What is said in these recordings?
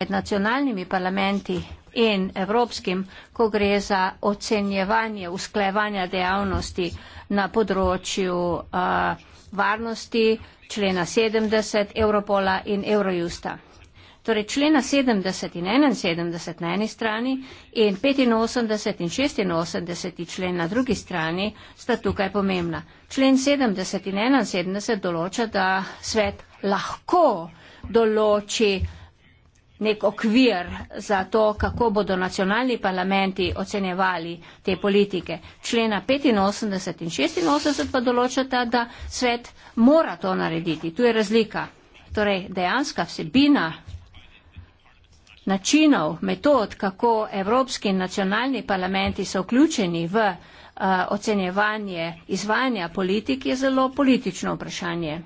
med nacionalnimi parlamenti in evropskim, ko gre za ocenjevanje, usklajevanje dejavnosti na področju uh, varnosti člena 70 Europola in Eurojusta. Torej člena 70 in 71 na eni strani in 85 in 86 člen na drugi strani sta tukaj pomembna. Člen 70 in 71 določa, da svet lahko določi nek okvir za to, kako bodo nacionalni parlamenti ocenjevali te politike. Člena 85 in 86 pa določata, da svet mora to narediti. Tu je razlika. Torej, dejanska vsebina načinov, metod, kako evropski in nacionalni parlamenti so vključeni v uh, ocenjevanje izvajanja politik, je zelo politično vprašanje.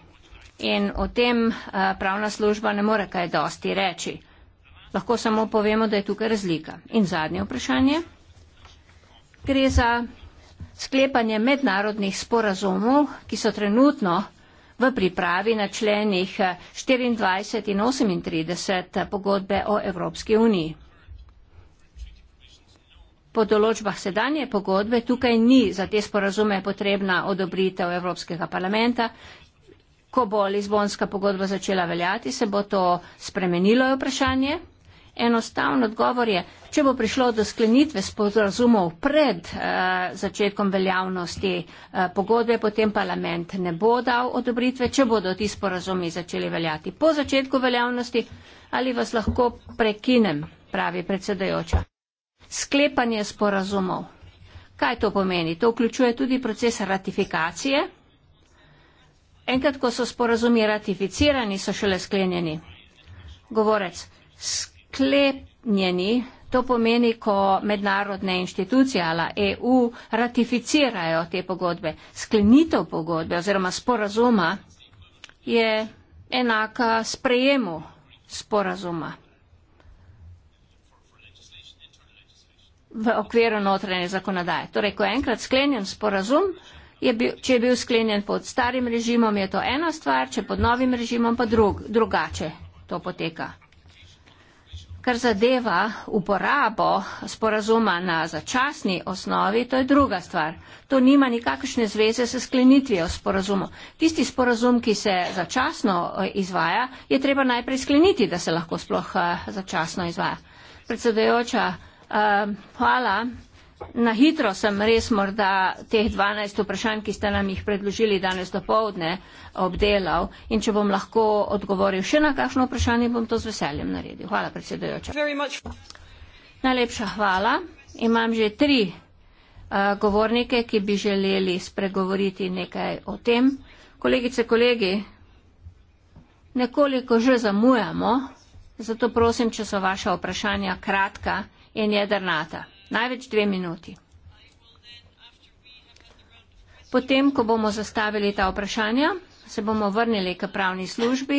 In o tem uh, pravna služba ne more kaj dosti reči lahko samo povemo, da je tukaj razlika. In zadnje vprašanje. Gre za sklepanje mednarodnih sporazumov, ki so trenutno v pripravi na členih 24 eh, in 38 eh, pogodbe o Evropski uniji. Po določbah sedanje pogodbe tukaj ni za te sporazume potrebna odobritev Evropskega parlamenta. Ko bo Lizbonska pogodba začela veljati, se bo to spremenilo, je vprašanje. Enostaven odgovor je, če bo prišlo do sklenitve sporazumov pred uh, začetkom veljavnosti uh, pogodbe, potem parlament ne bo dal odobritve, če bodo ti sporazumi začeli veljati po začetku veljavnosti ali vas lahko prekinem, pravi predsedajoča. Sklepanje sporazumov. Kaj to pomeni? To vključuje tudi proces ratifikacije. Enkrat, ko so sporazumi ratificirani, so šele sklenjeni. Govorec zaklepnjeni, to pomeni, ko mednarodne inštitucije ali EU ratificirajo te pogodbe. Sklenitev pogodbe oziroma sporazuma je enaka sprejemu sporazuma. v okviru notranje zakonodaje. Torej, ko je enkrat sklenjen sporazum, je bil, če je bil sklenjen pod starim režimom, je to ena stvar, če pod novim režimom, pa drug, drugače to poteka. Kar zadeva uporabo sporazuma na začasni osnovi, to je druga stvar. To nima nikakršne zveze s sklenitvijo sporazuma. Tisti sporazum, ki se začasno eh, izvaja, je treba najprej skleniti, da se lahko sploh eh, začasno izvaja. Predsedujoča, eh, hvala. Na hitro sem res morda teh 12 vprašanj, ki ste nam jih predložili danes do povdne, obdelal in če bom lahko odgovoril še na kakšno vprašanje, bom to z veseljem naredil. Hvala, predsedujoča. Najlepša hvala. Imam že tri uh, govornike, ki bi želeli spregovoriti nekaj o tem. Kolegice, kolegi, nekoliko že zamujamo, zato prosim, če so vaša vprašanja kratka in jedrnata. Največ dve minuti. Potem, ko bomo zastavili ta vprašanja, se bomo vrnili k pravni službi,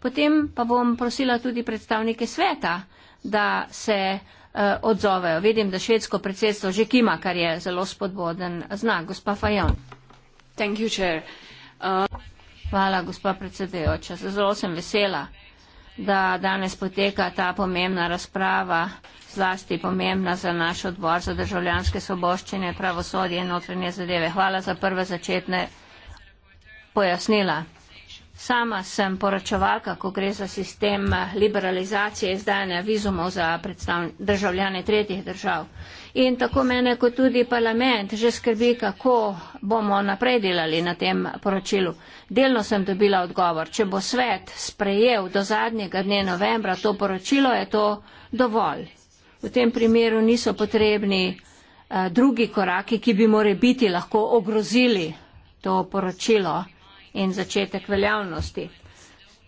potem pa bom prosila tudi predstavnike sveta, da se uh, odzovejo. Vidim, da švedsko predsedstvo že kima, kar je zelo spodboden znak. Gospa Fajon. Thank you, chair. Uh... Hvala, gospa predsedujoča. Zelo sem vesela da danes poteka ta pomembna razprava, zlasti pomembna za naš odbor za državljanske soboščine, pravosodje in notranje zadeve. Hvala za prve začetne pojasnila. Sama sem poročevalka, ko gre za sistem liberalizacije izdajanja vizumov za državljane tretjih držav. In tako mene kot tudi parlament že skrbi, kako bomo naprej delali na tem poročilu. Delno sem dobila odgovor. Če bo svet sprejel do zadnjega dne novembra to poročilo, je to dovolj. V tem primeru niso potrebni eh, drugi koraki, ki bi more biti lahko ogrozili to poročilo in začetek veljavnosti.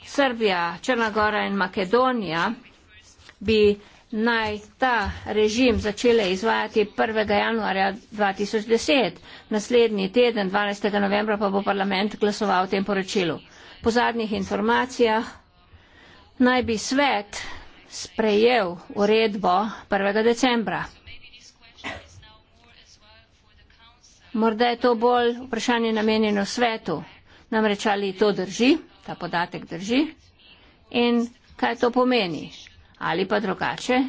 Srbija, Črnagora in Makedonija bi naj ta režim začele izvajati 1. januarja 2010. Naslednji teden, 12. novembra, pa bo parlament glasoval o tem poročilu. Po zadnjih informacijah naj bi svet sprejel uredbo 1. decembra. Morda je to bolj vprašanje namenjeno svetu. Namreč ali to drži, ta podatek drži in kaj to pomeni. Ali pa drugače,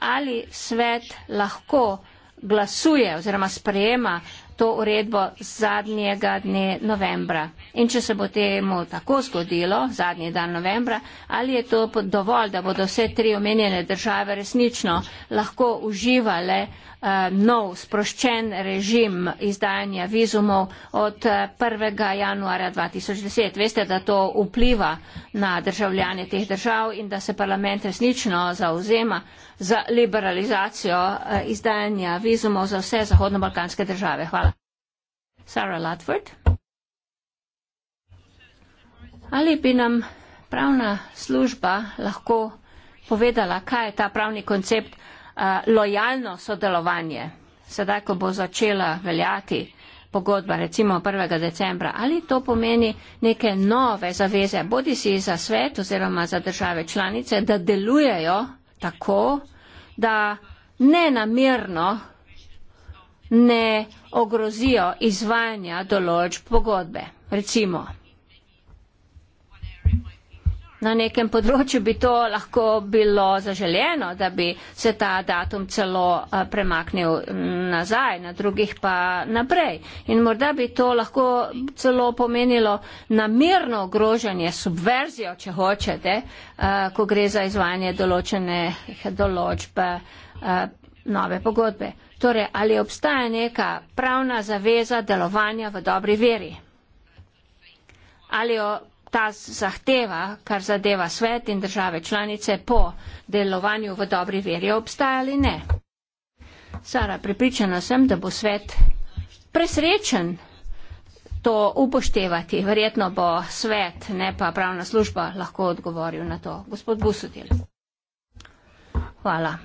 ali svet lahko glasuje oziroma sprejema to uredbo zadnjega dne novembra. In če se bo temu tako zgodilo, zadnji dan novembra, ali je to dovolj, da bodo vse tri omenjene države resnično lahko uživale Eh, nov sproščen režim izdajanja vizumov od 1. Eh, januarja 2010. Veste, da to vpliva na državljane teh držav in da se parlament resnično zauzema za liberalizacijo eh, izdajanja vizumov za vse zahodno-balkanske države. Hvala. Sara Latford. Ali bi nam pravna služba lahko povedala, kaj je ta pravni koncept Eh, lojalno sodelovanje, sedaj, ko bo začela veljati pogodba recimo 1. decembra, ali to pomeni neke nove zaveze, bodi si za svet oziroma za države članice, da delujejo tako, da nenamirno ne ogrozijo izvajanja določb pogodbe. Recimo, na nekem področju bi to lahko bilo zaželjeno, da bi se ta datum celo eh, premaknil mm, nazaj, na drugih pa naprej. In morda bi to lahko celo pomenilo namirno ogrožanje, subverzijo, če hočete, eh, ko gre za izvajanje določene določbe eh, nove pogodbe. Torej, ali obstaja neka pravna zaveza delovanja v dobri veri? Ali jo ta zahteva, kar zadeva svet in države članice po delovanju v dobri veri, obstaja ali ne. Sara, pripričana sem, da bo svet presrečen to upoštevati. Verjetno bo svet, ne pa pravna služba, lahko odgovoril na to. Gospod Busudil. Hvala.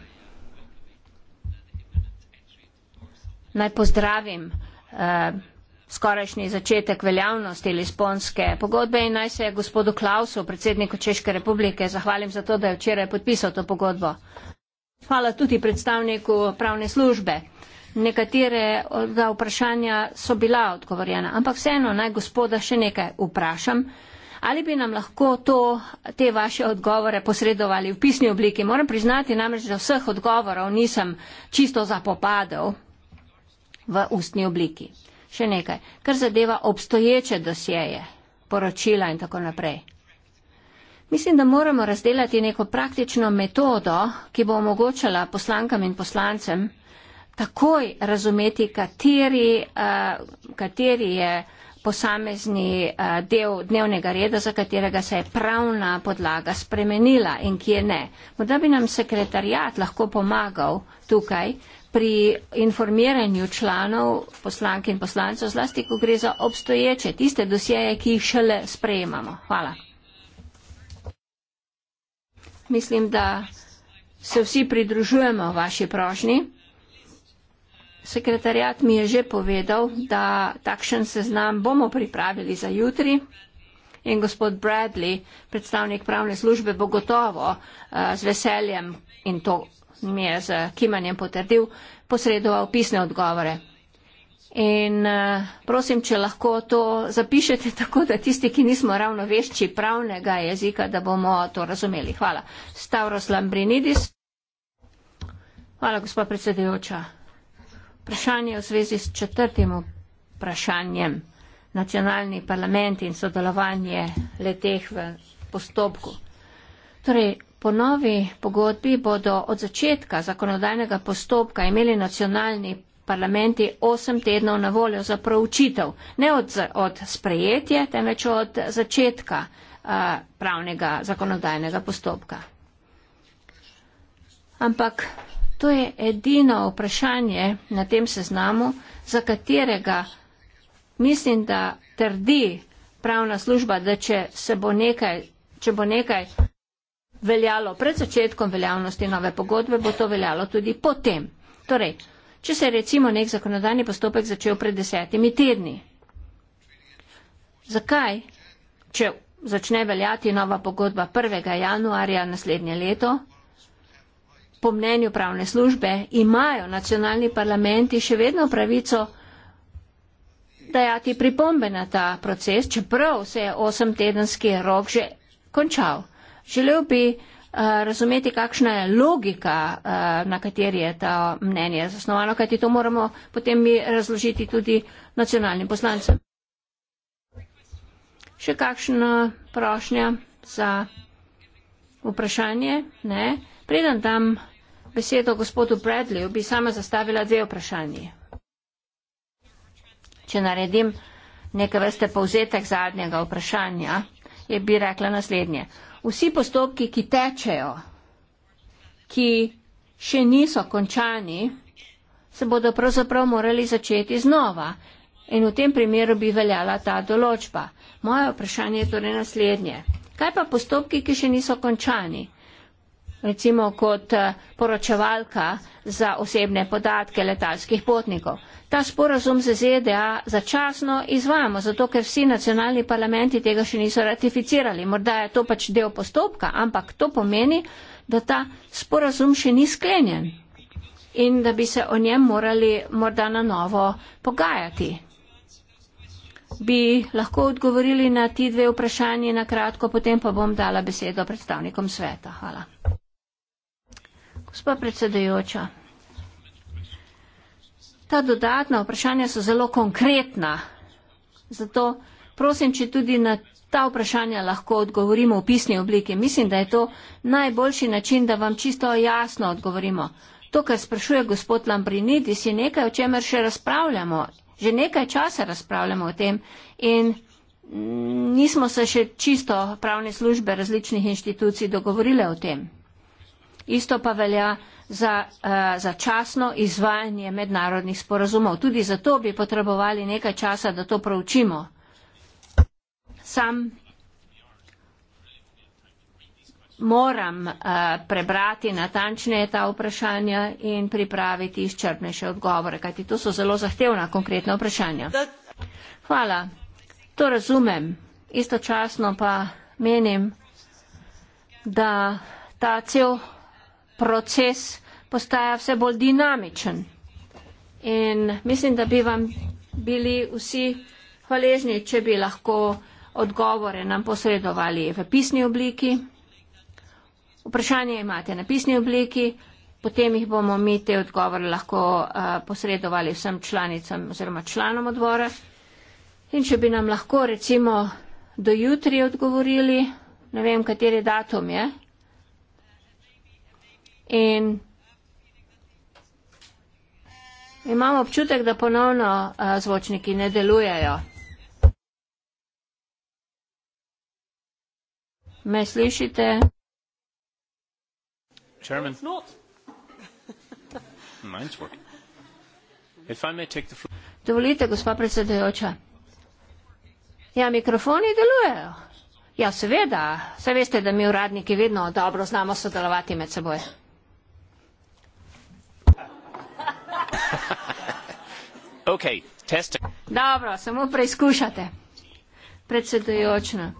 Naj pozdravim. Uh, skorajšnji začetek veljavnosti Lisbonske pogodbe in naj se gospodu Klausu, predsedniku Češke republike, zahvalim za to, da je včeraj podpisal to pogodbo. Hvala tudi predstavniku pravne službe. Nekatere od vprašanja so bila odgovorjena, ampak vseeno naj gospoda še nekaj vprašam. Ali bi nam lahko to, te vaše odgovore posredovali v pisni obliki? Moram priznati namreč, da vseh odgovorov nisem čisto zapopadal v ustni obliki še nekaj, kar zadeva obstoječe dosjeje, poročila in tako naprej. Mislim, da moramo razdelati neko praktično metodo, ki bo omogočala poslankam in poslancem takoj razumeti, kateri, eh, kateri je posamezni eh, del dnevnega reda, za katerega se je pravna podlaga spremenila in kje ne. Morda bi nam sekretarjat lahko pomagal tukaj, pri informiranju članov poslank in poslancev, zlasti, ko gre za obstoječe, tiste dosjeje, ki jih šele sprejemamo. Hvala. Mislim, da se vsi pridružujemo vaši prošnji. Sekretarjat mi je že povedal, da takšen seznam bomo pripravili za jutri in gospod Bradley, predstavnik pravne službe, bo gotovo uh, z veseljem in to mi je z kimanjem potrdil, posredoval pisne odgovore. In eh, prosim, če lahko to zapišete tako, da tisti, ki nismo ravno vešči pravnega jezika, da bomo to razumeli. Hvala. Stavros Lambrinidis. Hvala, gospa predsedujoča. Vprašanje v zvezi s četrtim vprašanjem. Nacionalni parlament in sodelovanje leteh v postopku. Torej, Po novi pogodbi bodo od začetka zakonodajnega postopka imeli nacionalni parlamenti 8 tednov na voljo za proučitev, ne od, od sprejetja, temveč od začetka uh, pravnega zakonodajnega postopka. Ampak to je edino vprašanje na tem seznamu, za katerega mislim, da trdi pravna služba, da če se bo nekaj, če bo nekaj veljalo pred začetkom veljavnosti nove pogodbe, bo to veljalo tudi potem. Torej, če se je recimo nek zakonodajni postopek začel pred desetimi tedni, zakaj, če začne veljati nova pogodba 1. januarja naslednje leto, po mnenju pravne službe imajo nacionalni parlamenti še vedno pravico dajati pripombe na ta proces, čeprav se je osemtedenski rok že končal. Želel bi eh, razumeti, kakšna je logika, eh, na kateri je ta mnenje zasnovano, kajti to moramo potem mi razložiti tudi nacionalnim poslancem. Še kakšna prošnja za vprašanje? Ne. Preden dam besedo gospodu Bradleyju, bi sama zastavila dve vprašanji. Če naredim neke vrste povzetek zadnjega vprašanja, je bi rekla naslednje vsi postopki, ki tečejo, ki še niso končani, se bodo pravzaprav morali začeti znova. In v tem primeru bi veljala ta določba. Moje vprašanje je torej naslednje. Kaj pa postopki, ki še niso končani? Recimo kot eh, poročevalka za osebne podatke letalskih potnikov ta sporazum z ZDA začasno izvajamo, zato ker vsi nacionalni parlamenti tega še niso ratificirali. Morda je to pač del postopka, ampak to pomeni, da ta sporazum še ni sklenjen in da bi se o njem morali morda na novo pogajati. Bi lahko odgovorili na ti dve vprašanji na kratko, potem pa bom dala besedo predstavnikom sveta. Hvala. Gospa predsedajoča. Ta dodatna vprašanja so zelo konkretna. Zato prosim, če tudi na ta vprašanja lahko odgovorimo v pisni obliki. Mislim, da je to najboljši način, da vam čisto jasno odgovorimo. To, kar sprašuje gospod Lambrinidis, je nekaj, o čemer še razpravljamo. Že nekaj časa razpravljamo o tem in nismo se še čisto pravne službe različnih inštitucij dogovorile o tem. Isto pa velja za eh, začasno izvajanje mednarodnih sporazumov. Tudi zato bi potrebovali nekaj časa, da to pravčimo. Sam moram eh, prebrati natančne ta vprašanja in pripraviti izčrpnejše odgovore, kajti to so zelo zahtevna konkretna vprašanja. Hvala. To razumem. Istočasno pa menim, da ta cel proces postaja vse bolj dinamičen. In mislim, da bi vam bili vsi hvaležni, če bi lahko odgovore nam posredovali v pisni obliki. Vprašanje imate na pisni obliki, potem jih bomo mi te odgovore lahko uh, posredovali vsem članicam oziroma članom odbora. In če bi nam lahko recimo do jutri odgovorili, ne vem, kateri datum je. In imam občutek, da ponovno uh, zvočniki ne delujejo. Me slišite? Chairman. Mine's working. If I may take the floor. Dovolite, gospa predsedujoča. Ja, mikrofoni delujejo. Ja, seveda. Se veste, da mi uradniki vedno dobro znamo sodelovati med seboj. okay, Dobro, samo preizkušate, predsedujočna.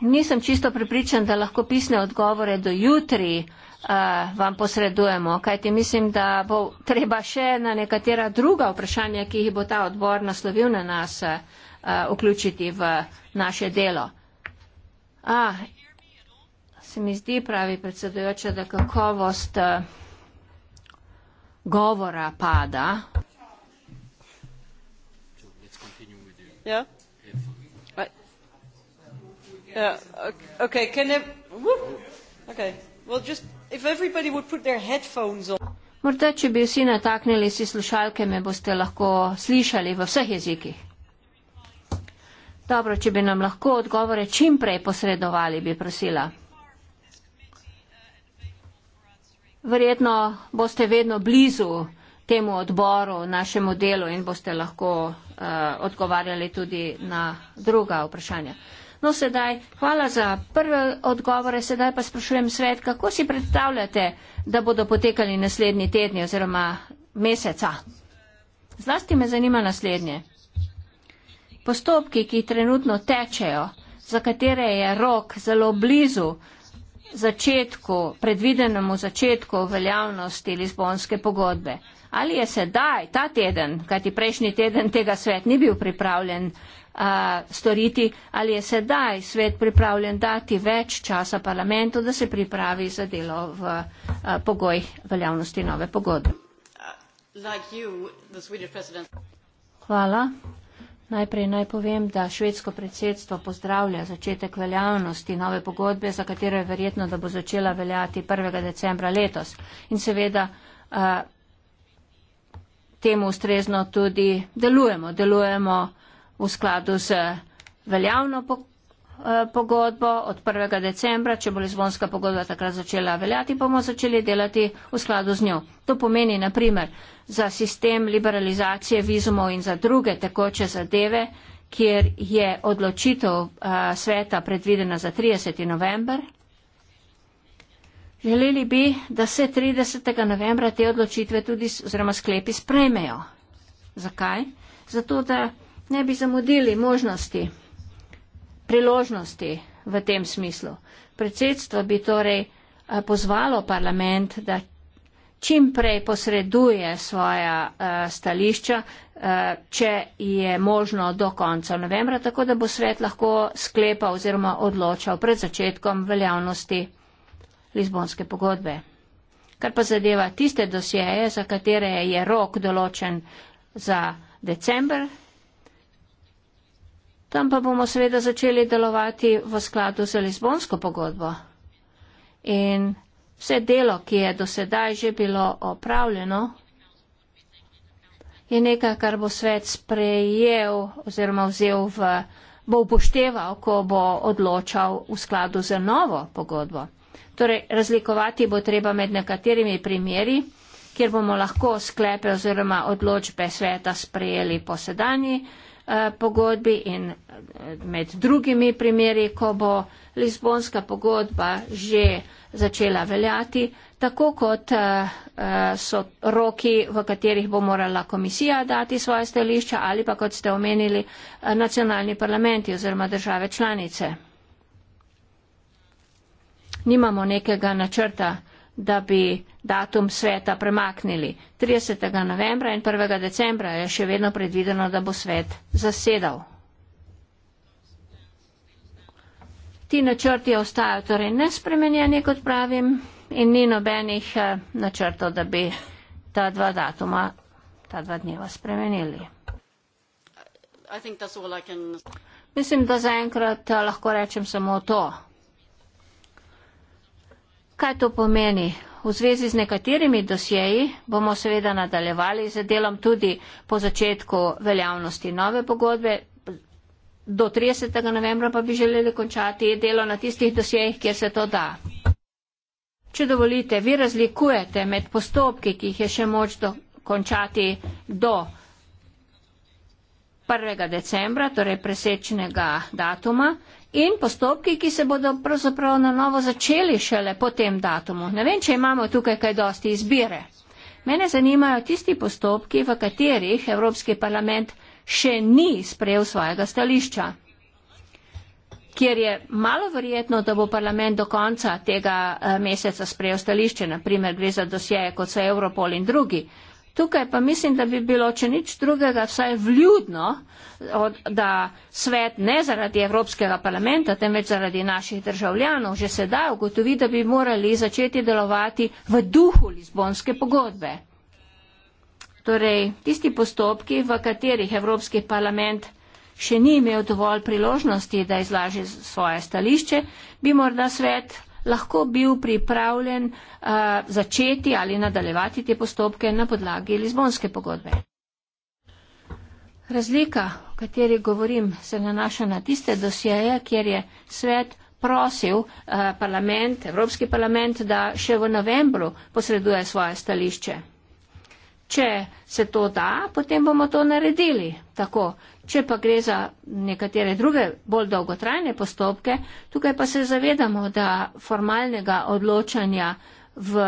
Nisem čisto prepričan, da lahko pisne odgovore do jutri uh, vam posredujemo, kajti mislim, da bo treba še na nekatera druga vprašanja, ki jih bo ta odbor naslovil na nas, uh, vključiti v naše delo. A, ah, se mi zdi, pravi predsedujoča, da kakovost. Uh, govora pada. Morda, če bi vsi nataknili si slušalke, me boste lahko slišali v vseh jezikih. Dobro, če bi nam lahko odgovore čim prej posredovali, bi prosila. Verjetno boste vedno blizu temu odboru, našemu delu in boste lahko uh, odgovarjali tudi na druga vprašanja. No, sedaj, hvala za prve odgovore, sedaj pa sprašujem svet, kako si predstavljate, da bodo potekali naslednji tedni oziroma meseca? Zlasti me zanima naslednje. Postopki, ki trenutno tečejo, za katere je rok zelo blizu, začetku, predvidenemu začetku veljavnosti Lizbonske pogodbe. Ali je sedaj, ta teden, kajti prejšnji teden tega svet ni bil pripravljen a, storiti, ali je sedaj svet pripravljen dati več časa parlamentu, da se pripravi za delo v pogojih veljavnosti nove pogodbe? Hvala. Najprej naj povem, da švedsko predsedstvo pozdravlja začetek veljavnosti nove pogodbe, za katero je verjetno, da bo začela veljati 1. decembra letos. In seveda eh, temu ustrezno tudi delujemo. Delujemo v skladu z veljavno pogodbo Eh, pogodbo od 1. decembra, če bo lizbonska pogodba takrat začela veljati, bomo začeli delati v skladu z njo. To pomeni, na primer, za sistem liberalizacije vizumov in za druge tekoče zadeve, kjer je odločitev a, eh, sveta predvidena za 30. november. Želeli bi, da se 30. novembra te odločitve tudi oziroma sklepi sprejmejo. Zakaj? Zato, da ne bi zamudili možnosti priložnosti v tem smislu. Predsedstvo bi torej eh, pozvalo parlament, da čim prej posreduje svoja eh, stališča, eh, če je možno do konca novembra, tako da bo svet lahko sklepal oziroma odločal pred začetkom veljavnosti Lizbonske pogodbe. Kar pa zadeva tiste dosjeje, za katere je rok določen za december, Tam pa bomo seveda začeli delovati v skladu z Lizbonsko pogodbo. In vse delo, ki je do sedaj že bilo opravljeno, je nekaj, kar bo svet sprejel oziroma vzel v, bo upošteval, ko bo odločal v skladu z novo pogodbo. Torej, razlikovati bo treba med nekaterimi primeri, kjer bomo lahko sklepe oziroma odločbe sveta sprejeli po sedanji Eh, pogodbi in eh, med drugimi primeri, ko bo Lizbonska pogodba že začela veljati, tako kot eh, so roki, v katerih bo morala komisija dati svoje stališče ali pa kot ste omenili nacionalni parlamenti oziroma države članice. Nimamo nekega načrta da bi datum sveta premaknili. 30. novembra in 1. decembra je še vedno predvideno, da bo svet zasedal. Ti načrti ostajajo torej nespremenjeni, kot pravim, in ni nobenih eh, načrtov, da bi ta dva datuma, ta dva dneva spremenili. Mislim, da zaenkrat eh, lahko rečem samo to kaj to pomeni. V zvezi z nekaterimi dosjeji bomo seveda nadaljevali z delom tudi po začetku veljavnosti nove pogodbe. Do 30. novembra pa bi želeli končati delo na tistih dosjejih, kjer se to da. Če dovolite, vi razlikujete med postopki, ki jih je še moč dokončati do 1. decembra, torej presečnega datuma, in postopki, ki se bodo pravzaprav na novo začeli šele po tem datumu. Ne vem, če imamo tukaj kaj dosti izbire. Mene zanimajo tisti postopki, v katerih Evropski parlament še ni sprejel svojega stališča, kjer je malo verjetno, da bo parlament do konca tega eh, meseca sprejel stališče, naprimer gre za dosjeje kot so Europol in drugi. Tukaj pa mislim, da bi bilo, če nič drugega, vsaj vljudno, od, da svet ne zaradi Evropskega parlamenta, temveč zaradi naših državljanov že sedaj ugotovi, da bi morali začeti delovati v duhu Lizbonske pogodbe. Torej, tisti postopki, v katerih Evropski parlament še ni imel dovolj priložnosti, da izlaži svoje stališče, bi morda svet lahko bil pripravljen uh, začeti ali nadaljevati te postopke na podlagi Lizbonske pogodbe. Razlika, o kateri govorim, se nanaša na tiste dosjeje, kjer je svet prosil uh, parlament, Evropski parlament, da še v novembru posreduje svoje stališče. Če se to da, potem bomo to naredili. Tako, Če pa gre za nekatere druge bolj dolgotrajne postopke, tukaj pa se zavedamo, da formalnega odločanja v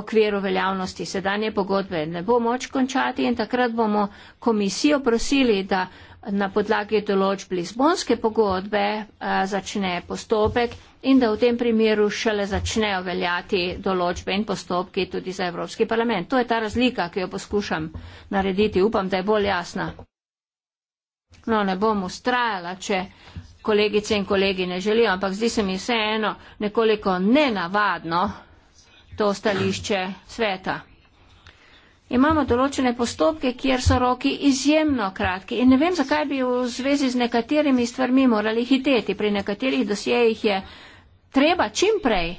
okviru veljavnosti sedanje pogodbe ne bo moč končati in takrat bomo komisijo prosili, da na podlagi določb Lizbonske pogodbe a, eh, začne postopek in da v tem primeru šele začnejo veljati določbe in postopki tudi za Evropski parlament. To je ta razlika, ki jo poskušam narediti. Upam, da je bolj jasna. No, ne bom ustrajala, če kolegice in kolegi ne želijo, ampak zdi se mi vseeno nekoliko nenavadno to stališče sveta. Imamo določene postopke, kjer so roki izjemno kratki in ne vem, zakaj bi v zvezi z nekaterimi stvarmi morali hiteti. Pri nekaterih dosjejih je treba čimprej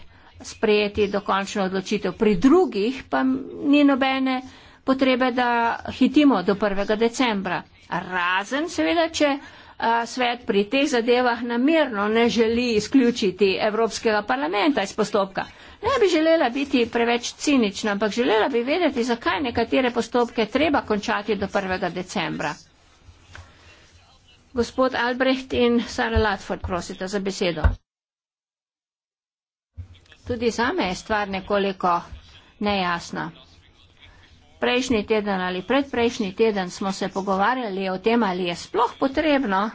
sprejeti dokončno odločitev, pri drugih pa ni nobene potrebe, da hitimo do 1. decembra. Razen, seveda, če svet pri teh zadevah namerno ne želi izključiti Evropskega parlamenta iz postopka. Ne bi želela biti preveč cinična, ampak želela bi vedeti, zakaj nekatere postopke treba končati do 1. decembra. Gospod Albrecht in Sara Latford, prosite za besedo. Tudi zame je stvar nekoliko nejasna prejšnji teden ali predprejšnji teden smo se pogovarjali o tem, ali je sploh potrebno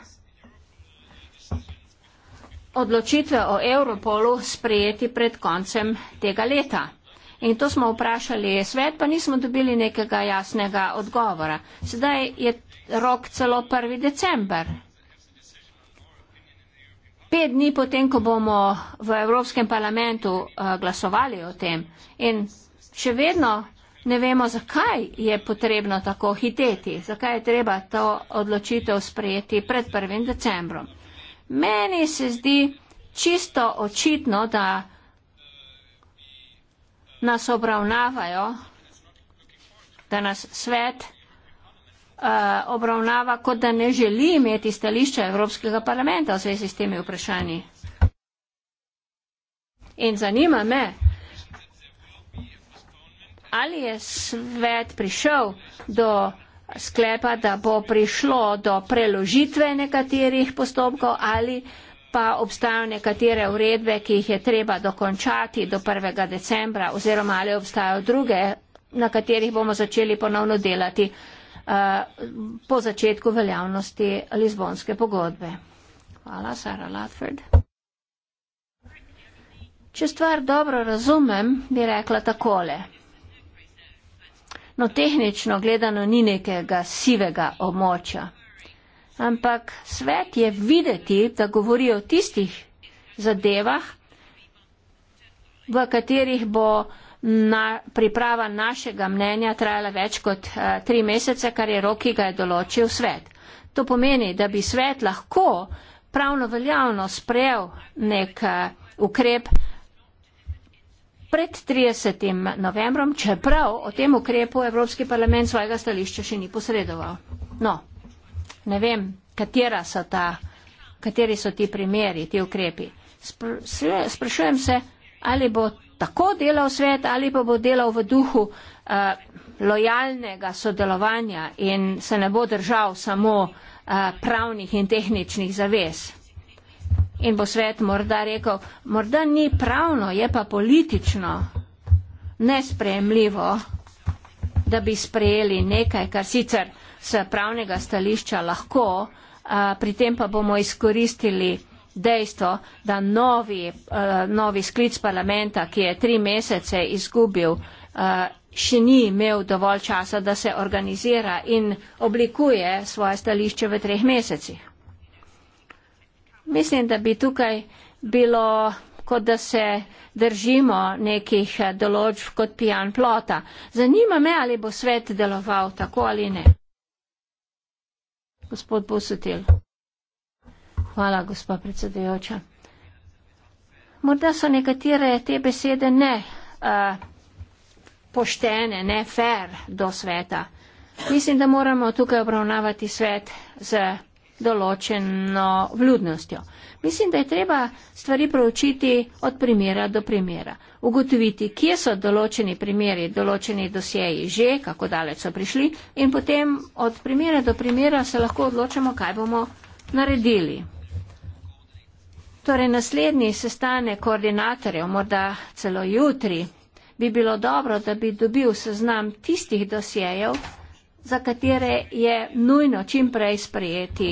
odločitve o Europolu sprejeti pred koncem tega leta. In to smo vprašali svet, pa nismo dobili nekega jasnega odgovora. Sedaj je rok celo 1. december. Pet dni potem, ko bomo v Evropskem parlamentu uh, glasovali o tem. In še vedno ne vemo, zakaj je potrebno tako hiteti, zakaj je treba to odločitev sprejeti pred 1. decembrom. Meni se zdi čisto očitno, da nas obravnavajo, da nas svet uh, obravnava, kot da ne želi imeti stališča Evropskega parlamenta v zvezi s temi vprašanji. In zanima me, ali je svet prišel do sklepa, da bo prišlo do preložitve nekaterih postopkov ali pa obstajajo nekatere uredbe, ki jih je treba dokončati do 1. decembra oziroma ali obstajajo druge, na katerih bomo začeli ponovno delati uh, po začetku veljavnosti Lizbonske pogodbe. Hvala, Sara Latford. Če stvar dobro razumem, bi rekla takole. No, tehnično gledano ni nekega sivega območja. Ampak svet je videti, da govori o tistih zadevah, v katerih bo na priprava našega mnenja trajala več kot uh, tri mesece, kar je rok, ki ga je določil svet. To pomeni, da bi svet lahko pravno veljavno sprejel nek uh, ukrep, pred 30. novembrom, čeprav o tem ukrepu Evropski parlament svojega stališča še ni posredoval. No, ne vem, so ta, kateri so ti primeri, ti ukrepi. Sprašujem se, ali bo tako delal svet, ali pa bo delal v duhu uh, lojalnega sodelovanja in se ne bo držal samo uh, pravnih in tehničnih zavez. In bo svet morda rekel, morda ni pravno, je pa politično nespremljivo, da bi sprejeli nekaj, kar sicer s pravnega stališča lahko, a, pri tem pa bomo izkoristili dejstvo, da novi, a, novi sklic parlamenta, ki je tri mesece izgubil, a, še ni imel dovolj časa, da se organizira in oblikuje svoje stališče v treh mesecih. Mislim, da bi tukaj bilo, kot da se držimo nekih določb kot pijan plota. Zanima me, ali bo svet deloval tako ali ne. Gospod Busutil. Hvala, gospa predsedujoča. Morda so nekatere te besede ne uh, poštene, ne fair do sveta. Mislim, da moramo tukaj obravnavati svet z določeno vljudnostjo. Mislim, da je treba stvari proučiti od primera do primera. Ugotoviti, kje so določeni primeri, določeni dosjeji že, kako daleč so prišli in potem od primera do primera se lahko odločamo, kaj bomo naredili. Torej, naslednji sestanek koordinatorjev, morda celo jutri, bi bilo dobro, da bi dobil seznam tistih dosjejev, za katere je nujno čimprej sprejeti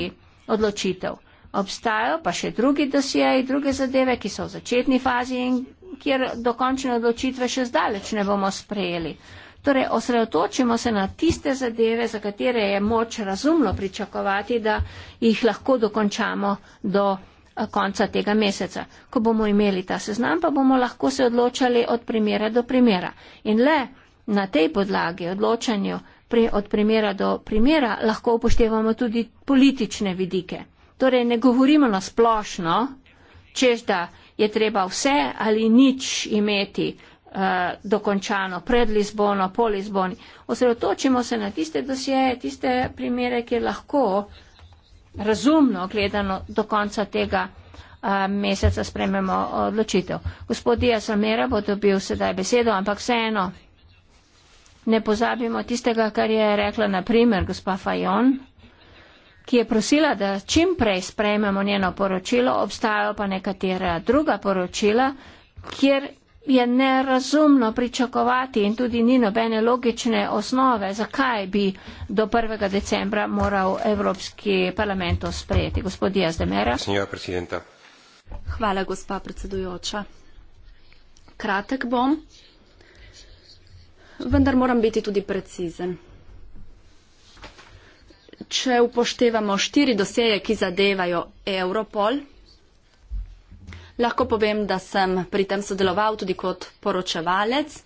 odločitev. Obstajajo pa še drugi dosjeji, druge zadeve, ki so v začetni fazi in kjer dokončne odločitve še zdaleč ne bomo sprejeli. Torej, osredotočimo se na tiste zadeve, za katere je moč razumno pričakovati, da jih lahko dokončamo do eh, konca tega meseca. Ko bomo imeli ta seznam, pa bomo lahko se odločali od primera do primera. In le na tej podlagi odločanju pri, od primera do primera, lahko upoštevamo tudi politične vidike. Torej, ne govorimo na splošno, čež da je treba vse ali nič imeti uh, dokončano pred Lizbono, po Lizboni. Osredotočimo se na tiste dosjeje, tiste primere, kjer lahko razumno gledano do konca tega uh, meseca sprememo odločitev. Gospod Dias Amera bo dobil sedaj besedo, ampak vseeno ne pozabimo tistega, kar je rekla naprimer gospa Fajon, ki je prosila, da čim prej sprejmemo njeno poročilo, obstajajo pa nekatera druga poročila, kjer je nerazumno pričakovati in tudi ni nobene logične osnove, zakaj bi do 1. decembra moral Evropski parlament to sprejeti. Gospod Diaz de Mera. Hvala, gospa predsedujoča. Kratek bom vendar moram biti tudi precizen. Če upoštevamo štiri doseje, ki zadevajo Europol, lahko povem, da sem pri tem sodeloval tudi kot poročevalec.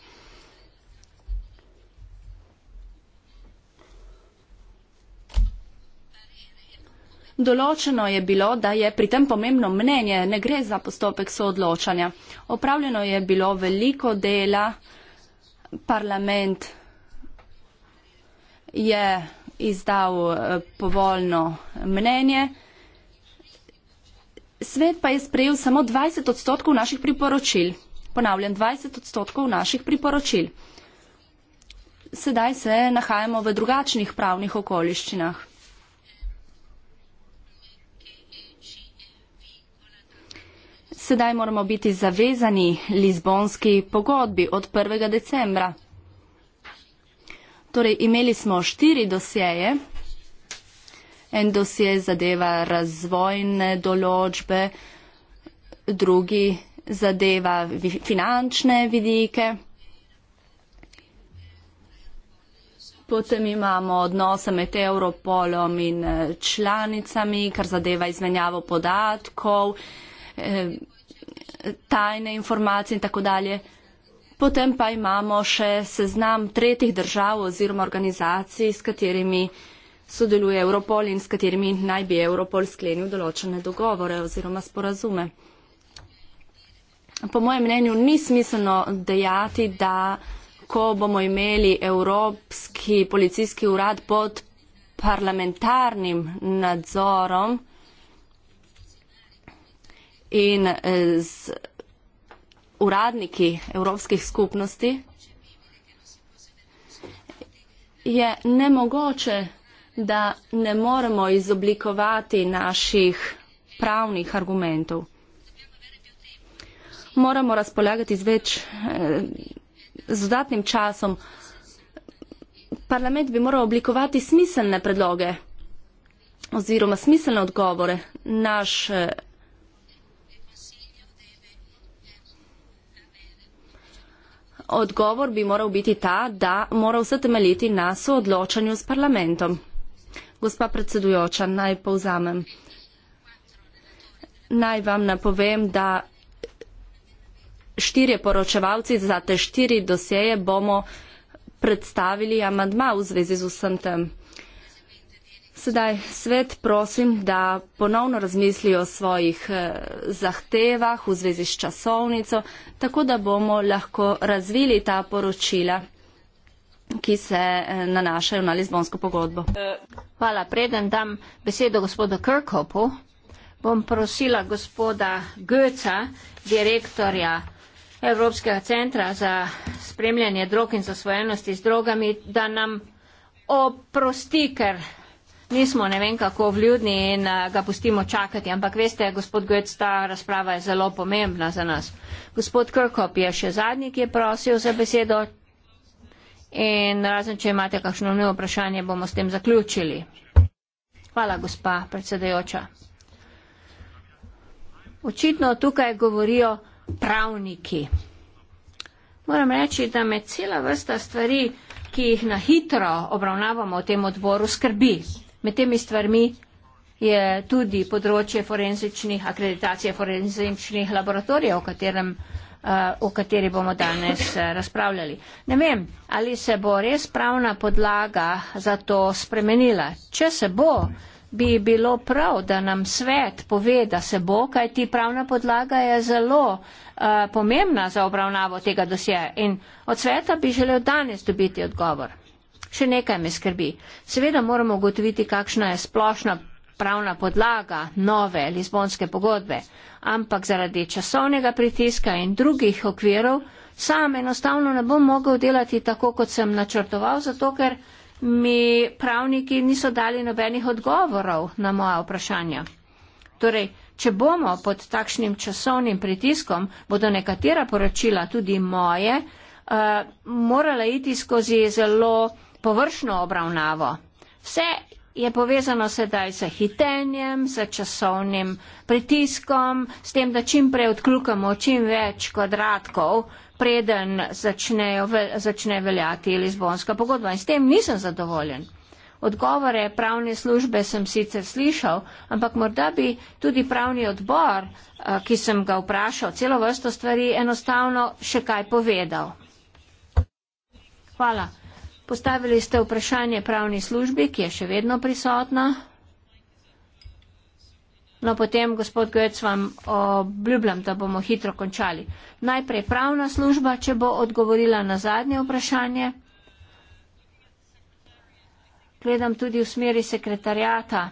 Določeno je bilo, da je pri tem pomembno mnenje, ne gre za postopek soodločanja. Opravljeno je bilo veliko dela, parlament je izdal eh, povoljno mnenje. Svet pa je sprejel samo 20 odstotkov naših priporočil. Ponavljam, 20 odstotkov naših priporočil. Sedaj se nahajamo v drugačnih pravnih okoliščinah. Sedaj moramo biti zavezani Lizbonski pogodbi od 1. decembra. Torej, imeli smo štiri dosjeje. En dosje zadeva razvojne določbe, drugi zadeva finančne vidike. Potem imamo odnose med Europolom in eh, članicami, kar zadeva izmenjavo podatkov. Eh, tajne informacije in tako dalje. Potem pa imamo še seznam tretjih držav oziroma organizacij, s katerimi sodeluje Europol in s katerimi naj bi Europol sklenil določene dogovore oziroma sporazume. Po mojem mnenju ni smiselno dejati, da ko bomo imeli Evropski policijski urad pod parlamentarnim nadzorom, in eh, z uradniki evropskih skupnosti je nemogoče, da ne moremo izoblikovati naših pravnih argumentov. Moramo razpolagati z več, eh, z dodatnim časom. Parlament bi moral oblikovati smiselne predloge oziroma smiselne odgovore. Naš eh, odgovor bi moral biti ta, da mora vse temeljiti na soodločanju s parlamentom. Gospa predsedujoča, naj povzamem. Naj vam napovem, da štirje poročevalci za te štiri doseje bomo predstavili amadma v zvezi z vsem tem. Sedaj svet prosim, da ponovno razmislijo o svojih eh, zahtevah v zvezi s časovnico, tako da bomo lahko razvili ta poročila, ki se eh, nanašajo na Lizbonsko pogodbo. Hvala. Preden dam besedo gospodu Krkopu, bom prosila gospoda Göca, direktorja Evropskega centra za spremljanje drog in zasvojenosti z drogami, da nam oprosti, ker nismo ne vem kako vljudni in eh, ga pustimo čakati. Ampak veste, gospod Götz, ta razprava je zelo pomembna za nas. Gospod Krkop je še zadnji, ki je prosil za besedo. In razen, če imate kakšno novo vprašanje, bomo s tem zaključili. Hvala, gospa predsedajoča. Očitno tukaj govorijo pravniki. Moram reči, da me cela vrsta stvari, ki jih na hitro obravnavamo v tem odboru, skrbi. Med temi stvarmi je tudi področje forenzičnih, akreditacije forenzičnih laboratorijev, o katerem eh, o kateri bomo danes eh, razpravljali. Ne vem, ali se bo res pravna podlaga za to spremenila. Če se bo, bi bilo prav, da nam svet pove, da se bo, kaj ti pravna podlaga je zelo uh, pomembna za obravnavo tega dosjeja. In od sveta bi želel danes dobiti odgovor. Še nekaj me skrbi. Seveda moramo ugotoviti, kakšna je splošna pravna podlaga nove Lizbonske pogodbe, ampak zaradi časovnega pritiska in drugih okvirov sam enostavno ne bom mogel delati tako, kot sem načrtoval, zato ker mi pravniki niso dali nobenih odgovorov na moja vprašanja. Torej, če bomo pod takšnim časovnim pritiskom, bodo nekatera poročila, tudi moje, uh, morala iti skozi zelo površno obravnavo. Vse je povezano sedaj s hitenjem, s časovnim pritiskom, s tem, da čim prej odkljukamo čim več kvadratkov, preden začne veljati Lizbonska pogodba. In s tem nisem zadovoljen. Odgovore pravne službe sem sicer slišal, ampak morda bi tudi pravni odbor, eh, ki sem ga vprašal, celo vrsto stvari enostavno še kaj povedal. Hvala. Postavili ste vprašanje pravni službi, ki je še vedno prisotna. No potem, gospod Gojec, vam obljubljam, da bomo hitro končali. Najprej pravna služba, če bo odgovorila na zadnje vprašanje. Gledam tudi v smeri sekretarjata.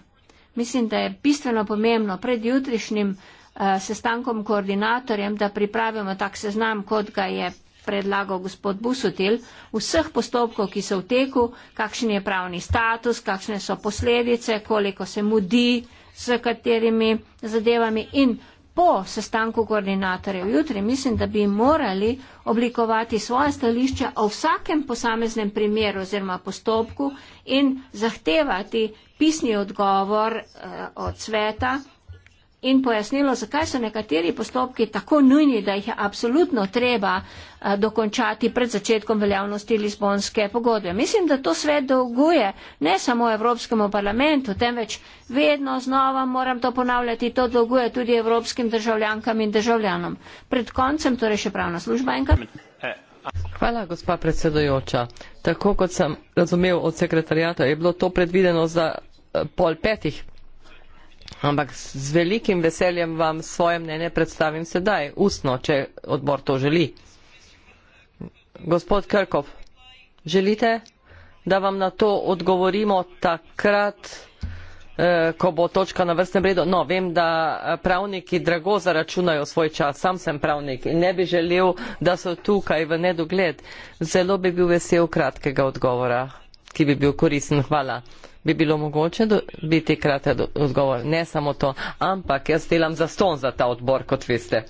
Mislim, da je bistveno pomembno pred jutrišnjim uh, sestankom koordinatorjem, da pripravimo tak seznam, kot ga je predlagal gospod Busutil, vseh postopkov, ki so v teku, kakšen je pravni status, kakšne so posledice, koliko se mudi s katerimi zadevami in po sestanku koordinatorjev jutri mislim, da bi morali oblikovati svoje stališče o vsakem posameznem primeru oziroma postopku in zahtevati pisni odgovor eh, od sveta in pojasnilo, zakaj so nekateri postopki tako nujni, da jih je absolutno treba eh, dokončati pred začetkom veljavnosti Lizbonske pogodbe. Mislim, da to svet dolguje ne samo Evropskemu parlamentu, temveč vedno znova moram to ponavljati, to dolguje tudi evropskim državljankam in državljanom. Pred koncem torej še pravna služba enkrat. Hvala, gospa predsedojoča. Tako kot sem razumel od sekretarjata, je bilo to predvideno za eh, pol petih. Ampak z velikim veseljem vam svoje mnenje predstavim sedaj, ustno, če odbor to želi. Gospod Krkov, želite, da vam na to odgovorimo takrat, eh, ko bo točka na vrstnem redu? No, vem, da eh, pravniki drago zaračunajo svoj čas, sam sem pravnik in ne bi želel, da so tukaj v nedogled. Zelo bi bil vesel kratkega odgovora ki bi bil koristen. Hvala. Bi bilo mogoče biti kratek odgovor? Ne samo to, ampak jaz delam za ston za ta odbor, kot veste.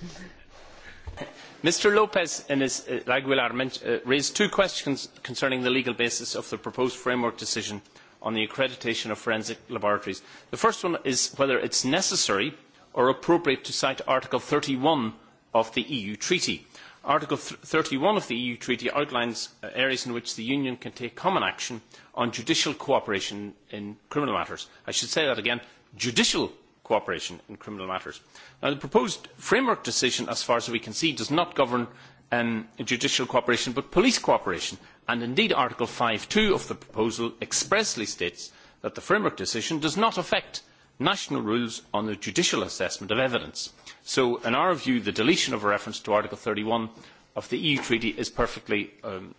Mr. Lopez and his uh, Aguilar uh, raised two questions concerning the legal basis of the proposed framework decision on the accreditation of forensic laboratories. The first one is whether it's necessary or appropriate to cite Article 31 of the EU Treaty article thirty one of the eu treaty outlines uh, areas in which the union can take common action on judicial cooperation in criminal matters i should say that again judicial cooperation in criminal matters. the proposed framework decision as far as we can see does not govern um, judicial cooperation but police cooperation and indeed article five two of the proposal expressly states that the framework decision does not affect national rules on the judicial assessment of evidence so in our view the deletion of a reference to article thirty one of the eu treaty is perfectly um,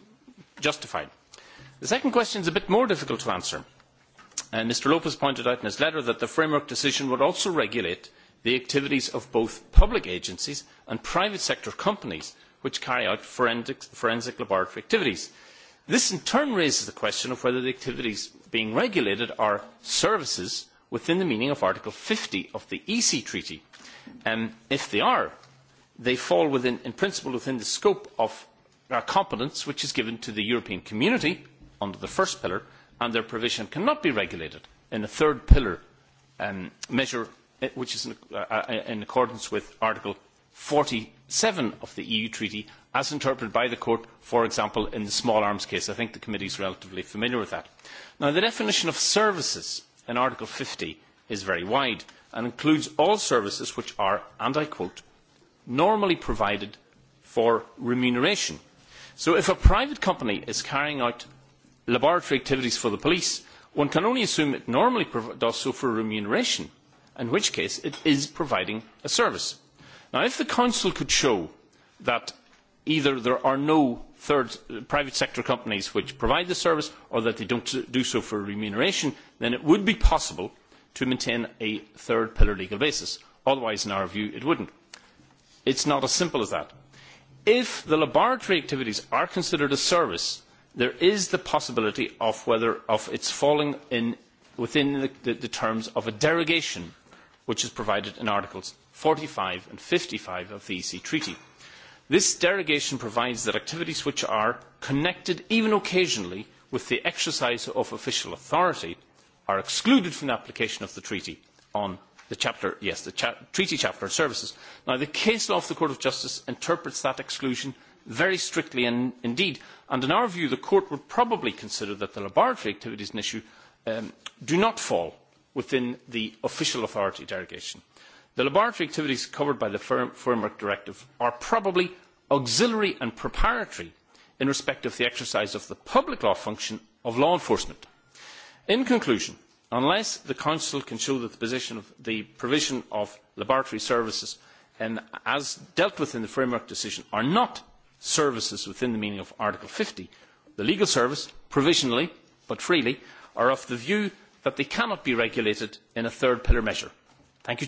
justified. the second question is a bit more difficult to answer. Uh, mr lopez pointed out in his letter that the framework decision would also regulate the activities of both public agencies and private sector companies which carry out forensic, forensic laboratory activities. this in turn raises the question of whether the activities being regulated are services within the meaning of article 50 of the ec treaty um, if they are, they fall within, in principle within the scope of our uh, competence, which is given to the European Community under the first pillar, and their provision cannot be regulated in a third pillar um, measure, eh, which is in, uh, uh, in accordance with Article 47 of the EU Treaty, as interpreted by the Court, for example, in the small arms case. I think the Committee is relatively familiar with that. Now, the definition of services in Article 50 is very wide and includes all services which are, and I quote, normally provided for remuneration. So if a private company is carrying out laboratory activities for the police, one can only assume it normally does so for remuneration, in which case it is providing a service. Now, if the Council could show that either there are no third private sector companies which provide the service or that they don't do so for remuneration, then it would be possible to maintain a third pillar legal basis. Otherwise, in our view, it wouldn't. It's not as simple as that. If the laboratory activities are considered a service, there is the possibility of whether of its falling in within the, the, the terms of a derogation, which is provided in Articles 45 and 55 of the EC Treaty. This derogation provides that activities which are connected, even occasionally, with the exercise of official authority are excluded from the application of the treaty on the chapter, yes, the cha treaty chapter on services. Now, the case law of the Court of Justice interprets that exclusion very strictly in, indeed. And in our view, the Court would probably consider that the laboratory activities in issue um, do not fall within the official authority derogation. The laboratory activities covered by the firm Framework Directive are probably auxiliary and preparatory in respect of the exercise of the public law function of law enforcement in conclusion unless the council can show that the provision of laboratory services as dealt with in the framework decision are not services within the meaning of article fifty the legal services provisionally but freely are of the view that they cannot be regulated in a third pillar measure. thank you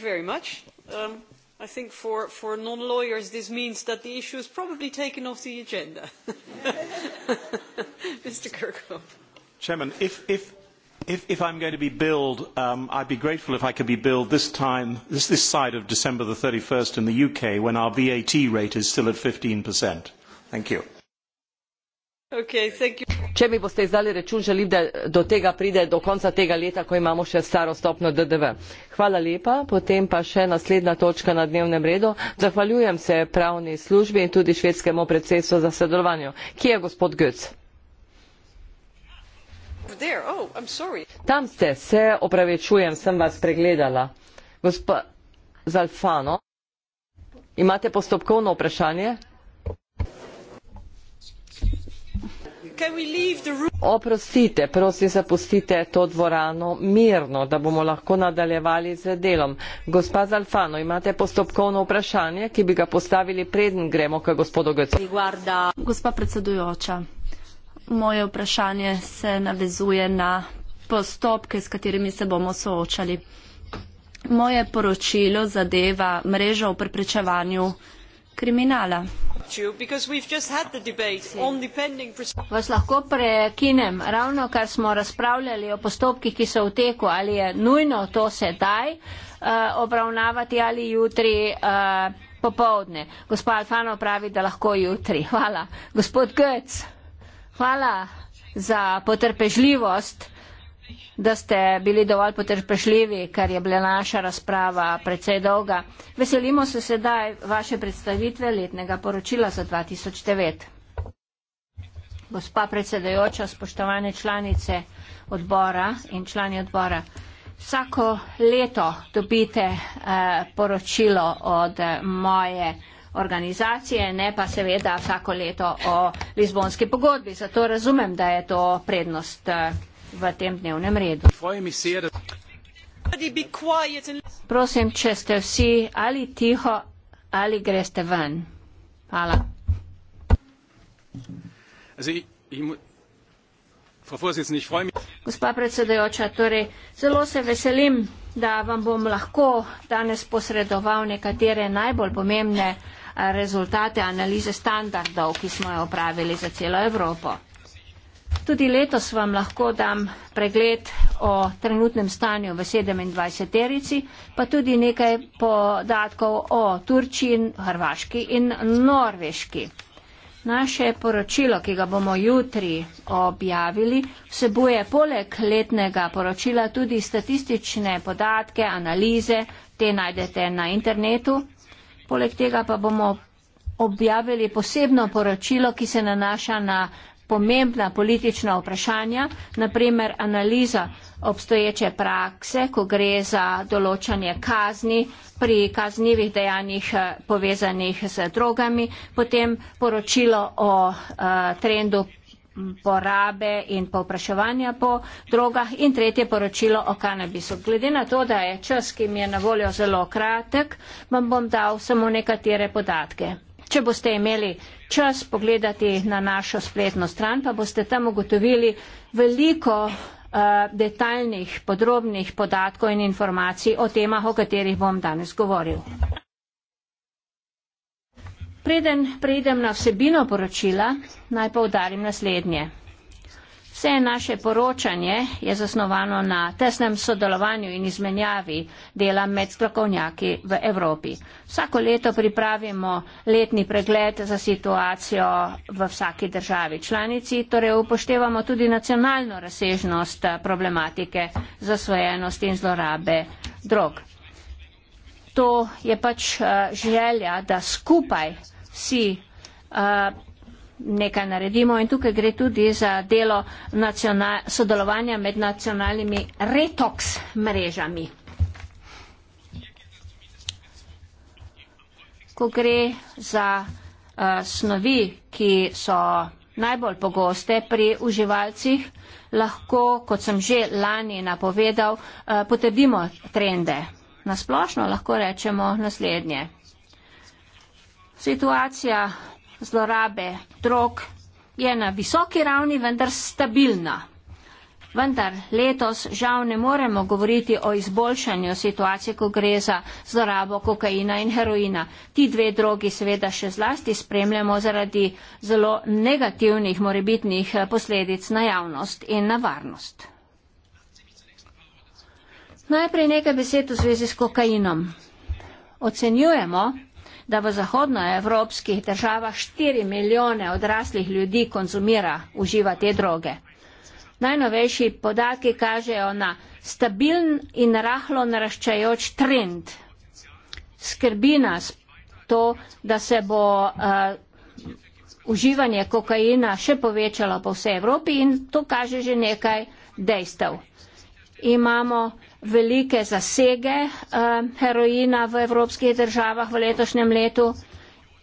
very much. Um, I think for, for non lawyers, this means that the issue is probably taken off the agenda. Mr. Kirkhope. Chairman, if, if, if, if I'm going to be billed, um, I'd be grateful if I could be billed this time, this, this side of December the 31st in the UK when our VAT rate is still at 15%. Thank you. Okay, thank you. Če mi boste izdali račun, želim, da do tega pride do konca tega leta, ko imamo še staro stopno DDV. Hvala lepa. Potem pa še naslednja točka na dnevnem redu. Zahvaljujem se pravni službi in tudi švedskemu predsedstvu za sodelovanje. Kje je gospod Götz? Oh, Tam ste, se opravičujem, sem vas pregledala. Gospod Zalfano, imate postopkovno vprašanje? Oprostite, prosim zapustite to dvorano mirno, da bomo lahko nadaljevali z delom. Gospa Zalfano, imate postopkovno vprašanje, ki bi ga postavili preden gremo k gospodu Götzi. Gospa predsedujoča, moje vprašanje se navezuje na postopke, s katerimi se bomo soočali. Moje poročilo zadeva mrežo o preprečevanju kriminala. Vas lahko prekinem, ravno kar smo razpravljali o postopkih, ki so v teku, ali je nujno to sedaj uh, obravnavati ali jutri uh, eh, popovdne. Gospod Alfano pravi, da lahko jutri. Hvala. Gospod Götz, hvala za potrpežljivost da ste bili dovolj potrpešljivi, ker je bila naša razprava precej dolga. Veselimo se sedaj vaše predstavitve letnega poročila za 2009. Gospa predsedajoča, spoštovane članice odbora in člani odbora, vsako leto dobite eh, poročilo od eh, moje organizacije, ne pa seveda vsako leto o Lizbonski pogodbi. Zato razumem, da je to prednost. Eh, v tem dnevnem redu. Prosim, če ste vsi ali tiho ali greste ven. Hvala. Gospa predsedajoča, torej zelo se veselim, da vam bom lahko danes posredoval nekatere najbolj pomembne eh, rezultate analize standardov, ki smo jo opravili za celo Evropo. Tudi letos vam lahko dam pregled o trenutnem stanju v 27-terici, pa tudi nekaj podatkov o Turčiji, Hrvaški in Norveški. Naše poročilo, ki ga bomo jutri objavili, vsebuje poleg letnega poročila tudi statistične podatke, analize, te najdete na internetu. Poleg tega pa bomo objavili posebno poročilo, ki se nanaša na pomembna politična vprašanja, naprimer analiza obstoječe prakse, ko gre za določanje kazni pri kaznjivih dejanjih eh, povezanih z drogami, potem poročilo o a, eh, trendu porabe in povpraševanja po drogah in tretje poročilo o kanabisu. Glede na to, da je čas, ki mi je na voljo zelo kratek, vam bom dal samo nekatere podatke. Če boste imeli čas pogledati na našo spletno stran, pa boste tam ugotovili veliko uh, detaljnih, podrobnih podatkov in informacij o temah, o katerih bom danes govoril. Preden preidem na vsebino poročila, naj povdarim naslednje. Vse naše poročanje je zasnovano na tesnem sodelovanju in izmenjavi dela med strokovnjaki v Evropi. Vsako leto pripravimo letni pregled za situacijo v vsaki državi članici, torej upoštevamo tudi nacionalno razsežnost problematike zasvojenosti in zlorabe drog. To je pač eh, želja, da skupaj vsi eh, nekaj naredimo in tukaj gre tudi za delo nacional, sodelovanja med nacionalnimi retox mrežami. Ko gre za uh, snovi, ki so najbolj pogoste pri uživalcih, lahko, kot sem že lani napovedal, uh, potrdimo trende. Nasplošno lahko rečemo naslednje. Situacija zlorabe drog je na visoki ravni, vendar stabilna. Vendar letos žal ne moremo govoriti o izboljšanju situacije, ko gre za zlorabo kokaina in heroina. Ti dve drogi seveda še zlasti spremljamo zaradi zelo negativnih morebitnih eh, posledic na javnost in na varnost. Najprej nekaj besed v zvezi s kokainom. Ocenjujemo, da v zahodnoevropskih državah 4 milijone odraslih ljudi konzumira, uživa te droge. Najnovejši podatki kažejo na stabilen in rahlo naraščajoč trend. Skrbi nas to, da se bo uh, uživanje kokaina še povečalo po vsej Evropi in to kaže že nekaj dejstev. Imamo velike zasege uh, heroina v evropskih državah v letošnjem letu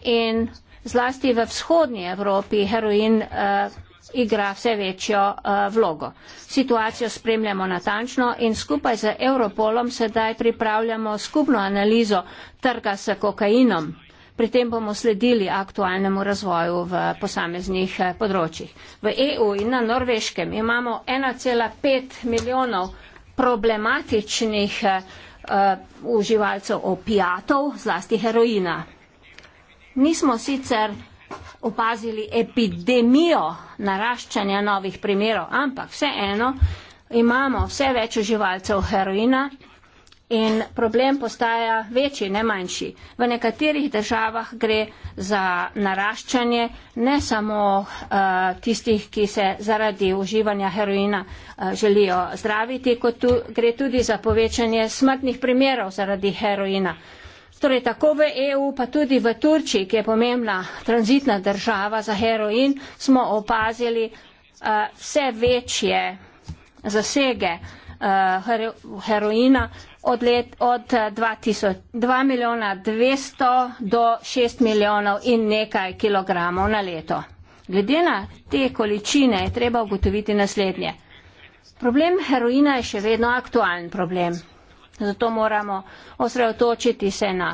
in zlasti v vzhodnji Evropi heroin uh, igra vse večjo uh, vlogo. Situacijo spremljamo natančno in skupaj z Europolom sedaj pripravljamo skupno analizo trga s kokainom. Pri tem bomo sledili aktualnemu razvoju v posameznih področjih. V EU in na Norveškem imamo 1,5 milijonov problematičnih uh, uživalcev opijatov, zlasti heroina. Nismo sicer opazili epidemijo naraščanja novih primerov, ampak vseeno imamo vse več uživalcev heroina in problem postaja večji, ne manjši. V nekaterih državah gre za naraščanje ne samo uh, tistih, ki se zaradi uživanja heroina uh, želijo zdraviti, kot tu, gre tudi za povečanje smrtnih primerov zaradi heroina. Torej, tako v EU, pa tudi v Turčiji, ki je pomembna tranzitna država za heroin, smo opazili uh, vse večje zasege uh, heroina od, let, od 2000, eh, 2 milijona 200 do 6 milijonov in nekaj kilogramov na leto. Glede na te količine je treba ugotoviti naslednje. Problem heroina je še vedno aktualen problem. Zato moramo osredotočiti se na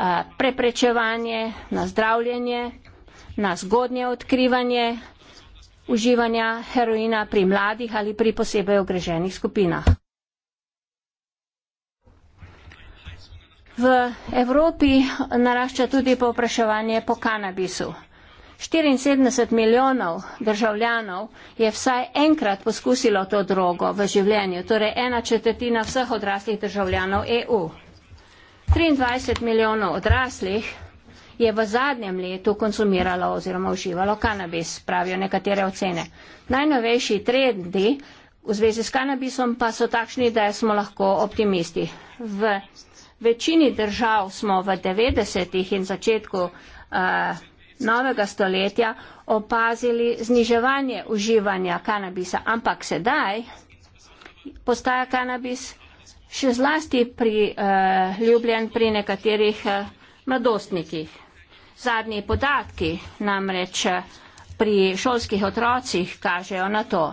a, eh, preprečevanje, na zdravljenje, na zgodnje odkrivanje uživanja heroina pri mladih ali pri posebej ogreženih skupinah. V Evropi narašča tudi povpraševanje po kanabisu. 74 milijonov državljanov je vsaj enkrat poskusilo to drogo v življenju, torej ena četrtina vseh odraslih državljanov EU. 23 milijonov odraslih je v zadnjem letu konzumiralo oziroma uživalo kanabis, pravijo nekatere ocene. Najnovejši trendi v zvezi s kanabisom pa so takšni, da smo lahko optimisti. V večini držav smo v 90-ih in začetku uh, novega stoletja opazili zniževanje uživanja kanabisa, ampak sedaj postaja kanabis še zlasti priljubljen eh, uh, pri nekaterih uh, mladostnikih. Zadnji podatki namreč pri šolskih otrocih kažejo na to.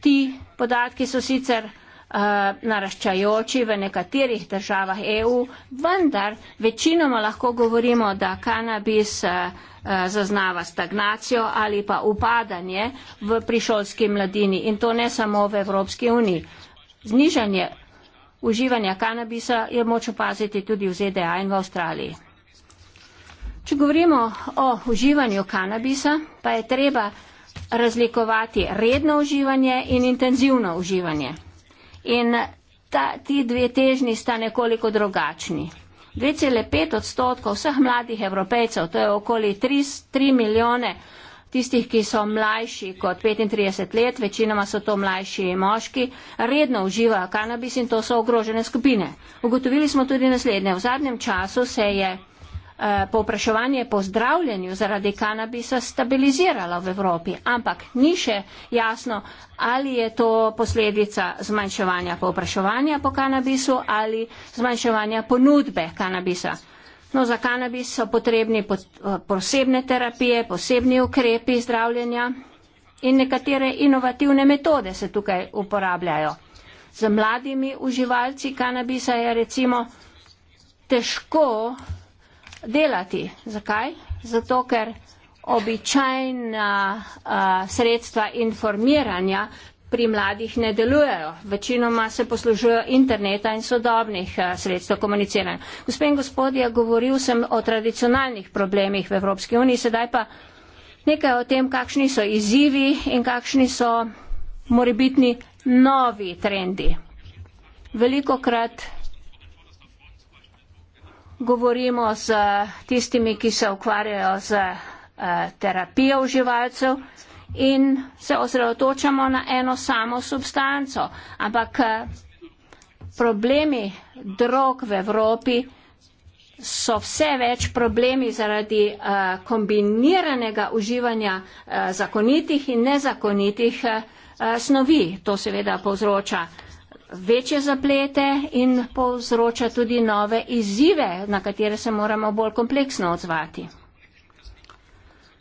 Ti podatki so sicer Eh, naraščajoči v nekaterih državah EU, vendar večinoma lahko govorimo, da kanabis eh, eh, zaznava stagnacijo ali pa upadanje v prišolski mladini in to ne samo v Evropski uniji. Znižanje uživanja kanabisa je moč opaziti tudi v ZDA in v Avstraliji. Če govorimo o uživanju kanabisa, pa je treba razlikovati redno uživanje in intenzivno uživanje. In ta, ti dve težnji sta nekoliko drugačni. 2,5 odstotkov vseh mladih evropejcev, to je okoli 3, 3 milijone tistih, ki so mlajši kot 35 let, večinoma so to mlajši moški, redno uživajo kanabis in to so ogrožene skupine. Ugotovili smo tudi naslednje. V zadnjem času se je Eh, povpraševanje po zdravljenju zaradi kanabisa stabiliziralo v Evropi, ampak ni še jasno, ali je to posledica zmanjševanja povpraševanja po kanabisu ali zmanjševanja ponudbe kanabisa. No, za kanabis so potrebni eh, posebne terapije, posebni ukrepi zdravljenja in nekatere inovativne metode se tukaj uporabljajo. Za mladimi uživalci kanabisa je recimo težko delati. Zakaj? Zato, ker običajna a, sredstva informiranja pri mladih ne delujejo. Večinoma se poslužujejo interneta in sodobnih sredstev komuniciranja. Gospe in gospodje, govoril sem o tradicionalnih problemih v Evropski uniji, sedaj pa nekaj o tem, kakšni so izzivi in kakšni so morebitni novi trendi. Veliko krat govorimo z tistimi, ki se ukvarjajo z eh, terapijo uživalcev in se osredotočamo na eno samo substanco. Ampak eh, problemi drog v Evropi so vse več problemi zaradi eh, kombiniranega uživanja zakonitih in nezakonitih snovi. To seveda povzroča večje zaplete in povzroča tudi nove izzive, na katere se moramo bolj kompleksno odzvati.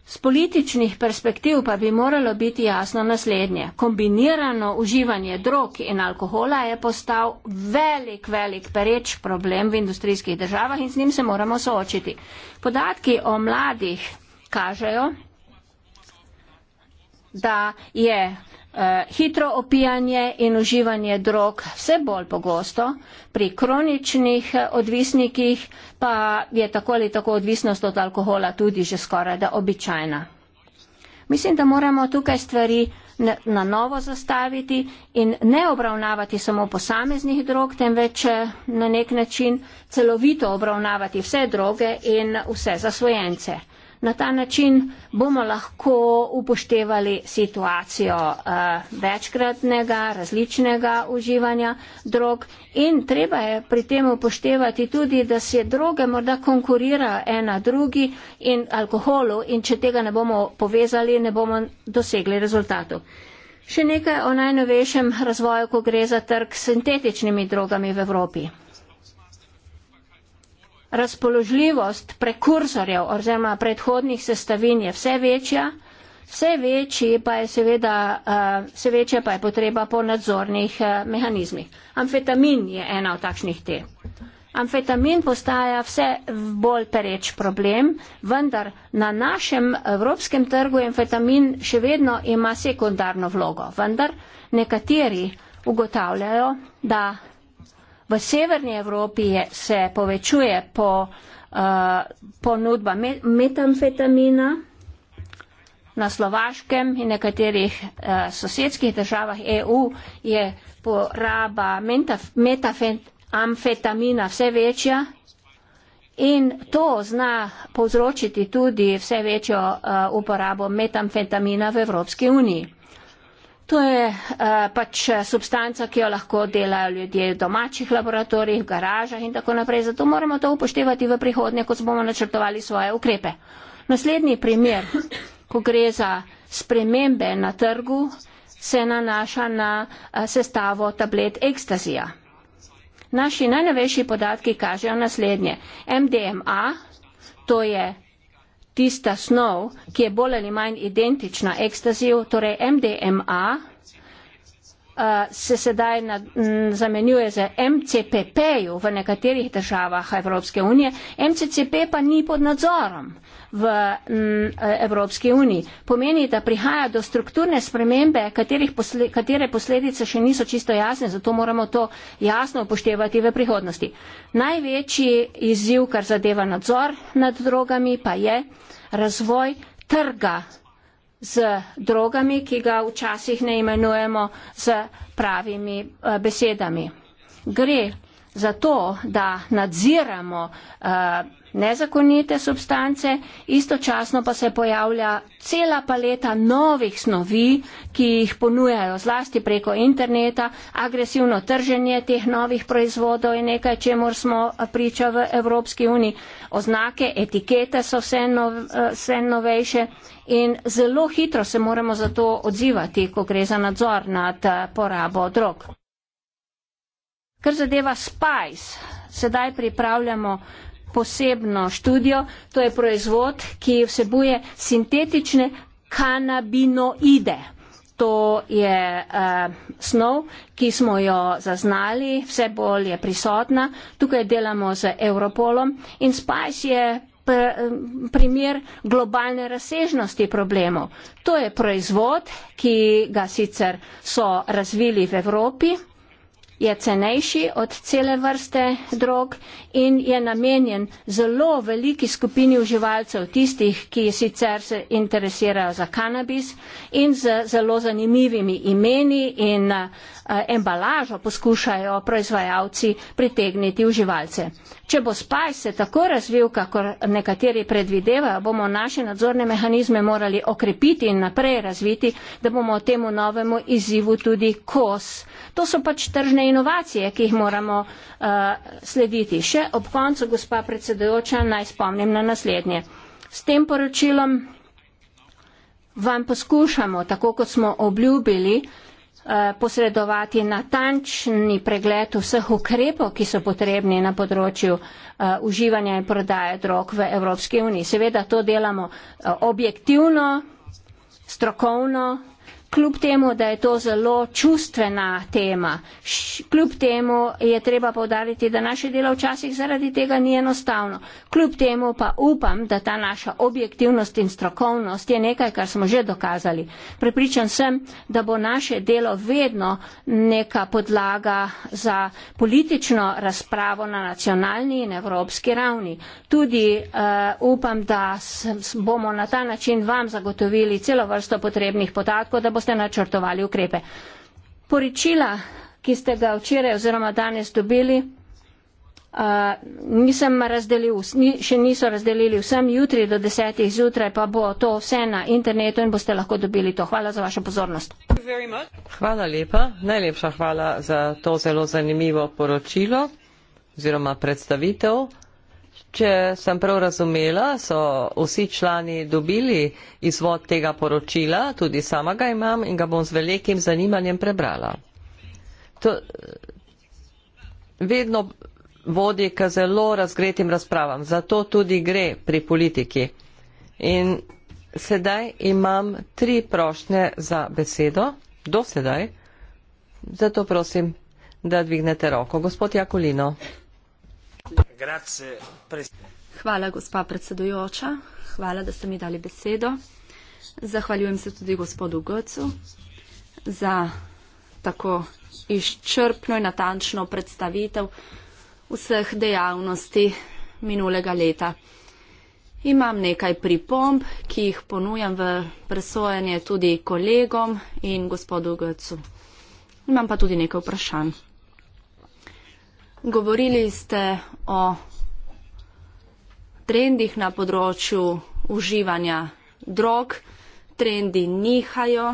Z političnih perspektiv pa bi moralo biti jasno naslednje. Kombinirano uživanje drog in alkohola je postal velik, velik pereč problem v industrijskih državah in z njim se moramo soočiti. Podatki o mladih kažejo, da je Eh, hitro opijanje in uživanje drog vse bolj pogosto, pri kroničnih eh, odvisnikih pa je tako ali tako odvisnost od alkohola tudi že skoraj da običajna. Mislim, da moramo tukaj stvari na novo zastaviti in ne obravnavati samo posameznih drog, temveč eh, na nek način celovito obravnavati vse droge in vse zasvojence na ta način bomo lahko upoštevali situacijo uh, večkratnega, različnega uživanja drog in treba je pri tem upoštevati tudi, da se droge morda konkurirajo ena drugi in alkoholu in če tega ne bomo povezali, ne bomo dosegli rezultatov. Še nekaj o najnovejšem razvoju, ko gre za trg s sintetičnimi drogami v Evropi razpoložljivost prekursorjev oziroma predhodnih sestavin je vse večja, vse večji pa je seveda, eh, vse večja pa je potreba po nadzornih eh, mehanizmih. Amfetamin je ena od takšnih te. Amfetamin postaja vse bolj pereč problem, vendar na našem evropskem trgu amfetamin še vedno ima sekundarno vlogo. Vendar nekateri ugotavljajo, da V severni Evropi se povečuje po, uh, ponudba metamfetamina, na slovaškem in nekaterih uh, sosedskih državah EU je poraba metamfetamina vse večja. In to zna povzročiti tudi vse večjo uh, uporabo metamfetamina v Evropski uniji. To je eh, pač eh, substanca, ki jo lahko delajo ljudje v domačih laboratorijih, v garažah in tako naprej. Zato moramo to upoštevati v prihodnje, ko bomo načrtovali svoje ukrepe. Naslednji primer, ko gre za spremembe na trgu, se nanaša na eh, sestavo tablet ekstazija. Naši najnovejši podatki kažejo naslednje. MDMA, to je tista snov, ki je bolj ali manj identična ekstaziju, torej MDMA, Eh, se sedaj na, m, zamenjuje z MCPP-ju v nekaterih državah Evropske unije. MCCP pa ni pod nadzorom v m, Evropski uniji. Pomeni, da prihaja do strukturne spremembe, posle, katere posledice še niso čisto jasne, zato moramo to jasno upoštevati v prihodnosti. Največji izziv, kar zadeva nadzor nad drogami, pa je razvoj trga z drogami, ki ga včasih ne imenujemo z pravimi eh, besedami. Gre zato, da nadziramo uh, nezakonite substance, istočasno pa se pojavlja cela paleta novih snovi, ki jih ponujajo zlasti preko interneta, agresivno trženje teh novih proizvodov je nekaj, čemu smo priča v Evropski uniji, oznake, etikete so vse, nov, eh, vse novejše in zelo hitro se moramo zato odzivati, ko gre za nadzor nad eh, porabo drog. Kar zadeva Spice, sedaj pripravljamo posebno študijo, to je proizvod, ki vsebuje sintetične kanabinoide. To je uh, snov, ki smo jo zaznali, vse bolj je prisotna. Tukaj delamo z Europolom in Spice je pr eh, primer globalne razsežnosti problemov. To je proizvod, ki ga sicer so razvili v Evropi, je cenejši od cele vrste drog in je namenjen zelo veliki skupini uživalcev, tistih, ki sicer se interesirajo za kanabis in z zelo zanimivimi imeni in eh, embalažo poskušajo proizvajalci pritegniti uživalce. Če bo spaj se tako razvil, kako nekateri predvidevajo, bomo naše nadzorne mehanizme morali okrepiti in naprej razviti, da bomo temu novemu izzivu tudi kos. To so pač tržne inovacije, ki jih moramo uh, slediti. Še ob koncu, gospa predsedujoča, naj spomnim na naslednje. S tem poročilom vam poskušamo, tako kot smo obljubili, uh, Eh, posredovati natančni pregled vseh ukrepov, ki so potrebni na področju eh, uživanja in prodaje drog v Evropski uniji. Seveda to delamo eh, objektivno, strokovno, kljub temu, da je to zelo čustvena tema, kljub temu je treba povdariti, da naše delo včasih zaradi tega ni enostavno. Kljub temu pa upam, da ta naša objektivnost in strokovnost je nekaj, kar smo že dokazali. Prepričan sem, da bo naše delo vedno neka podlaga za politično razpravo na nacionalni in evropski ravni. Tudi uh, upam, da bomo na ta način vam zagotovili celo vrsto potrebnih podatkov, boste načrtovali ukrepe. Poričila, ki ste ga včeraj oziroma danes dobili, uh, nisem razdelil, ni, še niso razdelili vsem, jutri do desetih zjutraj pa bo to vse na internetu in boste lahko dobili to. Hvala za vašo pozornost. Hvala lepa, najlepša hvala za to zelo zanimivo poročilo oziroma predstavitev če sem prav razumela, so vsi člani dobili izvod tega poročila, tudi sama ga imam in ga bom z velikim zanimanjem prebrala. To vedno vodi k zelo razgretim razpravam, zato tudi gre pri politiki. In sedaj imam tri prošnje za besedo, do sedaj, zato prosim, da dvignete roko. Gospod Jakolino. Hvala, gospa predsedujoča. Hvala, da ste mi dali besedo. Zahvaljujem se tudi gospodu Gocu za tako izčrpno in natančno predstavitev vseh dejavnosti minulega leta. Imam nekaj pripomb, ki jih ponujam v presojanje tudi kolegom in gospodu Gocu. Imam pa tudi nekaj vprašanj. Govorili ste o trendih na področju uživanja drog, trendi nihajo,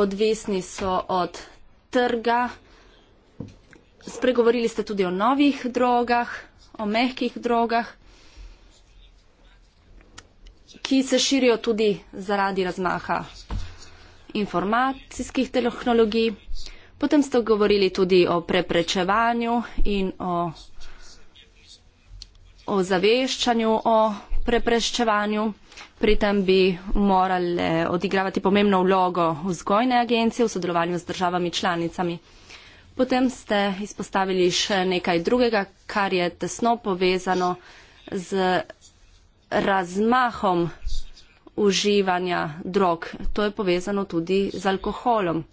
odvisni so od trga. Spregovorili ste tudi o novih drogah, o mehkih drogah, ki se širijo tudi zaradi razmaha informacijskih tehnologij. Potem ste govorili tudi o preprečevanju in o ozaveščanju o preprečevanju. Pri tem bi morale odigravati pomembno vlogo vzgojne agencije v sodelovanju z državami članicami. Potem ste izpostavili še nekaj drugega, kar je tesno povezano z razmahom uživanja drog. To je povezano tudi z alkoholom.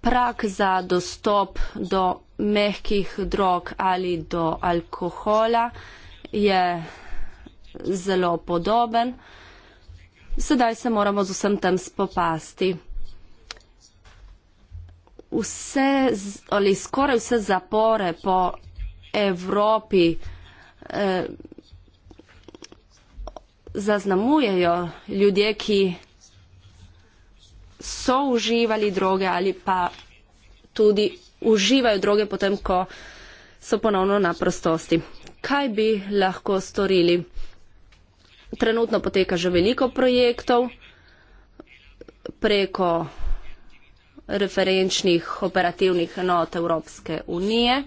prak za dostop do mehkih drog ali do alkohola je zelo podoben. Sedaj se moramo z vsem tem spopasti. Vse ali skoraj vse zapore po Evropi eh, zaznamujejo ljudje, ki so uživali droge ali pa tudi uživajo droge potem, ko so ponovno na prostosti. Kaj bi lahko storili? Trenutno poteka že veliko projektov preko referenčnih operativnih enot Evropske unije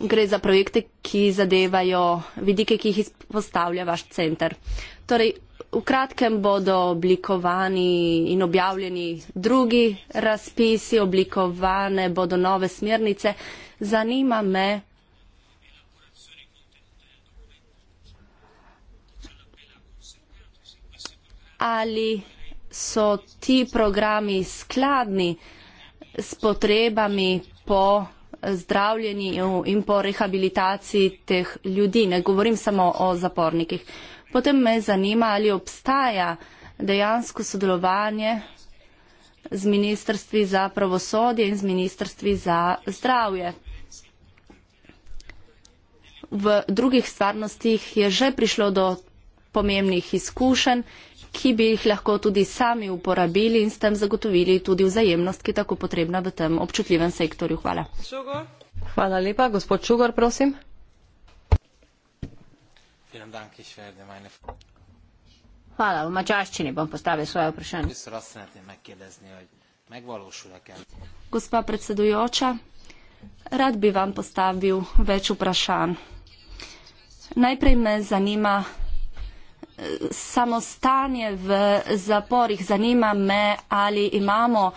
gre za projekte, ki zadevajo vidike, ki jih izpostavlja vaš center. Torej, v kratkem bodo oblikovani in objavljeni drugi razpisi, oblikovane bodo nove smernice. Zanima me, ali so ti programi skladni s potrebami po zdravljenju in po rehabilitaciji teh ljudi. Ne govorim samo o zapornikih. Potem me zanima, ali obstaja dejansko sodelovanje z Ministrstvi za pravosodje in z Ministrstvi za zdravje. V drugih stvarnostih je že prišlo do pomembnih izkušenj ki bi jih lahko tudi sami uporabili in s tem zagotovili tudi vzajemnost, ki je tako potrebna v tem občutljivem sektorju. Hvala. Hvala lepa. Gospod Šugor, prosim. Hvala. V mačaščini bom postavil svoje vprašanje. Gospa predsedujoča, rad bi vam postavil več vprašanj. Najprej me zanima samo stanje v zaporih. Zanima me, ali imamo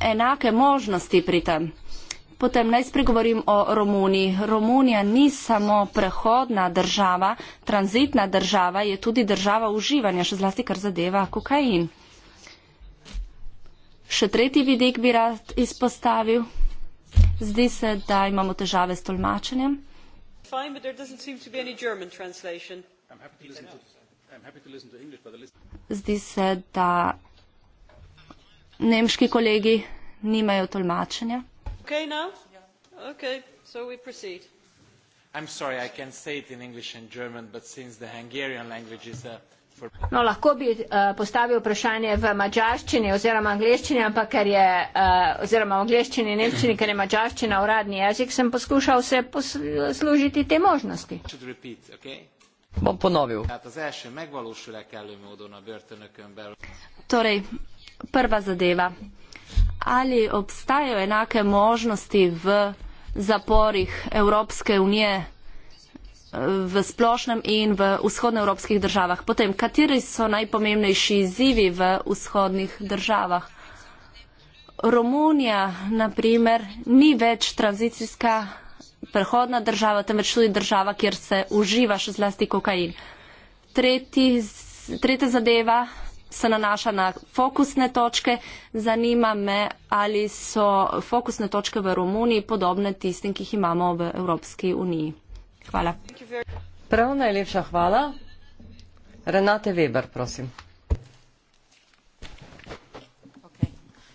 enake možnosti pri tem. Potem naj spregovorim o Romuniji. Romunija ni samo prehodna država, tranzitna država, je tudi država uživanja, še zlasti kar zadeva kokain. Še tretji vidik bi rad izpostavil. Zdi se, da imamo težave s tolmačenjem. Fine, Zdi se, da nemški kolegi nimajo tolmačenja. Okay, uh, No, lahko bi uh, postavil vprašanje v mačarščini oziroma angliščini, ampak ker je, uh, oziroma v angliščini in nemščini, ker je mačarščina uradni jezik, sem poskušal se poslužiti te možnosti. Repeat, okay? bom ponovil. Torej, prva zadeva. Ali obstajajo enake možnosti v zaporih Evropske unije v splošnem in v vzhodnoevropskih državah? Potem, kateri so najpomembnejši izzivi v vzhodnih državah? Romunija, naprimer, ni več tranzicijska prehodna država, temveč tudi država, kjer se uživa še zlasti kokain. Tretji, tretja zadeva se nanaša na fokusne točke. Zanima me, ali so fokusne točke v Romuniji podobne tistim, ki jih imamo v Evropski uniji. Hvala. Prav najlepša hvala. Renate Weber, prosim.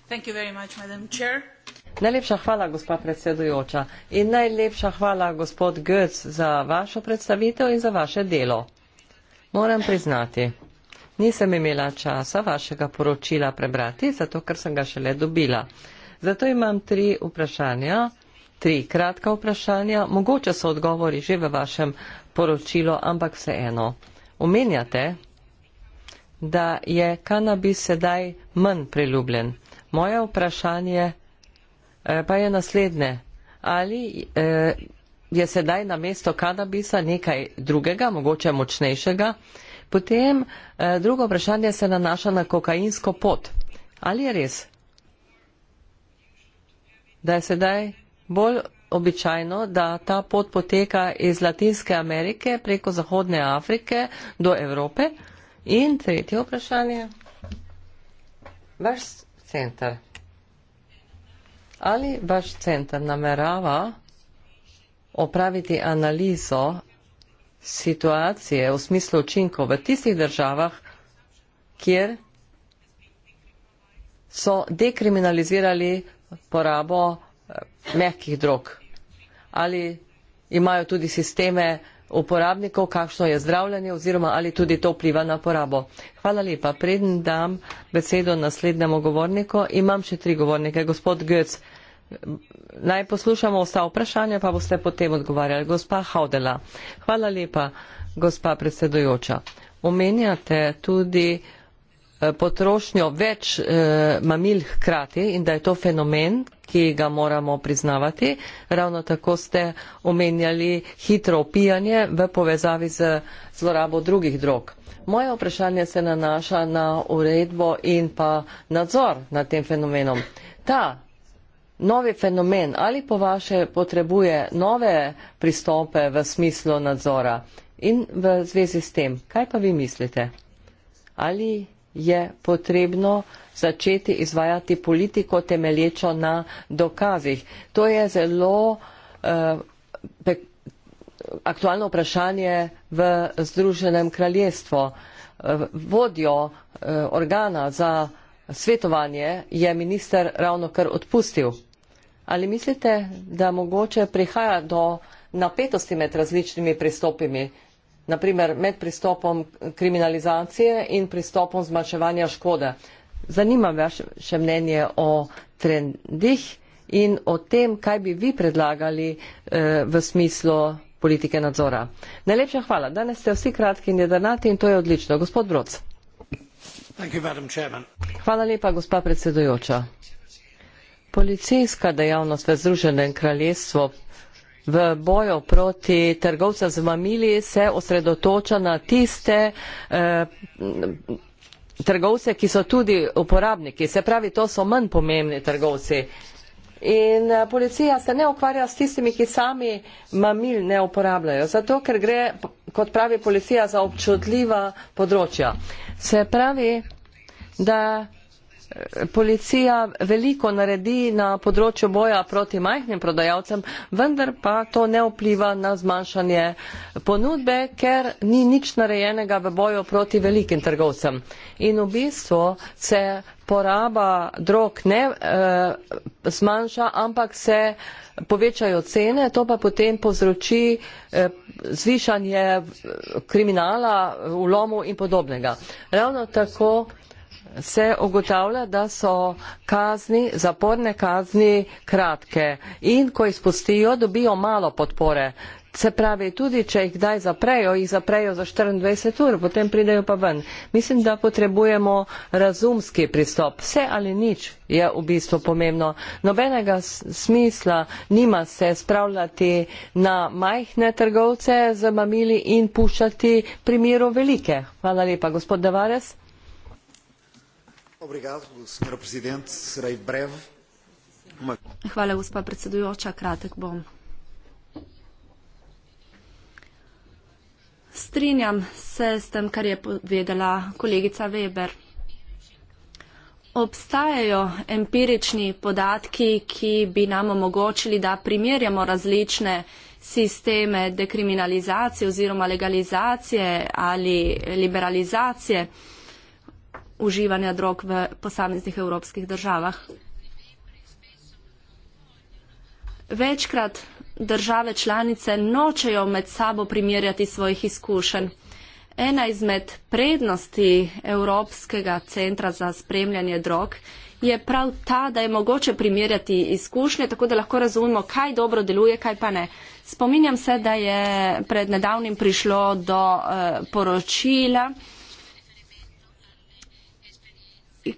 Thank you very much, Madam Chair. Najlepša hvala, gospa predsedujoča. In najlepša hvala, gospod Götz, za vašo predstavitev in za vaše delo. Moram priznati, nisem imela časa vašega poročila prebrati, zato ker sem ga šele dobila. Zato imam tri vprašanja, tri kratka vprašanja. Mogoče so odgovori že v vašem poročilu, ampak vseeno. Omenjate, da je kanabis sedaj manj priljubljen. Moje vprašanje Eh, pa je naslednje. Ali eh, je sedaj na mesto kanabisa nekaj drugega, mogoče močnejšega? Potem eh, drugo vprašanje se nanaša na kokainsko pot. Ali je res, da je sedaj bolj običajno, da ta pot poteka iz Latinske Amerike preko Zahodne Afrike do Evrope? In tretje vprašanje. Vaš center. Ali vaš centar namerava opraviti analizo situacije v smislu učinkov v tistih državah, kjer so dekriminalizirali porabo eh, mehkih drog? Ali imajo tudi sisteme, uporabnikov, kakšno je zdravljanje oziroma ali tudi to vpliva na porabo. Hvala lepa. Preden dam besedo naslednjemu govorniku, imam še tri govornike. Gospod Götz, naj poslušamo vsa vprašanja, pa boste potem odgovarjali. Gospa Haudela, hvala lepa, gospa predsedujoča. Omenjate tudi Eh, potrošnjo več eh, mamil hkrati in da je to fenomen, ki ga moramo priznavati. Ravno tako ste omenjali hitro opijanje v povezavi z zlorabo drugih drog. Moje vprašanje se nanaša na uredbo in pa nadzor nad tem fenomenom. Ta novi fenomen ali po vaše potrebuje nove pristope v smislu nadzora in v zvezi s tem, kaj pa vi mislite? Ali je potrebno začeti izvajati politiko temelječo na dokazih. To je zelo eh, aktualno vprašanje v Združenem kraljestvu. Eh, vodjo eh, organa za svetovanje je minister ravno kar odpustil. Ali mislite, da mogoče prihaja do napetosti med različnimi pristopimi naprimer med pristopom kriminalizacije in pristopom zmanjševanja škode. Zanima me vaše mnenje o trendih in o tem, kaj bi vi predlagali eh, v smislu politike nadzora. Najlepša hvala. Danes ste vsi kratki in jedrnati in to je odlično. Gospod Broc. Hvala lepa, gospa predsedujoča. Policijska dejavnost v Združenem kraljestvu v boju proti trgovcem z mamili se osredotoča na tiste eh, trgovce, ki so tudi uporabniki. Se pravi, to so manj pomembni trgovci. In eh, policija se ne ukvarja s tistimi, ki sami mamil ne uporabljajo, zato ker gre, kot pravi policija, za občutljiva področja. Se pravi, da policija veliko naredi na področju boja proti majhnim prodajalcem, vendar pa to ne vpliva na zmanjšanje ponudbe, ker ni nič narejenega v boju proti velikim trgovcem. In v bistvu se poraba drog ne eh, zmanjša, ampak se povečajo cene, to pa potem povzroči eh, zvišanje kriminala, ulomov in podobnega. Ravno tako se ugotavlja, da so kazni, zaporne kazni kratke in ko izpustijo, dobijo malo podpore. Se pravi, tudi če jih kdaj zaprejo, jih zaprejo za 24 ur, potem pridejo pa ven. Mislim, da potrebujemo razumski pristop. Vse ali nič je v bistvu pomembno. Nobenega smisla nima se spravljati na majhne trgovce z mamili in puščati primiru velike. Hvala lepa, gospod Davares. Hvala, gospa predsedujoča. Kratek bom. Strinjam se s tem, kar je povedala kolegica Weber. Obstajajo empirični podatki, ki bi nam omogočili, da primerjamo različne sisteme dekriminalizacije oziroma legalizacije ali liberalizacije uživanja drog v posameznih evropskih državah. Večkrat države članice nočejo med sabo primerjati svojih izkušenj. Ena izmed prednosti Evropskega centra za spremljanje drog je prav ta, da je mogoče primerjati izkušnje, tako da lahko razumemo, kaj dobro deluje, kaj pa ne. Spominjam se, da je pred nedavnim prišlo do uh, poročila uh,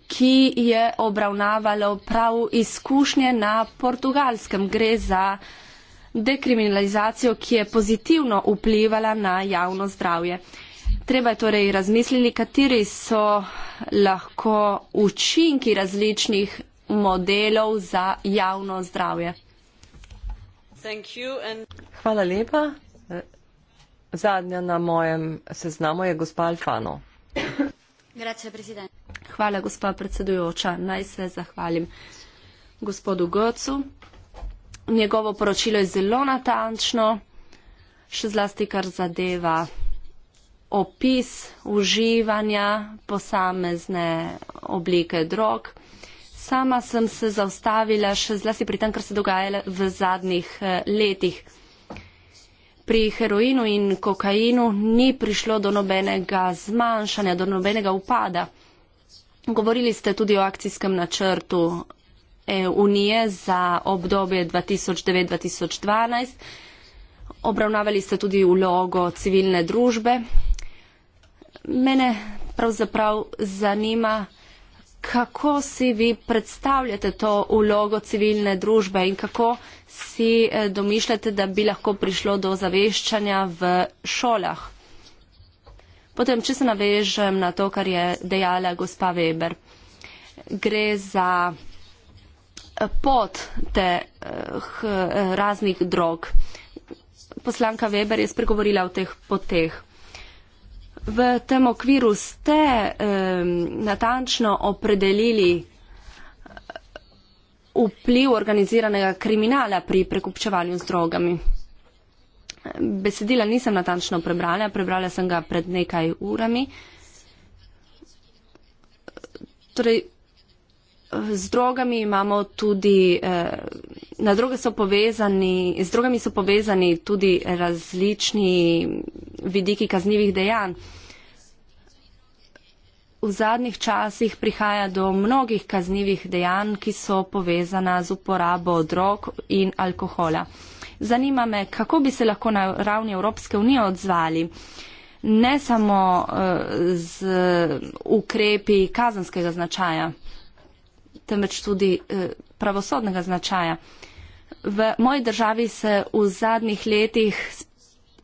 ki je obravnavalo prav izkušnje na portugalskem. Gre za dekriminalizacijo, ki je pozitivno vplivala na javno zdravje. Treba je torej razmisliti, kateri so lahko učinki različnih modelov za javno zdravje. Hvala lepa. Zadnja na mojem seznamu je gospa Alfano. Hvala, gospa predsedujoča. Naj se zahvalim gospodu Gocu. Njegovo poročilo je zelo natančno, še zlasti kar zadeva opis uživanja posamezne oblike drog. Sama sem se zaustavila še zlasti pri tem, kar se dogaja v zadnjih eh, letih pri heroinu in kokainu ni prišlo do nobenega zmanjšanja, do nobenega upada. Govorili ste tudi o akcijskem načrtu eh, Unije za obdobje 2009-2012. Obravnavali ste tudi vlogo civilne družbe. Mene pravzaprav zanima, kako si vi predstavljate to ulogo civilne družbe in kako si eh, domišljate, da bi lahko prišlo do zaveščanja v šolah. Potem, če se navežem na to, kar je dejala gospa Weber, gre za eh, pot teh eh, raznih drog. Poslanka Weber je spregovorila o teh poteh v tem okviru ste um, natančno opredelili eh, vpliv organiziranega kriminala pri prekupčevanju z drogami. Besedila nisem natančno prebrala, prebrala sem ga pred nekaj urami. Torej, z drogami imamo tudi, eh, na druge so povezani, z drogami so povezani tudi različni vidiki kaznjivih dejanj. V zadnjih časih prihaja do mnogih kaznjivih dejanj, ki so povezana z uporabo drog in alkohola. Zanima me, kako bi se lahko na ravni Evropske unije odzvali, ne samo eh, z ukrepi kazanskega značaja temveč tudi eh, pravosodnega značaja. V moji državi se v zadnjih letih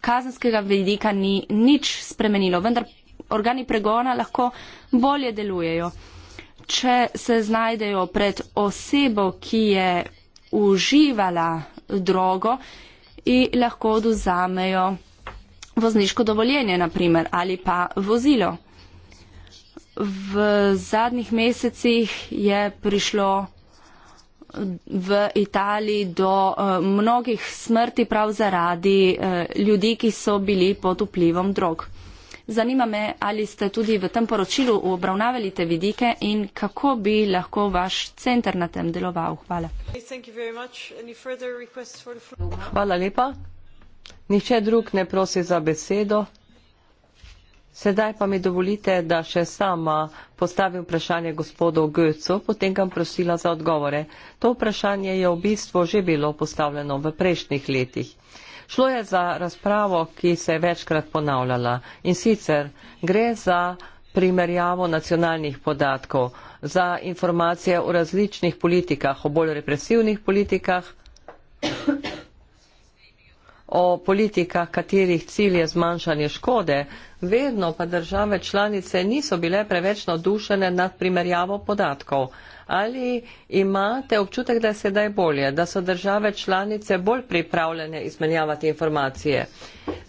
kazenskega vidika ni nič spremenilo, vendar organi pregona lahko bolje delujejo. Če se znajdejo pred osebo, ki je uživala drogo in lahko oduzamejo vozniško dovoljenje, naprimer, ali pa vozilo v zadnjih mesecih je prišlo v Italiji do uh, mnogih smrti prav zaradi uh, ljudi, ki so bili pod vplivom drog. Zanima me, ali ste tudi v tem poročilu obravnavali te vidike in kako bi lahko vaš center na tem deloval. Hvala. Hvala lepa. Nihče drug ne prosi za besedo. Sedaj pa mi dovolite, da še sama postavim vprašanje gospodu Götzu, potem ga prosila za odgovore. To vprašanje je v bistvu že bilo postavljeno v prejšnjih letih. Šlo je za razpravo, ki se je večkrat ponavljala in sicer gre za primerjavo nacionalnih podatkov, za informacije o različnih politikah, o bolj represivnih politikah o politikah, katerih cilj je zmanjšanje škode. Vedno pa države članice niso bile preveč nadušene nad primerjavo podatkov. Ali imate občutek, da je sedaj bolje, da so države članice bolj pripravljene izmenjavati informacije?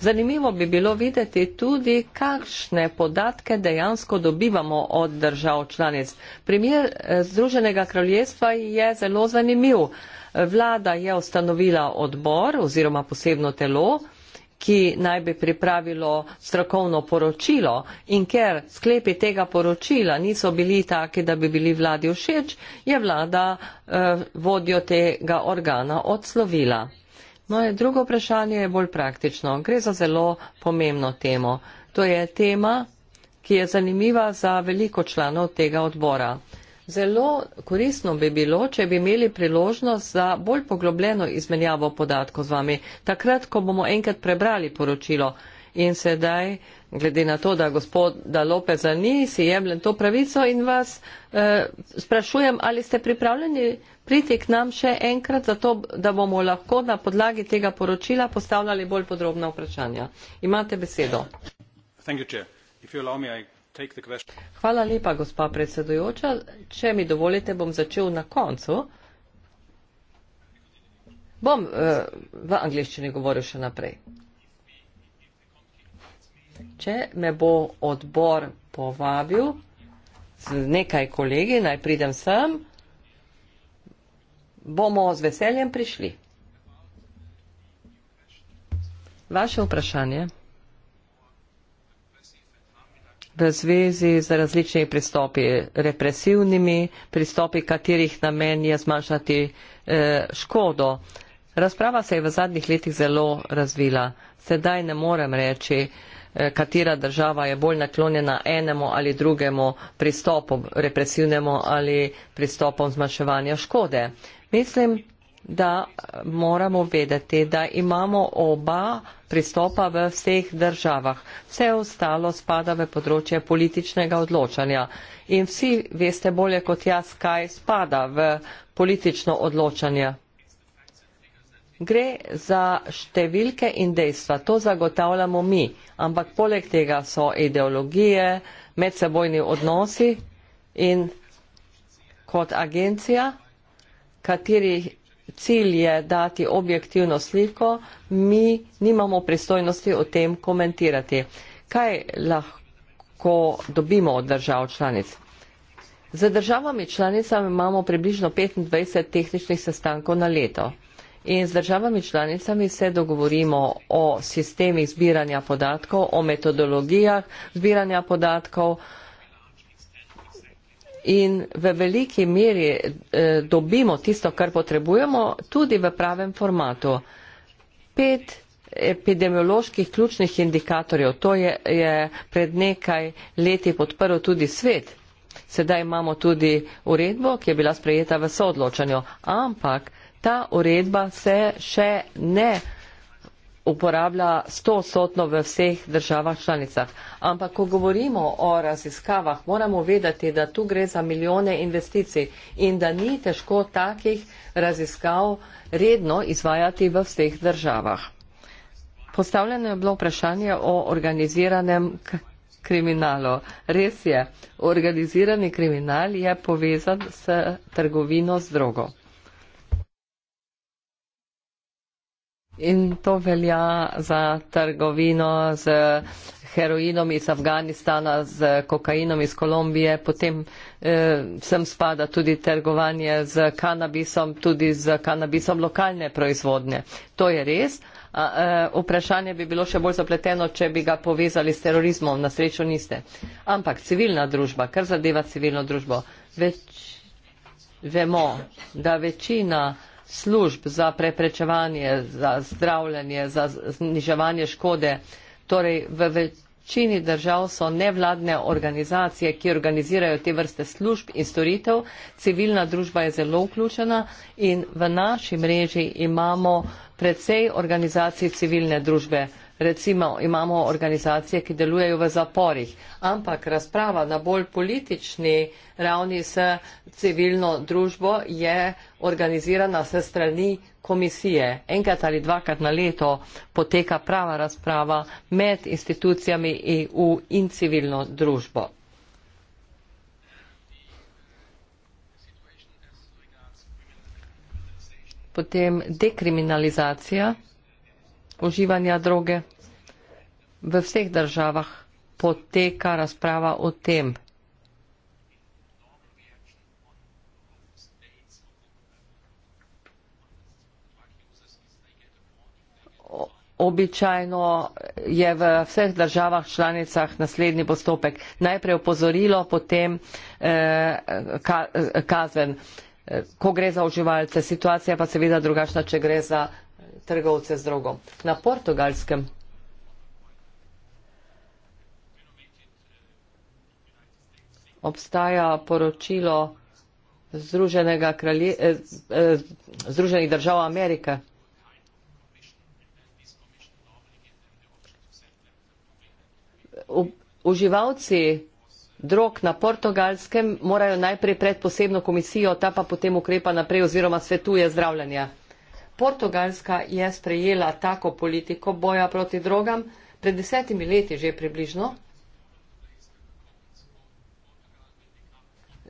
Zanimivo bi bilo videti tudi, kakšne podatke dejansko dobivamo od držav članic. Primer eh, Združenega kraljestva je zelo zanimiv. Vlada je ustanovila odbor oziroma posebno telo, ki naj bi pripravilo strokovno poročilo in ker sklepi tega poročila niso bili taki, da bi bili vladi všeč, je vlada eh, vodjo tega organa odslovila. No, drugo vprašanje je bolj praktično. Gre za zelo pomembno temo. To je tema, ki je zanimiva za veliko članov tega odbora. Zelo koristno bi bilo, če bi imeli priložnost za bolj poglobljeno izmenjavo podatkov z vami, takrat, ko bomo enkrat prebrali poročilo. In sedaj, glede na to, da gospoda Lopeza ni, si jemljem to pravico in vas eh, sprašujem, ali ste pripravljeni priti k nam še enkrat, zato da bomo lahko na podlagi tega poročila postavljali bolj podrobna vprašanja. Imate besedo. Thank you, Če. If you allow me, I Hvala lepa, gospa predsedujoča. Če mi dovolite, bom začel na koncu. Bom uh, v angliščini govoril še naprej. Če me bo odbor povabil z nekaj kolegi, naj pridem sem, bomo z veseljem prišli. Vaše vprašanje v zvezi z različnimi pristopi, represivnimi pristopi, katerih namen je zmanjšati eh, škodo. Razprava se je v zadnjih letih zelo razvila. Sedaj ne morem reči, eh, katera država je bolj naklonjena enemu ali drugemu pristopu, represivnemu ali pristopom zmanjševanja škode. Mislim, da moramo vedeti, da imamo oba pristopa v vseh državah. Vse ostalo spada v področje političnega odločanja. In vsi veste bolje kot jaz, kaj spada v politično odločanje. Gre za številke in dejstva, to zagotavljamo mi, ampak poleg tega so ideologije, medsebojni odnosi in kot agencija, katerih cilj je dati objektivno sliko, mi nimamo pristojnosti o tem komentirati. Kaj lahko dobimo od držav članic? Za državami članicami imamo približno 25 tehničnih sestankov na leto. In z državami članicami se dogovorimo o sistemih zbiranja podatkov, o metodologijah zbiranja podatkov, in v veliki meri eh, dobimo tisto, kar potrebujemo, tudi v pravem formatu. Pet epidemioloških ključnih indikatorjev, to je, je pred nekaj leti podprl tudi svet. Sedaj imamo tudi uredbo, ki je bila sprejeta v soodločanju, ampak ta uredba se še ne uporablja stoodstotno v vseh državah članicah. Ampak, ko govorimo o raziskavah, moramo vedeti, da tu gre za milijone investicij in da ni težko takih raziskav redno izvajati v vseh državah. Postavljeno je bilo vprašanje o organiziranem kriminalu. Res je, organizirani kriminal je povezan s trgovino z drogo. In to velja za trgovino z heroinom iz Afganistana, z kokainom iz Kolumbije, potem eh, sem spada tudi trgovanje z kanabisom, tudi z kanabisom lokalne proizvodnje. To je res. A, e, vprašanje bi bilo še bolj zapleteno, če bi ga povezali s terorizmom. Na srečo niste. Ampak civilna družba, kar zadeva civilno družbo, več vemo, da večina služb za preprečevanje, za zdravljanje, za zniževanje škode. Torej, v večini držav so nevladne organizacije, ki organizirajo te vrste služb in storitev. Civilna družba je zelo vključena in v naši mreži imamo precej organizacij civilne družbe recimo imamo organizacije, ki delujejo v zaporih, ampak razprava na bolj politični ravni s civilno družbo je organizirana se strani komisije. Enkrat ali dvakrat na leto poteka prava razprava med institucijami EU in civilno družbo. Potem dekriminalizacija uživanja droge v vseh državah poteka razprava o tem. Običajno je v vseh državah članicah naslednji postopek. Najprej opozorilo, potem eh, ka, eh, kazen. Ko gre za uživalce, situacija pa seveda drugačna, če gre za trgovce z drogo. Na portugalskem obstaja poročilo Združenega kralje, eh, eh Združenih držav Amerike. Uživalci drog na portugalskem morajo najprej pred posebno komisijo, ta pa potem ukrepa naprej oziroma svetuje zdravljanje. Portugalska je sprejela tako politiko boja proti drogam pred desetimi leti že približno.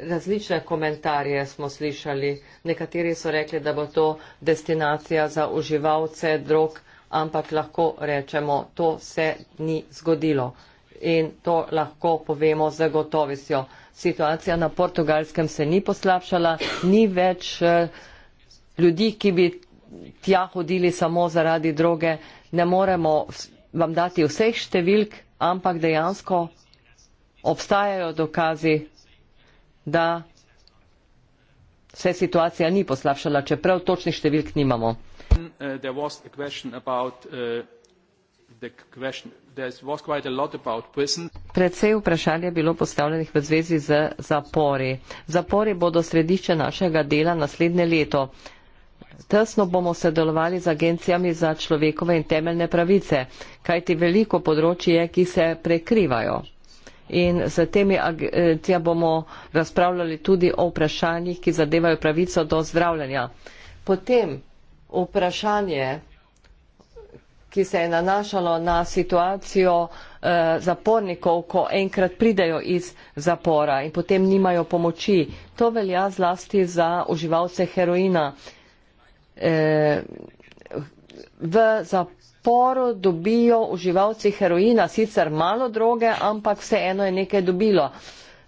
različne komentarje smo slišali. Nekateri so rekli, da bo to destinacija za uživalce drog, ampak lahko rečemo, to se ni zgodilo. In to lahko povemo z gotovostjo. Situacija na portugalskem se ni poslabšala, ni več eh, ljudi, ki bi tja hodili samo zaradi droge. Ne moremo vam dati vseh številk, ampak dejansko obstajajo dokazi, da se situacija ni poslabšala čeprav točnih številk nimamo. Uh, uh, precej vprašanj je bilo postavljenih v zvezi z zapori. zapori bodo središče našega dela naslednje leto. Tesno bomo sodelovali z agencijami za človekove in temeljne pravice, kajti veliko področje je, ki se prekrivajo in s temi agencija eh, bomo razpravljali tudi o vprašanjih, ki zadevajo pravico do zdravljanja. Potem vprašanje, ki se je nanašalo na situacijo eh, zapornikov, ko enkrat pridejo iz zapora in potem nimajo pomoči. To velja zlasti za uživalce heroina. Eh, v zapor podporo dobijo uživalci heroina, sicer malo droge, ampak vseeno je nekaj dobilo.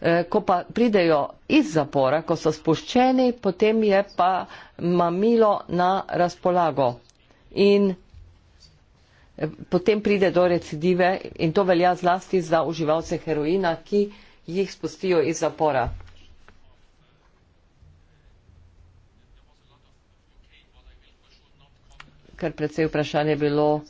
E, ko pa pridejo iz zapora, ko so spuščeni, potem je pa mamilo na razpolago. In e, potem pride do recidive in to velja zlasti za uživalce heroina, ki jih spustijo iz zapora. kar predvsej vprašanje bilo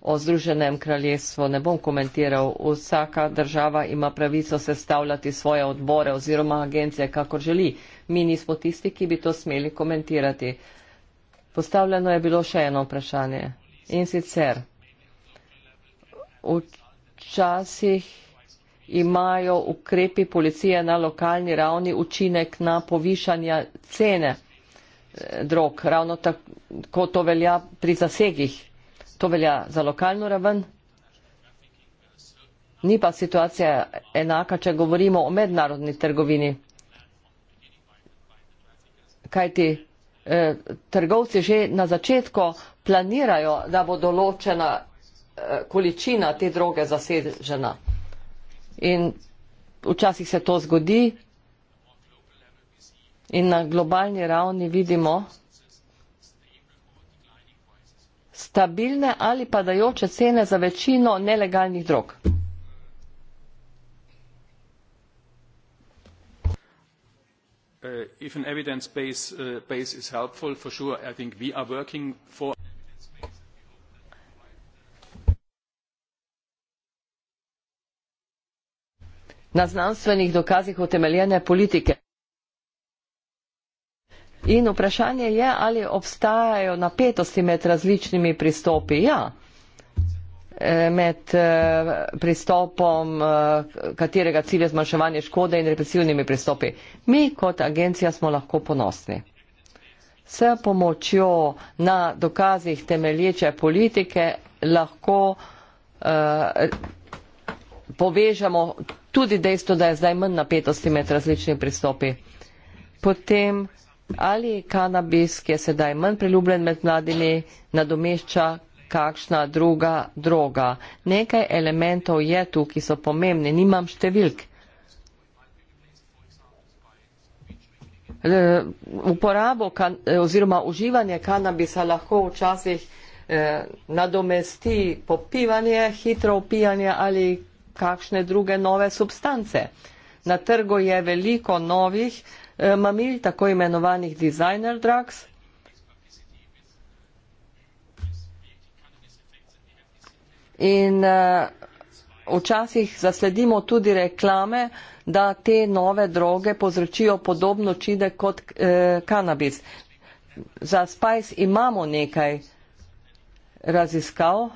o Združenem kraljestvu. Ne bom komentiral, vsaka država ima pravico sestavljati svoje odbore oziroma agencije, kako želi. Mi nismo tisti, ki bi to smeli komentirati. Postavljeno je bilo še eno vprašanje. In sicer, včasih imajo ukrepi policije na lokalni ravni učinek na povišanje cene drog. Ravno tako to velja pri zasegih. To velja za lokalno raven. Ni pa situacija enaka, če govorimo o mednarodni trgovini. Kaj ti eh, trgovci že na začetku planirajo, da bo določena eh, količina te droge zasežena. In včasih se to zgodi, in na globalni ravni vidimo stabilne ali padajoče cene za večino nelegalnih drog. Uh, if an evidence base, uh, base is helpful, for sure, I think we are working for na znanstvenih dokazih utemeljene politike. In vprašanje je, ali obstajajo napetosti med različnimi pristopi. Ja, e, med e, pristopom, e, katerega cilj je zmanjševanje škode in represivnimi pristopi. Mi kot agencija smo lahko ponosni. S pomočjo na dokazih temelječe politike lahko povežamo tudi dejstvo, da je zdaj manj napetosti med različnimi pristopi. Potem Ali kanabis, ki je sedaj manj priljubljen med mladimi, nadomešča kakšna druga droga? Nekaj elementov je tu, ki so pomembni, nimam številk. Eh, uporabo kan, oziroma uživanje kanabisa lahko včasih eh, nadomesti popivanje, hitro upijanje ali kakšne druge nove substance. Eh, Na trgu je veliko novih eh, mamil, tako imenovanih designer drugs. In eh, včasih zasledimo tudi reklame, da te nove droge povzročijo podobno čide kot eh, kanabis. Za Spice imamo nekaj raziskav.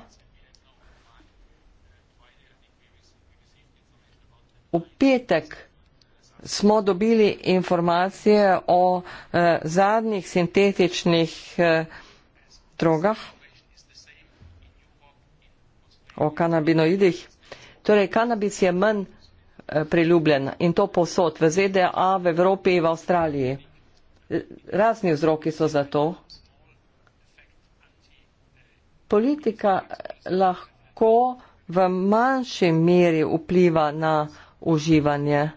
V petek smo dobili informacije o eh, zadnjih sintetičnih eh, drogah, o kanabinoidih. Torej, kanabis je manj eh, priljubljen in to posod v ZDA, v Evropi in v Avstraliji. Razni vzroki so za to. Politika eh, lahko v manjši meri vpliva na uživanje.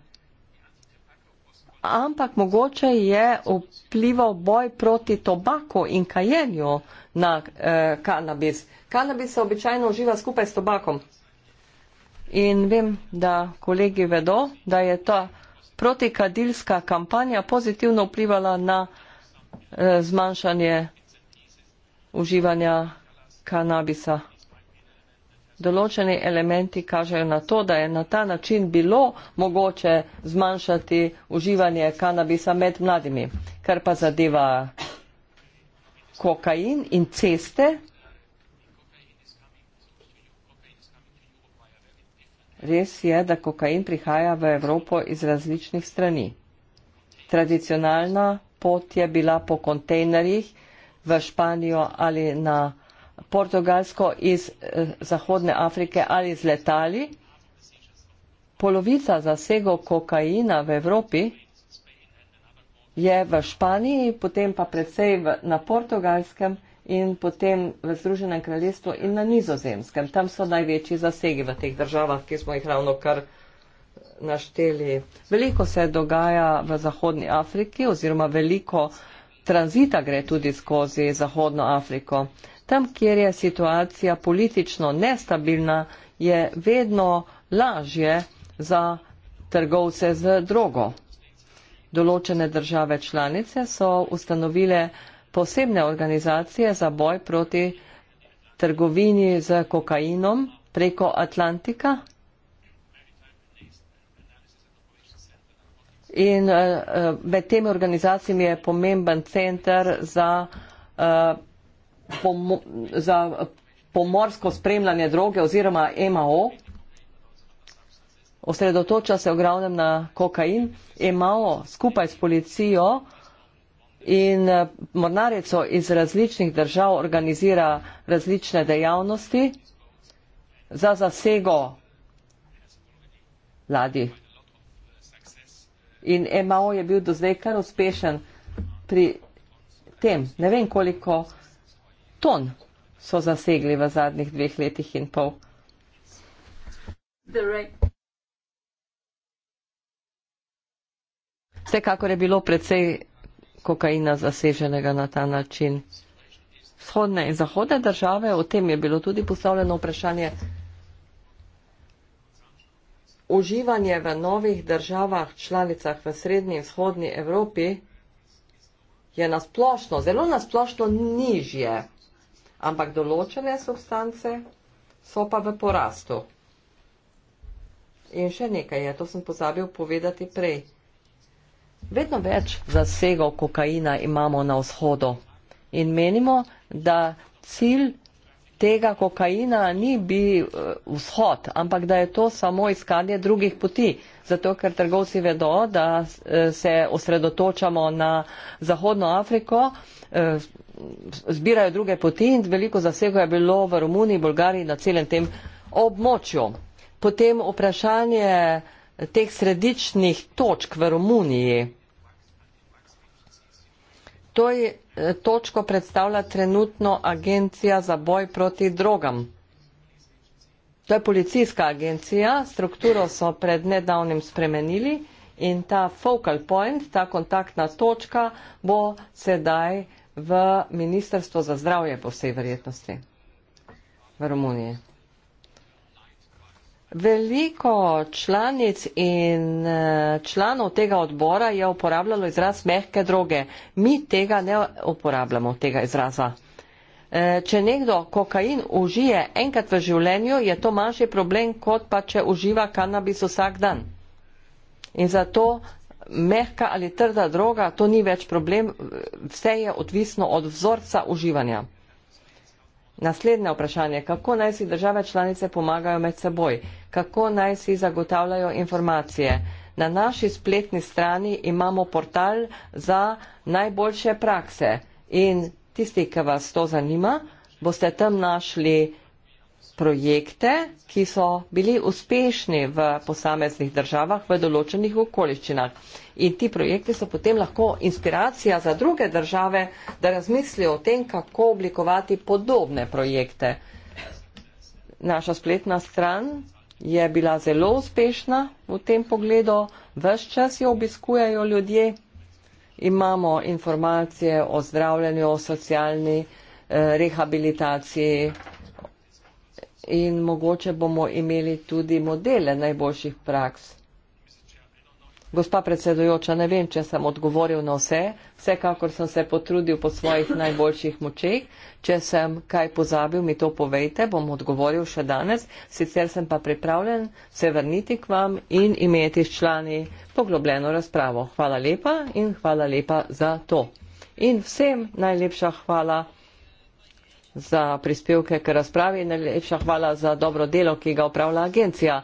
Ampak mogoče je vplival boj proti tobaku in kajenju na eh, kanabis. Kanabis se običajno uživa skupaj s tobakom. In vem, da kolegi vedo, da je ta protikadilska kampanja pozitivno vplivala na eh, zmanjšanje uživanja kanabisa določeni elementi kažejo na to, da je na ta način bilo mogoče zmanjšati uživanje kanabisa med mladimi. Kar pa zadeva kokain in ceste, res je, da kokain prihaja v Evropo iz različnih strani. Tradicionalna pot je bila po kontejnerjih v Španijo ali na Evropi portugalsko iz eh, Zahodne Afrike ali z letali. Polovica zasegov kokaina v Evropi je v Španiji, potem pa predvsej v, na portugalskem in potem v Združenem kraljestvu in na nizozemskem. Tam so največji zasegi v teh državah, ki smo jih ravno kar našteli. Veliko se dogaja v Zahodni Afriki oziroma veliko tranzita gre tudi skozi Zahodno Afriko tam, kjer je situacija politično nestabilna, je vedno lažje za trgovce z drogo. Določene države članice so ustanovile posebne organizacije za boj proti trgovini z kokainom preko Atlantika. In eh, eh, med temi organizacijami je pomemben center za eh, pom za pomorsko spremljanje droge oziroma MAO. Osredotoča se ogromnem na kokain. MAO skupaj s policijo in mornarico iz različnih držav organizira različne dejavnosti za zasego ladi. In MAO je bil do zdaj kar uspešen pri tem. Ne vem, koliko ton so zasegli v zadnjih dveh letih in pol. Vsekakor je bilo predvsej kokaina zaseženega na ta način. Vzhodne in zahodne države, o tem je bilo tudi postavljeno vprašanje, uživanje v novih državah, članicah v srednji in vzhodni Evropi je nasplošno, zelo nasplošno nižje ampak določene substance so pa v porastu. In še nekaj je, to sem pozabil povedati prej. Vedno več zasegov kokaina imamo na vzhodu in menimo, da cilj tega kokaina ni bi eh, vzhod, ampak da je to samo iskanje drugih poti, zato ker trgovci vedo, da eh, se osredotočamo na Zahodno Afriko, eh, zbirajo druge poti in veliko zasego je bilo v Romuniji, Bolgariji, na celem tem območju. Potem vprašanje eh, teh središčnih točk v Romuniji. To je eh, točko predstavlja trenutno agencija za boj proti drogam. To je policijska agencija, strukturo so pred nedavnim spremenili in ta focal point, ta kontaktna točka bo sedaj v Ministrstvo za zdravje po vsej verjetnosti v Romuniji. Veliko članic in eh, članov tega odbora je uporabljalo izraz mehke droge. Mi tega ne uporabljamo, tega izraza. Eh, če nekdo kokain užije enkrat v življenju, je to manjši problem, kot pa če uživa kanabis vsak dan. In zato mehka ali trda droga, to ni več problem, vse je odvisno od vzorca uživanja. Naslednje vprašanje, kako naj si države članice pomagajo med seboj, kako naj si zagotavljajo informacije. Na naši spletni strani imamo portal za najboljše prakse in tisti, ki vas to zanima, boste tam našli projekte, ki so bili uspešni v posameznih državah v določenih okoliščinah. In ti projekti so potem lahko inspiracija za druge države, da razmislijo o tem, kako oblikovati podobne projekte. Naša spletna stran je bila zelo uspešna v tem pogledu, vse čas jo obiskujajo ljudje, imamo informacije o zdravljenju, o socialni eh, rehabilitaciji, in mogoče bomo imeli tudi modele najboljših praks. Gospa predsedujoča, ne vem, če sem odgovoril na vse, vsekakor sem se potrudil po svojih najboljših močeh, če sem kaj pozabil, mi to povejte, bom odgovoril še danes, sicer sem pa pripravljen se vrniti k vam in imeti s člani poglobljeno razpravo. Hvala lepa in hvala lepa za to. In vsem najlepša hvala za prispevke k razpravi in najlepša hvala za dobro delo, ki ga upravlja agencija.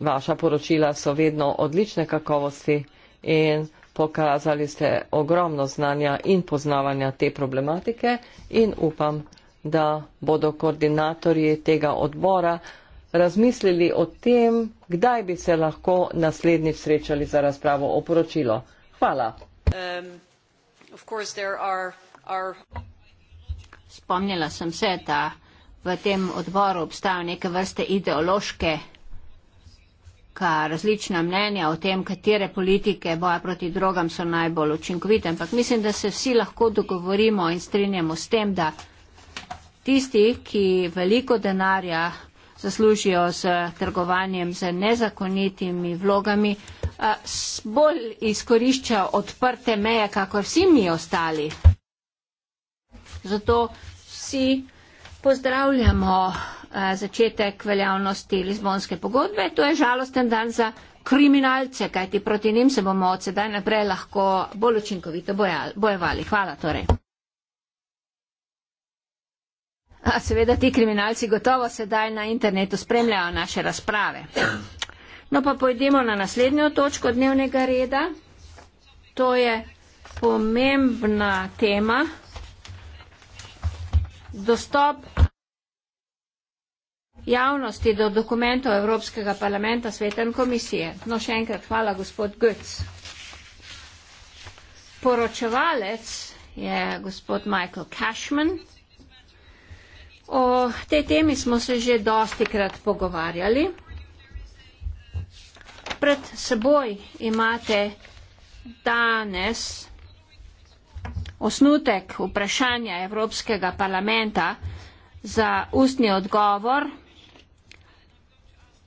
Vaša poročila so vedno odlične kakovosti in pokazali ste ogromno znanja in poznavanja te problematike in upam, da bodo koordinatorji tega odbora razmislili o tem, kdaj bi se lahko naslednjič srečali za razpravo o poročilo. Hvala. Um, spomnila sem se, da v tem odboru obstajajo neke vrste ideološke različna mnenja o tem, katere politike boja proti drogam so najbolj učinkovite. Ampak mislim, da se vsi lahko dogovorimo in strinjamo s tem, da tisti, ki veliko denarja zaslužijo z trgovanjem z nezakonitimi vlogami, eh, bolj izkorišča odprte meje, kakor vsi mi ostali. Zato vsi pozdravljamo eh, začetek veljavnosti Lizbonske pogodbe. To je žalosten dan za kriminalce, kajti proti njim se bomo od sedaj naprej lahko bolj učinkovito bojevali. Hvala torej. A seveda ti kriminalci gotovo sedaj na internetu spremljajo naše razprave. No pa pojdemo na naslednjo točko dnevnega reda. To je pomembna tema dostop javnosti do dokumentov Evropskega parlamenta, sveta in komisije. No, še enkrat hvala, gospod Götz. Poročevalec je gospod Michael Cashman. O tej temi smo se že dosti krat pogovarjali. Pred seboj imate danes osnutek vprašanja Evropskega parlamenta za ustni odgovor,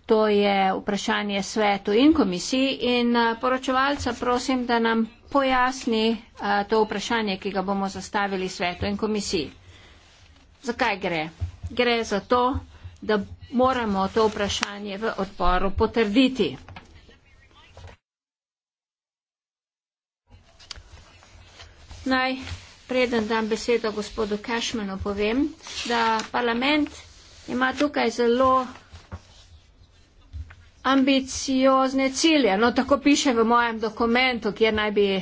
to je vprašanje svetu in komisiji in eh, poročevalca prosim, da nam pojasni eh, to vprašanje, ki ga bomo zastavili svetu in komisiji. Zakaj gre? Gre za to, da moramo to vprašanje v odporu potrditi. Naj preden dam besedo gospodu Cashmanu, povem, da parlament ima tukaj zelo ambiciozne cilje. No, tako piše v mojem dokumentu, naj bi, eh,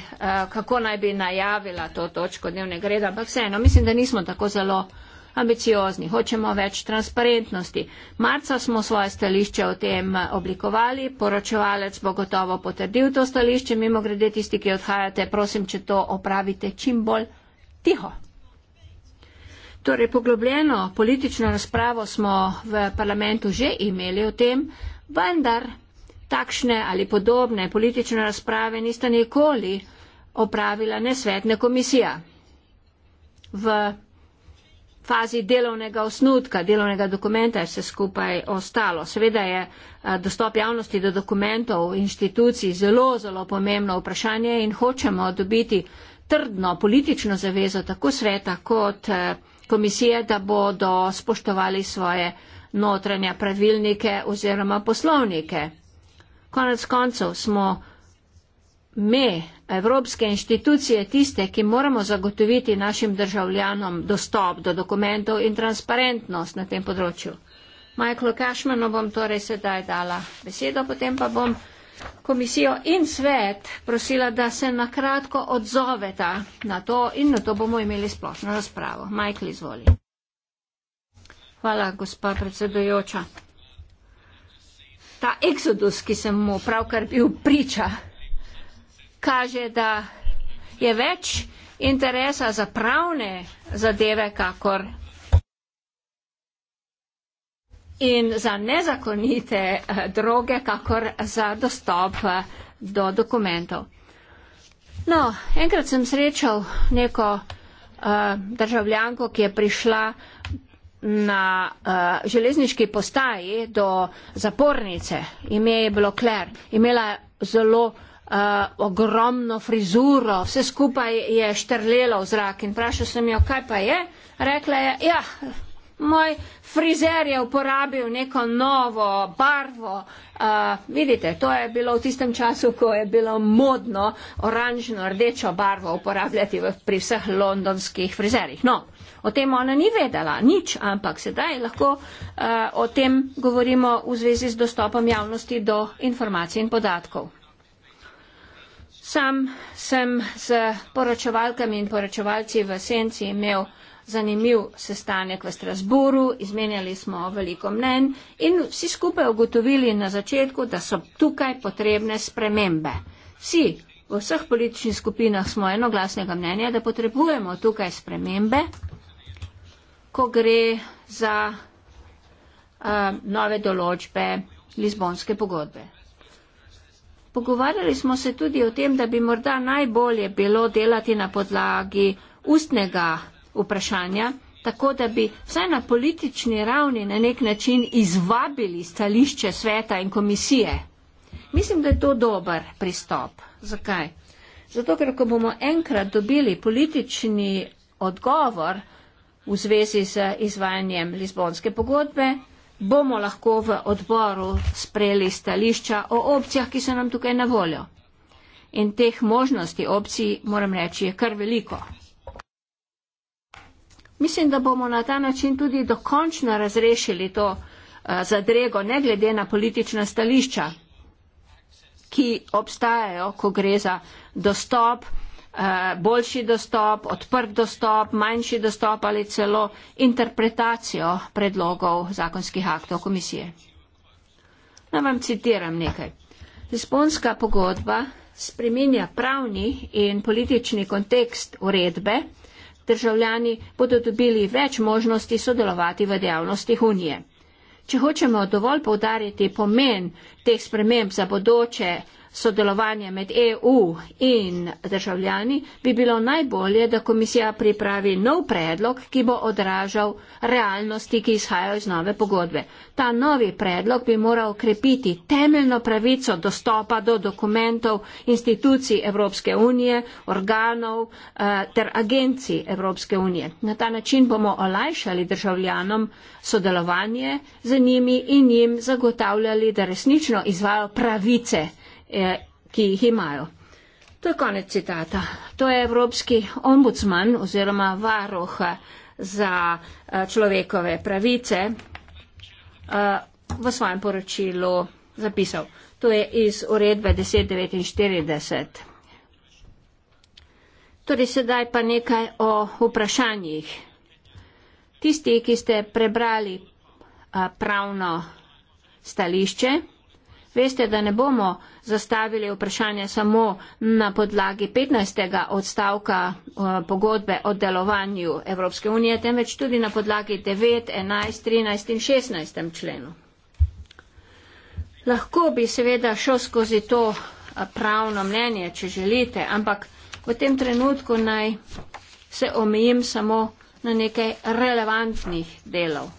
kako naj bi najavila to točko dnevnega reda, ampak vseeno, mislim, da nismo tako zelo ambiciozni, hočemo več transparentnosti. Marca smo svoje stališče o tem oblikovali, poročevalec bo gotovo potrdil to stališče, mimo grede tisti, ki odhajate, prosim, če to opravite čim bolj tiho. Torej, poglobljeno politično razpravo smo v parlamentu že imeli o tem, vendar takšne ali podobne politične razprave nista nikoli opravila nesvetna komisija. V fazi delovnega osnutka, delovnega dokumenta je vse skupaj ostalo. Seveda je dostop javnosti do dokumentov inštitucij zelo, zelo pomembno vprašanje in hočemo dobiti trdno politično zavezo tako sveta kot komisije, da bodo spoštovali svoje notranja pravilnike oziroma poslovnike. Konec koncev smo me evropske inštitucije tiste, ki moramo zagotoviti našim državljanom dostop do dokumentov in transparentnost na tem področju. Michaelu Cashmanu bom torej sedaj dala besedo, potem pa bom komisijo in svet prosila, da se nakratko odzoveta na to in na to bomo imeli splošno razpravo. Michael, izvoli. Hvala, gospa predsedujoča. Ta eksodus, ki sem mu pravkar bil priča, kaže, da je več interesa za pravne zadeve, kakor in za nezakonite eh, droge, kakor za dostop eh, do dokumentov. No, enkrat sem srečal neko uh, državljanko, ki je prišla na uh, železniški postaji do zapornice. Ime je bilo Kler. Imela je zelo uh, uh, ogromno frizuro, vse skupaj je štrlelo v zrak in vprašal sem jo, kaj pa je. Rekla je, ja, moj frizer je uporabil neko novo barvo. Uh, vidite, to je bilo v tistem času, ko je bilo modno oranžno rdečo barvo uporabljati v, pri vseh londonskih frizerjih. No, o tem ona ni vedela nič, ampak sedaj lahko uh, o tem govorimo v zvezi z dostopom javnosti do informacij in podatkov. Sam sem z poročevalkami in poročevalci v Senci imel zanimiv sestanek v Strasburu, izmenjali smo veliko mnen in vsi skupaj ugotovili na začetku, da so tukaj potrebne spremembe. Vsi v vseh političnih skupinah smo enoglasnega mnenja, da potrebujemo tukaj spremembe, ko gre za uh, nove določbe Lizbonske pogodbe. Pogovarjali smo se tudi o tem, da bi morda najbolje bilo delati na podlagi ustnega vprašanja, tako da bi vsaj na politični ravni na nek način izvabili stališče sveta in komisije. Mislim, da je to dober pristop. Zakaj? Zato, ker ko bomo enkrat dobili politični odgovor v zvezi z izvajanjem Lizbonske pogodbe, bomo lahko v odboru sprejeli stališča o opcijah, ki so nam tukaj na voljo. In teh možnosti opcij, moram reči, je kar veliko. Mislim, da bomo na ta način tudi dokončno razrešili to eh, zadrego, ne glede na politična stališča, ki obstajajo, ko gre za dostop Eh, boljši dostop, odprt dostop, manjši dostop ali celo interpretacijo predlogov zakonskih aktov komisije. Naj vam citiram nekaj. Lisbonska pogodba spreminja pravni in politični kontekst uredbe, državljani bodo dobili več možnosti sodelovati v dejavnostih unije. Če hočemo dovolj povdariti pomen teh sprememb za bodoče sodelovanje med EU in državljani, bi bilo najbolje, da komisija pripravi nov predlog, ki bo odražal realnosti, ki izhajajo iz nove pogodbe. Ta novi predlog bi moral krepiti temeljno pravico dostopa do dokumentov institucij Evropske unije, organov eh, ter agencij Evropske unije. Na ta način bomo olajšali državljanom sodelovanje z njimi in jim zagotavljali, da resnično izvajo pravice ki jih imajo. To je konec citata. To je evropski ombudsman oziroma varoh eh, za eh, človekove pravice eh, v svojem poročilu zapisal. To je iz uredbe 1049. Torej sedaj pa nekaj o vprašanjih. Tisti, ki ste prebrali pravno stališče, Veste, da ne bomo zastavili vprašanja samo na podlagi 15. odstavka eh, pogodbe o delovanju Evropske unije, temveč tudi na podlagi 9, 11, 13 in 16. členu. Lahko bi seveda šel skozi to eh, pravno mnenje, če želite, ampak v tem trenutku naj se omejim samo na nekaj relevantnih delov.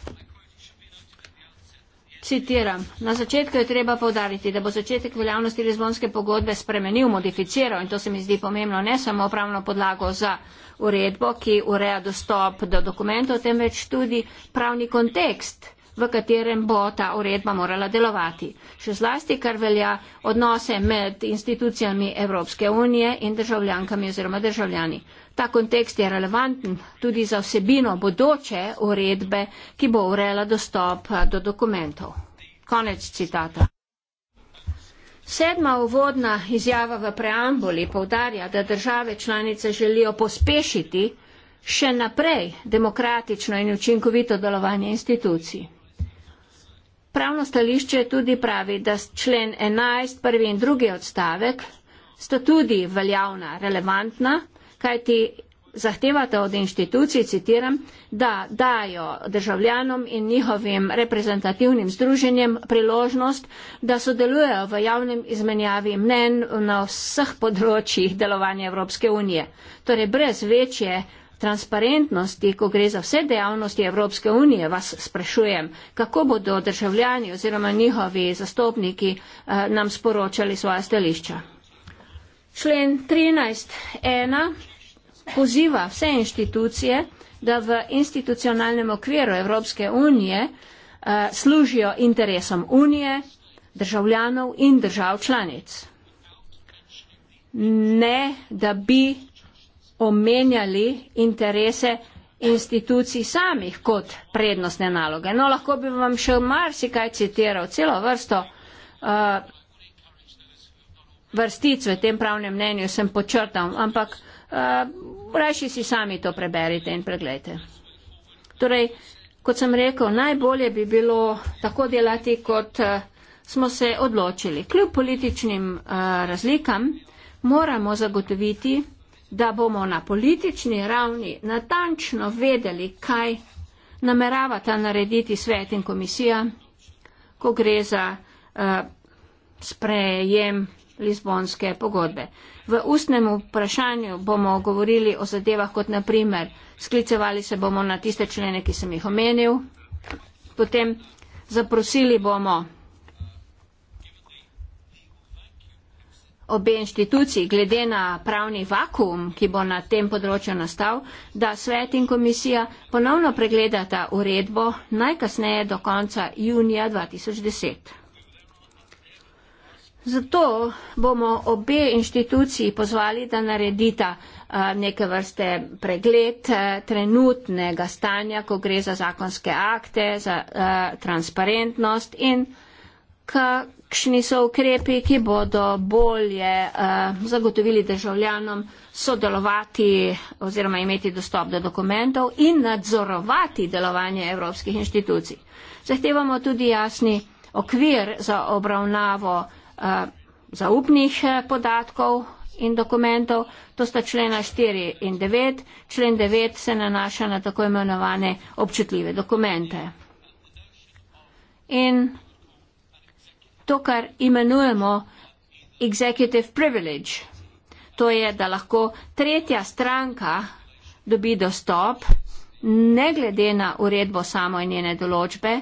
Citiram, na začetku je treba povdariti, da bo začetek veljavnosti lizbonske pogodbe spremenil, modificiral in to se mi zdi pomembno, ne samo pravno podlago za uredbo, ki ureja dostop do dokumentov, temveč tudi pravni kontekst v katerem bo ta uredba morala delovati. Še zlasti, kar velja odnose med institucijami Evropske unije in državljankami oziroma državljani. Ta kontekst je relevanten tudi za vsebino bodoče uredbe, ki bo urejala dostop eh, do dokumentov. Konec citata. Sedma uvodna izjava v preambuli povdarja, da države članice želijo pospešiti še naprej demokratično in učinkovito delovanje institucij. Pravno stališče tudi pravi, da člen 11, prvi in drugi odstavek sta tudi veljavna, relevantna, kajti zahtevate od inštitucij, citiram, da dajo državljanom in njihovim reprezentativnim združenjem priložnost, da sodelujejo v javnem izmenjavi mnen na vseh področjih delovanja Evropske unije. Torej, brez večje transparentnosti, ko gre za vse dejavnosti Evropske unije, vas sprašujem, kako bodo državljani oziroma njihovi zastopniki eh, nam sporočali svoje stališča. Člen 13.1 poziva vse inštitucije, da v institucionalnem okviru Evropske unije eh, služijo interesom unije, državljanov in držav članic. Ne, da bi omenjali interese institucij samih kot prednostne naloge. No, lahko bi vam še marsikaj citiral, celo vrsto uh, vrstic v tem pravnem mnenju sem počrtal, ampak uh, rajši si sami to preberite in pregledajte. Torej, kot sem rekel, najbolje bi bilo tako delati, kot uh, smo se odločili. Kljub političnim uh, razlikam moramo zagotoviti, da bomo na politični ravni natančno vedeli, kaj nameravata narediti svet in komisija, ko gre za uh, sprejem Lizbonske pogodbe. V ustnem vprašanju bomo govorili o zadevah kot naprimer, sklicevali se bomo na tiste člene, ki sem jih omenil, potem zaprosili bomo obe inštituciji glede na pravni vakum, ki bo na tem področju nastal, da svet in komisija ponovno pregledata uredbo najkasneje do konca junija 2010. Zato bomo obe inštituciji pozvali, da naredita eh, neke vrste pregled eh, trenutnega stanja, ko gre za zakonske akte, za uh, transparentnost in kakšni so ukrepi, ki bodo bolje eh, zagotovili državljanom sodelovati oziroma imeti dostop do dokumentov in nadzorovati delovanje evropskih inštitucij. Zahtevamo tudi jasni okvir za obravnavo eh, zaupnih eh, podatkov in dokumentov, to sta člena 4 in 9. Člen 9 se nanaša na tako imenovane občutljive dokumente. In to, kar imenujemo executive privilege. To je, da lahko tretja stranka dobi dostop, ne glede na uredbo samo in njene določbe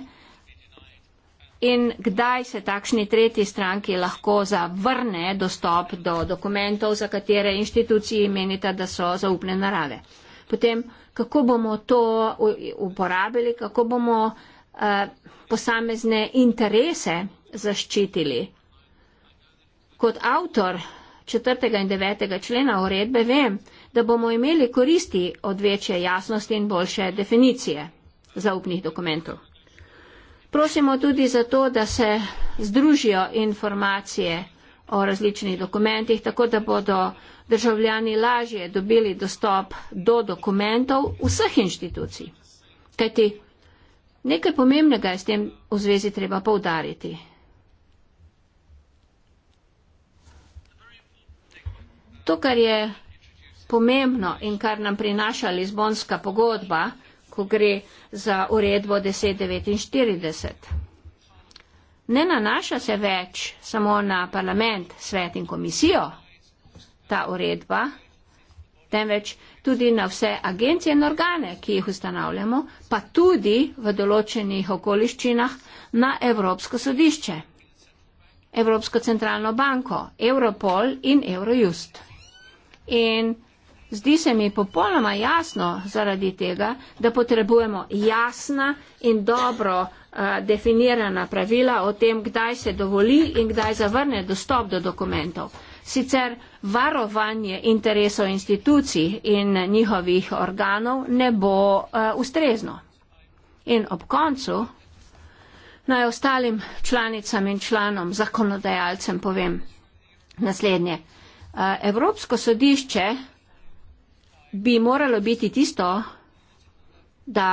in kdaj se takšni tretji stranki lahko zavrne dostop do dokumentov, za katere inštituciji menita, da so zaupne narave. Potem, kako bomo to uporabili, kako bomo uh, posamezne interese zaščitili. Kot avtor 4. in 9. člena uredbe vem, da bomo imeli koristi od večje jasnosti in boljše definicije zaupnih dokumentov. Prosimo tudi za to, da se združijo informacije o različnih dokumentih, tako da bodo državljani lažje dobili dostop do dokumentov vseh inštitucij. Kajti nekaj pomembnega je s tem v zvezi treba poudariti. To, kar je pomembno in kar nam prinaša Lizbonska pogodba, ko gre za uredbo 1049, ne nanaša se več samo na parlament, svet in komisijo ta uredba, temveč tudi na vse agencije in organe, ki jih ustanavljamo, pa tudi v določenih okoliščinah na Evropsko sodišče, Evropsko centralno banko, Europol in Eurojust. In zdi se mi popolnoma jasno zaradi tega, da potrebujemo jasna in dobro uh, definirana pravila o tem, kdaj se dovoli in kdaj zavrne dostop do dokumentov. Sicer varovanje interesov institucij in njihovih organov ne bo uh, ustrezno. In ob koncu naj ostalim članicam in članom zakonodajalcem povem naslednje. Evropsko sodišče bi moralo biti tisto, da,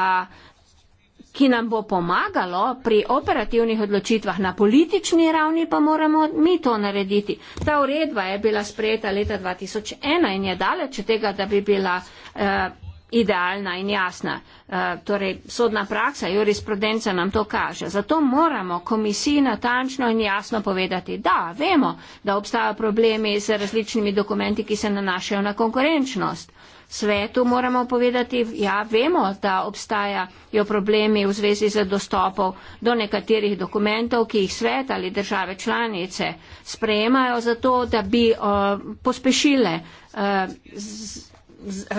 ki nam bo pomagalo pri operativnih odločitvah. Na politični ravni pa moramo mi to narediti. Ta uredba je bila sprejeta leta 2001 in je daleč tega, da bi bila. Uh, idealna in jasna. E, torej, sodna praksa, jurisprudenca nam to kaže. Zato moramo komisiji natančno in jasno povedati, da vemo, da obstajajo problemi z različnimi dokumenti, ki se nanašajo na konkurenčnost. Svetu moramo povedati, ja, vemo, da obstajajo problemi v zvezi z dostopov do nekaterih dokumentov, ki jih svet ali države članice sprejemajo zato, da bi uh, pospešile uh, z,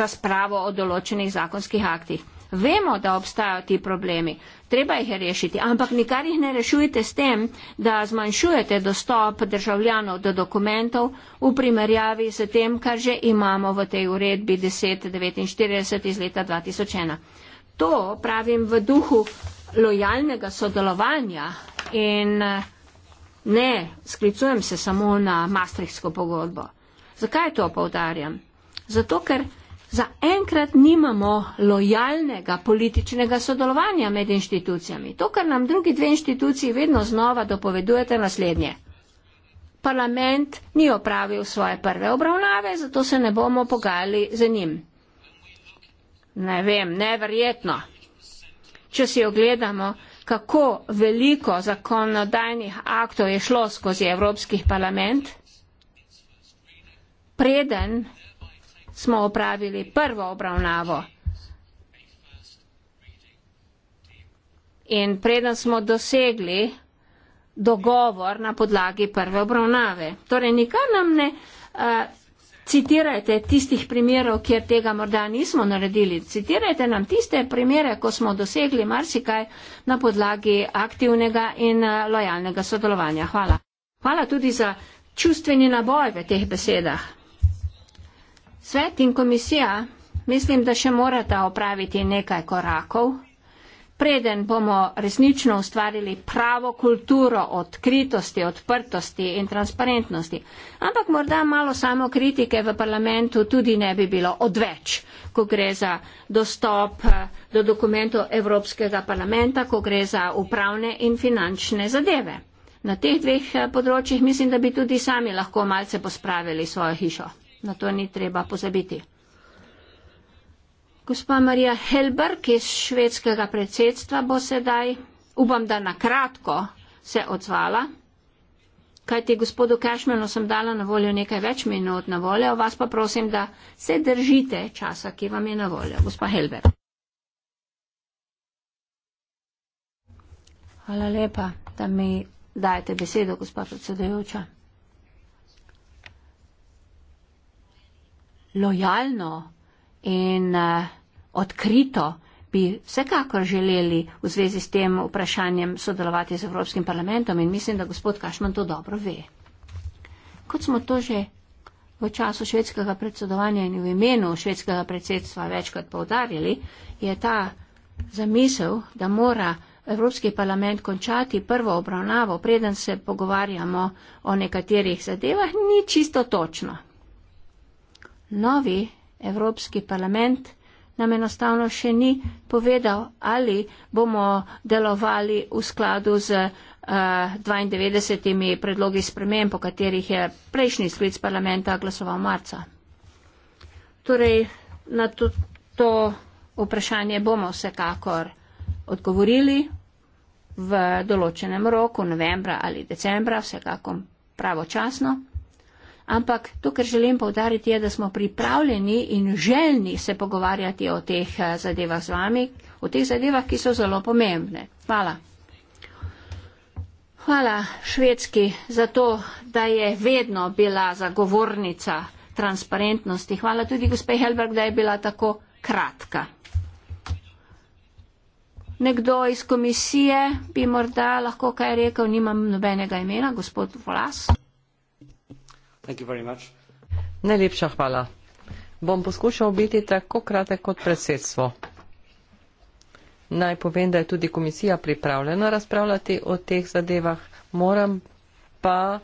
razpravo o določenih zakonskih aktih. Vemo, da obstajajo ti problemi, treba jih je rešiti, ampak nikar jih ne rešujete s tem, da zmanjšujete dostop državljanov do dokumentov v primerjavi s tem, kar že imamo v tej uredbi 1049 iz leta 2001. To pravim v duhu lojalnega sodelovanja in ne sklicujem se samo na Maastrichtsko pogodbo. Zakaj to povdarjam? Zato, ker zaenkrat nimamo lojalnega političnega sodelovanja med inštitucijami. To, kar nam drugi dve inštituciji vedno znova dopovedujete naslednje. Parlament ni opravil svoje prve obravnave, zato se ne bomo pogajali z njim. Ne vem, neverjetno. Če si ogledamo, kako veliko zakonodajnih aktov je šlo skozi Evropski parlament, preden smo opravili prvo obravnavo. In preden smo dosegli dogovor na podlagi prve obravnave. Torej, nikar nam ne a, eh, citirajte tistih primerov, kjer tega morda nismo naredili. Citirajte nam tiste primere, ko smo dosegli marsikaj na podlagi aktivnega in eh, lojalnega sodelovanja. Hvala. Hvala tudi za čustveni naboj v teh besedah. Svet in komisija mislim, da še morata opraviti nekaj korakov, preden bomo resnično ustvarili pravo kulturo odkritosti, odprtosti in transparentnosti. Ampak morda malo samo kritike v parlamentu tudi ne bi bilo odveč, ko gre za dostop eh, do dokumentov Evropskega parlamenta, ko gre za upravne in finančne zadeve. Na teh dveh eh, področjih mislim, da bi tudi sami lahko malce pospravili svojo hišo. Na to ni treba pozabiti. Gospa Marija Helberg iz švedskega predsedstva bo sedaj, upam, da na kratko se odzvala, kajti gospodu Kešmenu sem dala na voljo nekaj več minut na voljo, vas pa prosim, da se držite časa, ki vam je na voljo. Gospa Helberg. Hvala lepa, da mi dajete besedo, gospa predsedujoča. lojalno in uh, odkrito bi vsekakor želeli v zvezi s tem vprašanjem sodelovati z Evropskim parlamentom in mislim, da gospod Kašman to dobro ve. Kot smo to že v času švedskega predsedovanja in v imenu švedskega predsedstva večkrat povdarjali, je ta zamisel, da mora Evropski parlament končati prvo obravnavo, preden se pogovarjamo o nekaterih zadevah, ni čisto točno novi Evropski parlament nam enostavno še ni povedal, ali bomo delovali v skladu z uh, eh, 92. predlogi sprememb, po katerih je prejšnji sklic parlamenta glasoval marca. Torej, na to, to vprašanje bomo vsekakor odgovorili v določenem roku, novembra ali decembra, vsekakor pravočasno ampak to, kar želim povdariti, je, da smo pripravljeni in želni se pogovarjati o teh eh, zadevah z vami, o teh zadevah, ki so zelo pomembne. Hvala. Hvala Švedski za to, da je vedno bila zagovornica transparentnosti. Hvala tudi gospe Helberg, da je bila tako kratka. Nekdo iz komisije bi morda lahko kaj rekel, nimam nobenega imena, gospod Vlas. Najlepša hvala. Bom poskušal biti tako kratek kot predsedstvo. Naj povem, da je tudi komisija pripravljena razpravljati o teh zadevah. Moram pa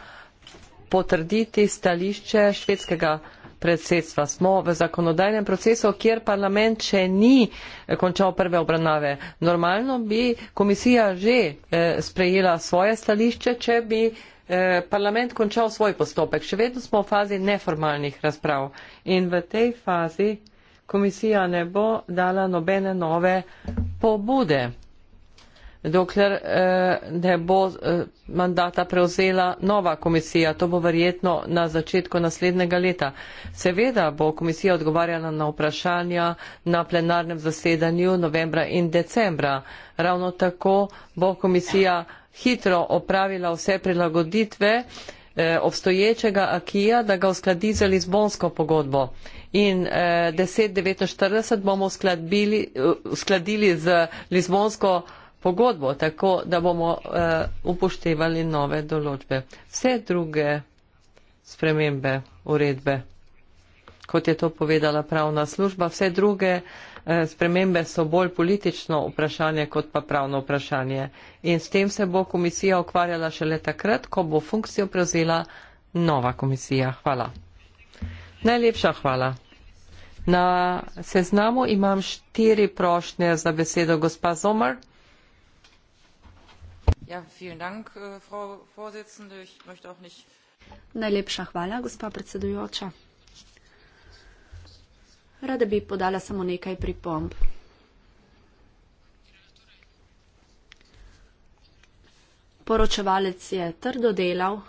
potrditi stališče švedskega predsedstva. Smo v zakonodajnem procesu, kjer parlament še ni eh, končal prve obravnave. Normalno bi komisija že eh, sprejela svoje stališče, če bi Eh, parlament končal svoj postopek. Še vedno smo v fazi neformalnih razprav in v tej fazi komisija ne bo dala nobene nove pobude, dokler eh, ne bo eh, mandata prevzela nova komisija. To bo verjetno na začetku naslednjega leta. Seveda bo komisija odgovarjala na vprašanja na plenarnem zasedanju novembra in decembra. Ravno tako bo komisija hitro opravila vse prilagoditve eh, obstoječega akija, da ga uskladi za Lizbonsko pogodbo. In 1049 eh, bomo uskladili, eh, uskladili z Lizbonsko pogodbo, tako da bomo upoštevali nove določbe. Vse druge spremembe uredbe, kot je to povedala pravna služba, vse druge Eh, spremembe so bolj politično vprašanje kot pa pravno vprašanje. In s tem se bo komisija ukvarjala šele takrat, ko bo funkcijo prevzela nova komisija. Hvala. Najlepša hvala. Na seznamu imam štiri prošnje za besedo gospa Zomar. Ja, dank, uh, Najlepša hvala, gospa predsedujoča rada bi podala samo nekaj pripomb. Poročevalec je trdo delal,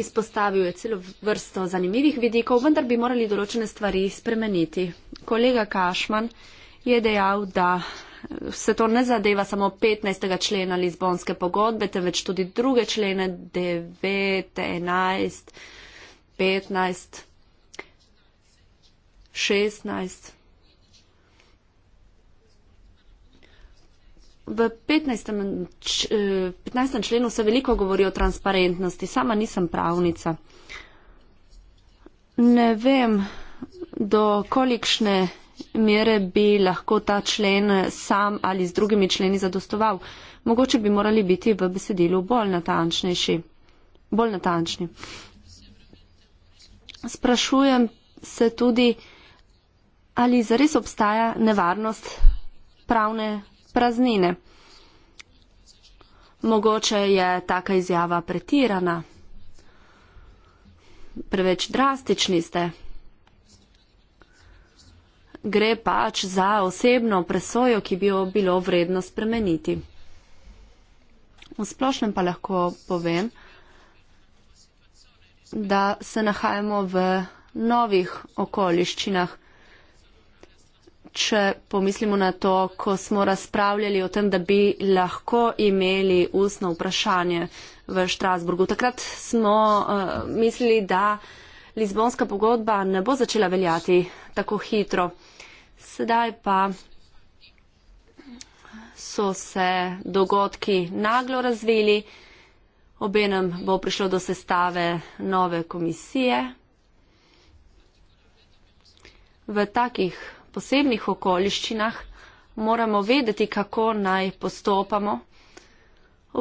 izpostavil je celo vrsto zanimivih vidikov, vendar bi morali določene stvari spremeniti. Kolega Kašman je dejal, da se to ne zadeva samo 15. člena Lizbonske pogodbe, temveč tudi druge člene 9, 11, 15. 16. V 15. 15. Eh, členu se veliko govori o transparentnosti. Sama nisem pravnica. Ne vem, do kolikšne mere bi lahko ta člen sam ali z drugimi členi zadostoval. Mogoče bi morali biti v besedilu bolj natančnejši. Bolj natančni. Sprašujem se tudi, ali zares obstaja nevarnost pravne praznine. Mogoče je taka izjava pretirana, preveč drastični ste. Gre pač za osebno presojo, ki bi jo bilo vredno spremeniti. V splošnem pa lahko povem, da se nahajamo v novih okoliščinah če pomislimo na to, ko smo razpravljali o tem, da bi lahko imeli ustno vprašanje v Štrasburgu. Takrat smo uh, mislili, da Lizbonska pogodba ne bo začela veljati tako hitro. Sedaj pa so se dogodki naglo razvili. Obenem bo prišlo do sestave nove komisije. V takih posebnih okoliščinah moramo vedeti, kako naj postopamo.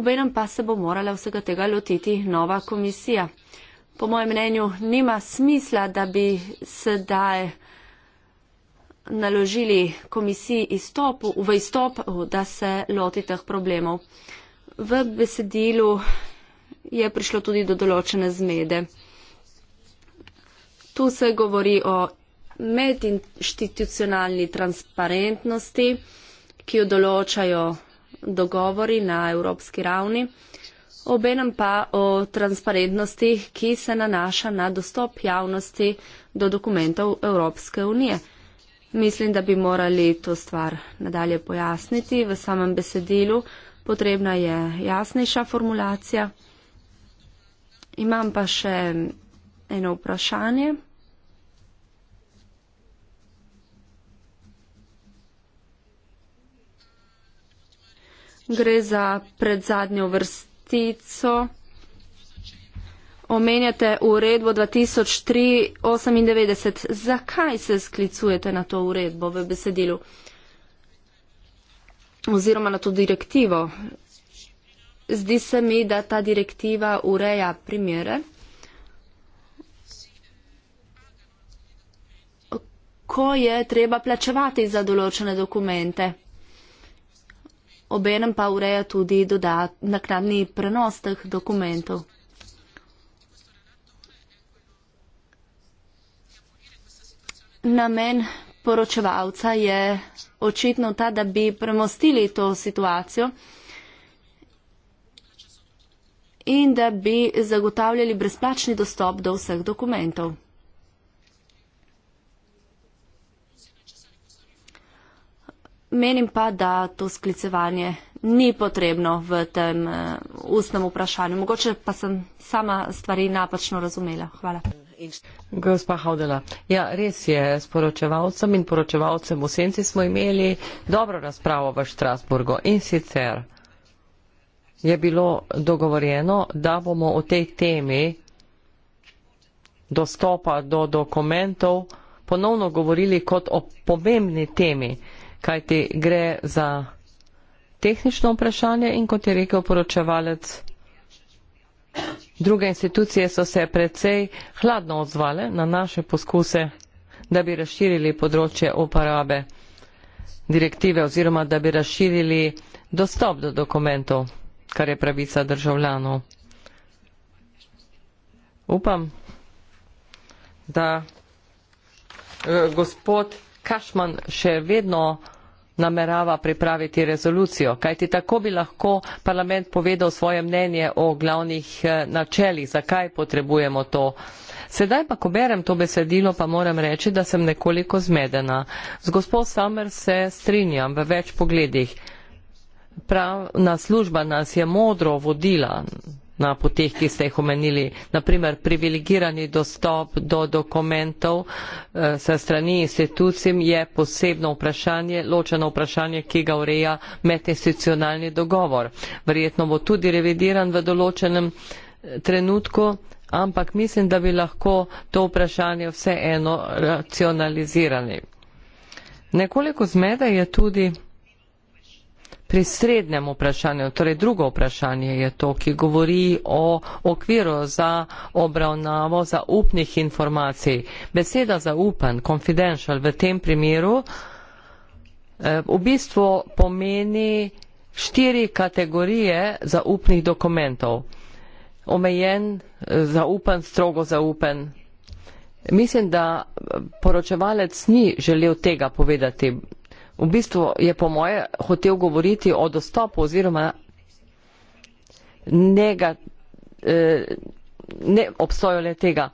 Obenem pa se bo morala vsega tega lotiti nova komisija. Po mojem mnenju nima smisla, da bi sedaj naložili komisiji izstopu, v izstop, da se loti teh problemov. V besedilu je prišlo tudi do določene zmede. Tu se govori o medinstitucionalni transparentnosti, ki jo določajo dogovori na evropski ravni, obenem pa o transparentnosti, ki se nanaša na dostop javnosti do dokumentov Evropske unije. Mislim, da bi morali to stvar nadalje pojasniti v samem besedilu. Potrebna je jasnejša formulacija. Imam pa še eno vprašanje. gre za predzadnjo vrstico. Omenjate uredbo 2398. Zakaj se sklicujete na to uredbo v besedilu oziroma na to direktivo? Zdi se mi, da ta direktiva ureja primere, ko je treba plačevati za določene dokumente obenem pa ureja tudi naknadni prenos teh dokumentov. Namen poročevalca je očitno ta, da bi premostili to situacijo in da bi zagotavljali brezplačni dostop do vseh dokumentov. Menim pa, da to sklicevanje ni potrebno v tem uh, ustnem vprašanju. Mogoče pa sem sama stvari napačno razumela. Hvala. Gospa Haudela, ja, res je, s poročevalcem in poročevalcem v Senci smo imeli dobro razpravo v Štrasburgu in sicer je bilo dogovorjeno, da bomo o tej temi dostopa do dokumentov ponovno govorili kot o pomembni temi kajti gre za tehnično vprašanje in kot je rekel poročevalec, druge institucije so se precej hladno odzvale na naše poskuse, da bi razširili področje uporabe direktive oziroma da bi razširili dostop do dokumentov, kar je pravica državljanov. Upam, da eh, gospod Kašman še vedno namerava pripraviti rezolucijo, kajti tako bi lahko parlament povedal svoje mnenje o glavnih eh, načeli, zakaj potrebujemo to. Sedaj pa, ko berem to besedilo, pa moram reči, da sem nekoliko zmedena. Z gospod Samer se strinjam v več pogledih. Pravna služba nas je modro vodila, na poteh, ki ste jih omenili. Naprimer, privilegirani dostop do dokumentov eh, sa strani institucij je posebno vprašanje, ločeno vprašanje, ki ga ureja medinstitucionalni dogovor. Verjetno bo tudi revidiran v določenem eh, trenutku, ampak mislim, da bi lahko to vprašanje vseeno racionalizirali. Nekoliko zmede je tudi pri srednjem vprašanju, torej drugo vprašanje je to, ki govori o okviru za obravnavo zaupnih informacij. Beseda zaupen, confidential v tem primeru eh, v bistvu pomeni štiri kategorije zaupnih dokumentov. Omejen, eh, zaupen, strogo zaupen. Mislim, da eh, poročevalec ni želel tega povedati v bistvu je po moje hotel govoriti o dostopu oziroma nega, eh, ne obstoju le tega.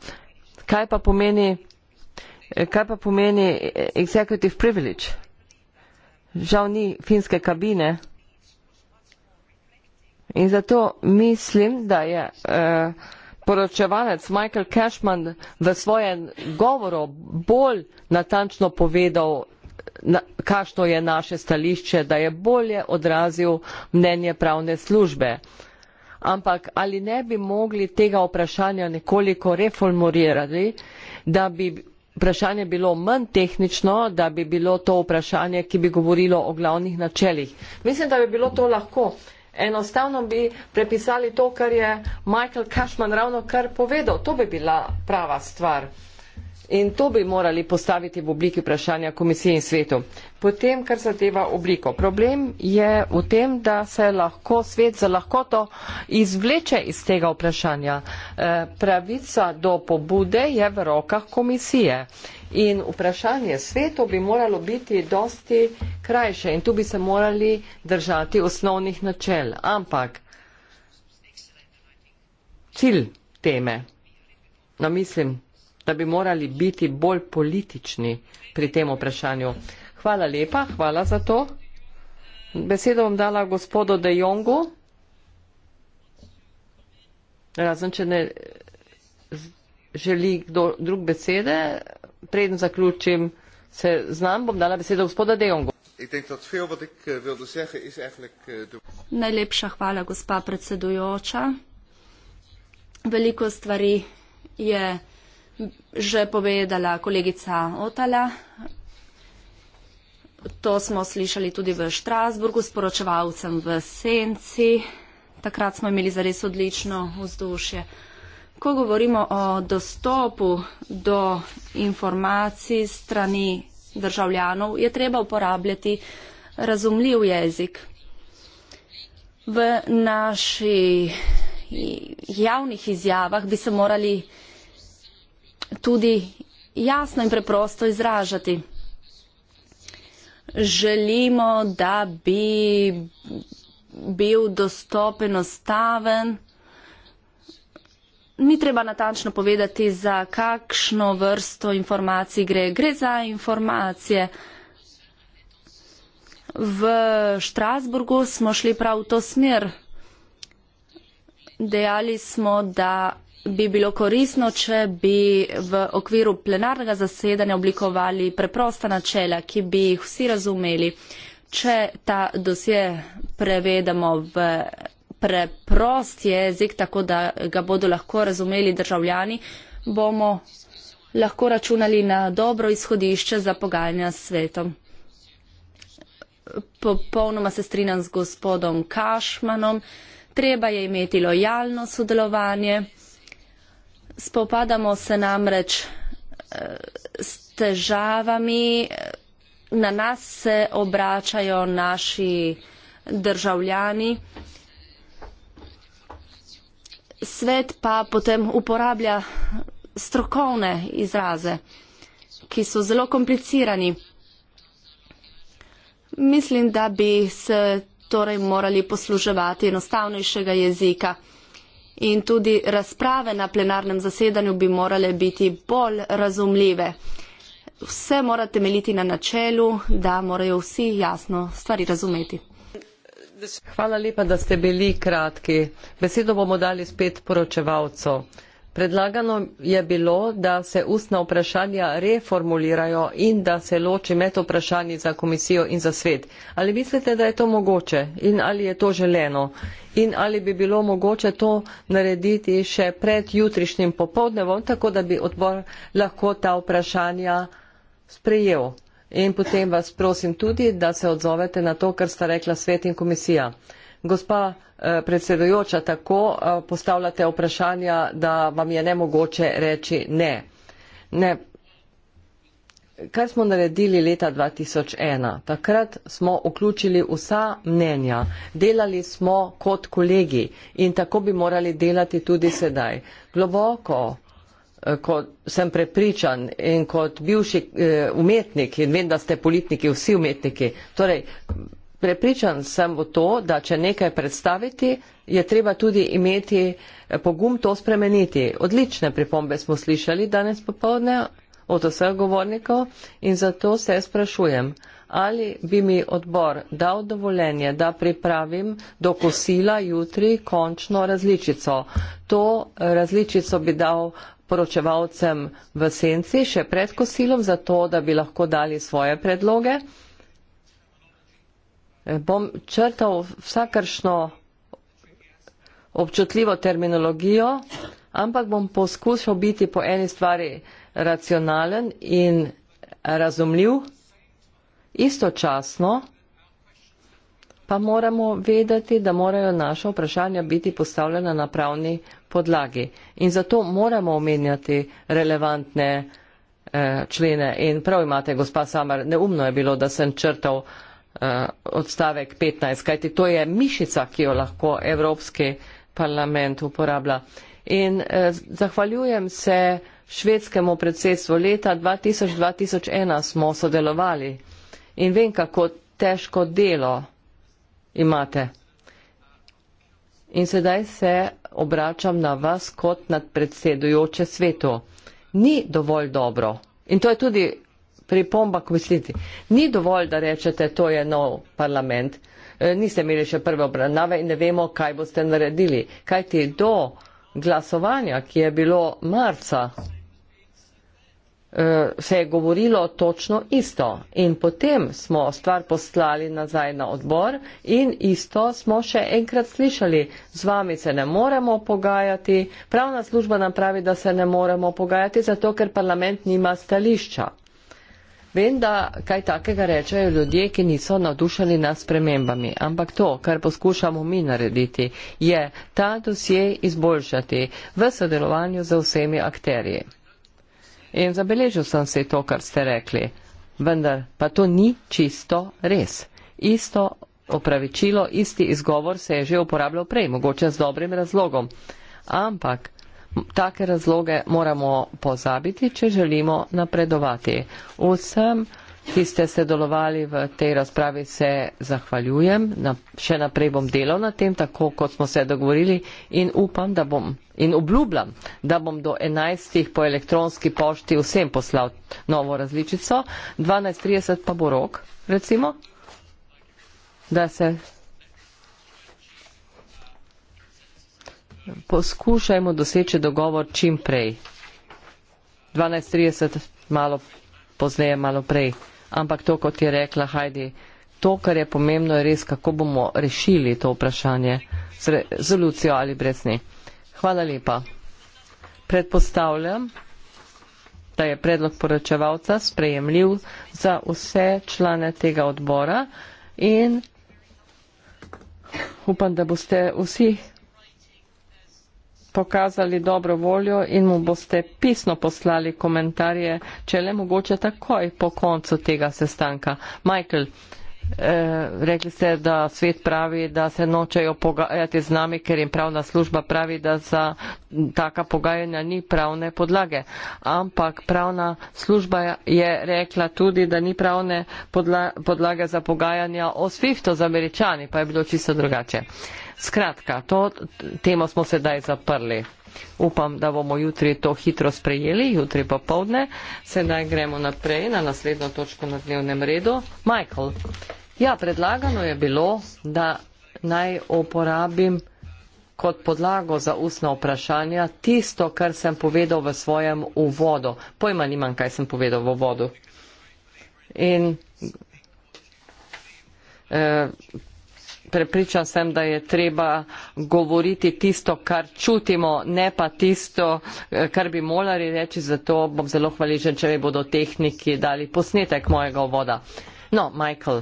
Kaj pa pomeni, kaj pa pomeni eh, executive privilege? Žal ni finske kabine. In zato mislim, da je eh, poročevalec Michael Cashman v svojem govoru bolj natančno povedal kakšno je naše stališče, da je bolje odrazil mnenje pravne službe. Ampak ali ne bi mogli tega vprašanja nekoliko reformulirati, da bi vprašanje bilo manj tehnično, da bi bilo to vprašanje, ki bi govorilo o glavnih načelih. Mislim, da bi bilo to lahko. Enostavno bi prepisali to, kar je Michael Cashman ravno kar povedal. To bi bila prava stvar. In to bi morali postaviti v obliki vprašanja komisiji in svetu. Potem, kar zadeva obliko. Problem je v tem, da se lahko svet za lahkoto izvleče iz tega vprašanja. Eh, pravica do pobude je v rokah komisije. In vprašanje svetu bi moralo biti dosti krajše in tu bi se morali držati osnovnih načel. Ampak cilj teme, na no, mislim, da bi morali biti bolj politični pri tem vprašanju. Hvala lepa, hvala za to. Besedo bom dala gospodu De Jongu. Razen, če ne želi kdo drug besede, preden zaključim se znam, bom dala besedo gospoda De Jongu. Eh, eh, Najlepša hvala, gospa predsedujoča. Veliko stvari je že povedala kolegica Otala. To smo slišali tudi v Štrasburgu s poročevalcem v Senci. Takrat smo imeli zares odlično vzdušje. Ko govorimo o dostopu do informacij strani državljanov, je treba uporabljati razumljiv jezik. V naših javnih izjavah bi se morali tudi jasno in preprosto izražati. Želimo, da bi bil dostopen, enostaven. Ni treba natančno povedati, za kakšno vrsto informacij gre. Gre za informacije. V Štrasburgu smo šli prav v to smer. Dejali smo, da bi bilo korisno, če bi v okviru plenarnega zasedanja oblikovali preprosta načela, ki bi jih vsi razumeli. Če ta dosje prevedemo v preprost jezik, tako da ga bodo lahko razumeli državljani, bomo lahko računali na dobro izhodišče za pogajanja s svetom. Popolnoma se strinjam z gospodom Kašmanom. Treba je imeti lojalno sodelovanje spopadamo se namreč eh, s težavami, eh, na nas se obračajo naši državljani. Svet pa potem uporablja strokovne izraze, ki so zelo komplicirani. Mislim, da bi se torej morali posluževati enostavnejšega jezika in tudi razprave na plenarnem zasedanju bi morale biti bolj razumljive. Vse mora temeljiti na načelu, da morajo vsi jasno stvari razumeti. Hvala lepa, da ste bili kratki. Besedo bomo dali spet poročevalcu. Predlagano je bilo, da se ustna vprašanja reformulirajo in da se loči med vprašanji za komisijo in za svet. Ali mislite, da je to mogoče in ali je to želeno? In ali bi bilo mogoče to narediti še pred jutrišnjim popovdnevom, tako da bi odbor lahko ta vprašanja sprejel? In potem vas prosim tudi, da se odzovete na to, kar sta rekla svet in komisija. Gospa Eh, predsedujoča tako eh, postavljate vprašanja, da vam je nemogoče reči ne. ne. Kaj smo naredili leta 2001? Takrat smo vključili vsa mnenja, delali smo kot kolegi in tako bi morali delati tudi sedaj. Globoko, eh, kot sem prepričan in kot bivši umetnik in vem, da ste politiki, vsi umetniki, torej Prepričan sem v to, da če nekaj predstaviti, je treba tudi imeti eh, pogum to spremeniti. Odlične pripombe smo slišali danes popovdne od vseh govornikov in zato se sprašujem, ali bi mi odbor dal dovoljenje, da pripravim do kosila jutri končno različico. To različico bi dal poročevalcem v senci še pred kosilom, zato da bi lahko dali svoje predloge. Eh, bom črtal vsakršno občutljivo terminologijo, ampak bom poskušal biti po eni stvari racionalen in razumljiv. Istočasno pa moramo vedeti, da morajo naše vprašanja biti postavljena na pravni podlagi. In zato moramo omenjati relevantne eh, člene. In prav imate, gospa Samar, neumno je bilo, da sem črtal eh, Eh, odstavek 15, kajti to je mišica, ki jo lahko Evropski parlament uporablja. In eh, zahvaljujem se švedskemu predsedstvu. Leta 2000-2001 smo sodelovali in vem, kako težko delo imate. In sedaj se obračam na vas kot nad predsedujoče svetu. Ni dovolj dobro. In to je tudi pripomba k besedi. Ni dovolj, da rečete, to je nov parlament, e, niste imeli še prve obravnave in ne vemo, kaj boste naredili. Kaj ti do glasovanja, ki je bilo marca, e, se je govorilo točno isto. In potem smo stvar poslali nazaj na odbor in isto smo še enkrat slišali. Z vami se ne moremo pogajati. Pravna služba nam pravi, da se ne moremo pogajati, zato ker parlament nima stališča. Vem, da kaj takega rečejo ljudje, ki niso navdušeni nad spremembami, ampak to, kar poskušamo mi narediti, je ta dosje izboljšati v sodelovanju z vsemi akterji. In zabeležil sem se to, kar ste rekli, vendar pa to ni čisto res. Isto opravičilo, isti izgovor se je že uporabljal prej, mogoče z dobrim razlogom. Ampak take razloge moramo pozabiti, če želimo napredovati. Vsem, ki ste sedelovali v tej razpravi, se zahvaljujem. Na, še naprej bom delal na tem, tako kot smo se dogovorili in upam, da bom in obljubljam, da bom do 11. po elektronski pošti vsem poslal novo različico, 12.30 pa bo rok, recimo, da se poskušajmo doseči dogovor čim prej. 12.30 malo pozneje, malo prej. Ampak to, kot je rekla Heidi, to, kar je pomembno, je res, kako bomo rešili to vprašanje z rezolucijo ali brez nje. Hvala lepa. Predpostavljam, da je predlog poročevalca sprejemljiv za vse člane tega odbora in upam, da boste vsi pokazali dobro voljo in mu boste pisno poslali komentarje, če le mogoče takoj po koncu tega sestanka. Michael, Eh, rekli ste, da svet pravi, da se nočejo pogajati z nami, ker jim pravna služba pravi, da za taka pogajanja ni pravne podlage. Ampak pravna služba je rekla tudi, da ni pravne podla podlage za pogajanja o SWIFT-u z američani, pa je bilo čisto drugače. Skratka, to temo smo sedaj zaprli upam, da bomo jutri to hitro sprejeli, jutri pa povdne. Sedaj gremo naprej na naslednjo točko na dnevnem redu. Michael, ja, predlagano je bilo, da naj uporabim kot podlago za ustna vprašanja tisto, kar sem povedal v svojem uvodu. Pojma nimam, kaj sem povedal v uvodu. In, eh, prepričan sem, da je treba govoriti tisto, kar čutimo, ne pa tisto, eh, kar bi morali reči. Zato bom zelo hvaležen, če mi bodo tehniki dali posnetek mojega voda. No, Michael.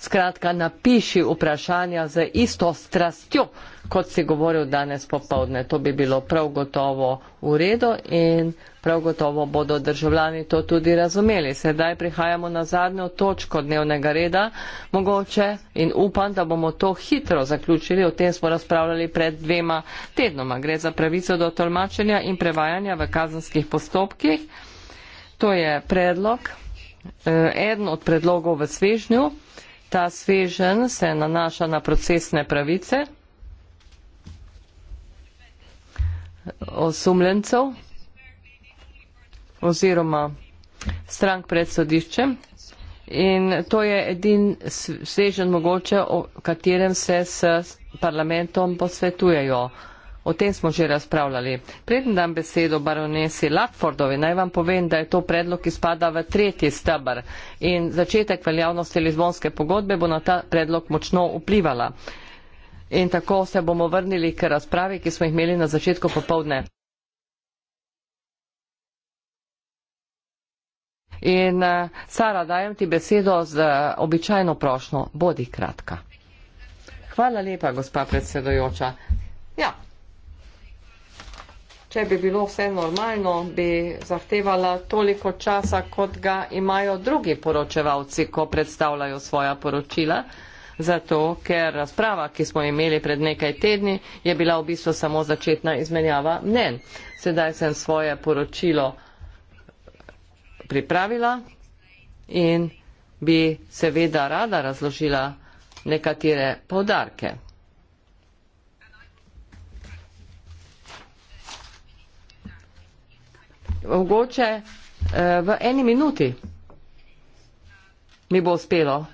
Skratka, napiši vprašanja z isto strastjo, kot si govoril danes popovdne. To bi bilo prav gotovo v redu in prav gotovo bodo državljani to tudi razumeli. Sedaj prihajamo na zadnjo točko dnevnega reda, mogoče in upam, da bomo to hitro zaključili. O tem smo razpravljali pred dvema tednoma. Gre za pravico do tolmačenja in prevajanja v kazanskih postopkih. To je predlog, eh, eden od predlogov v svežnju. Ta svežen se nanaša na procesne pravice osumljencev oziroma strank pred sodiščem. In to je edin svežen mogoče, o katerem se s parlamentom posvetujejo. O tem smo že razpravljali. Preden dam besedo baronesi Lackfordovi, naj vam povem, da je to predlog, ki spada v tretji stebr in začetek veljavnosti Lizbonske pogodbe bo na ta predlog močno vplivala. In tako se bomo vrnili k razpravi, ki smo jih imeli na začetku popovdne. In eh, Sara, dajem ti besedo z eh, običajno prošno, bodi kratka. Hvala lepa, gospa predsedojoča. Ja, Če bi bilo vse normalno, bi zahtevala toliko časa, kot ga imajo drugi poročevalci, ko predstavljajo svoja poročila. Zato, ker razprava, ki smo imeli pred nekaj tedni, je bila v bistvu samo začetna izmenjava mnen. Sedaj sem svoje poročilo pripravila in bi seveda rada razložila nekatere povdarke. mogoče uh, v eni minuti mi bo uspelo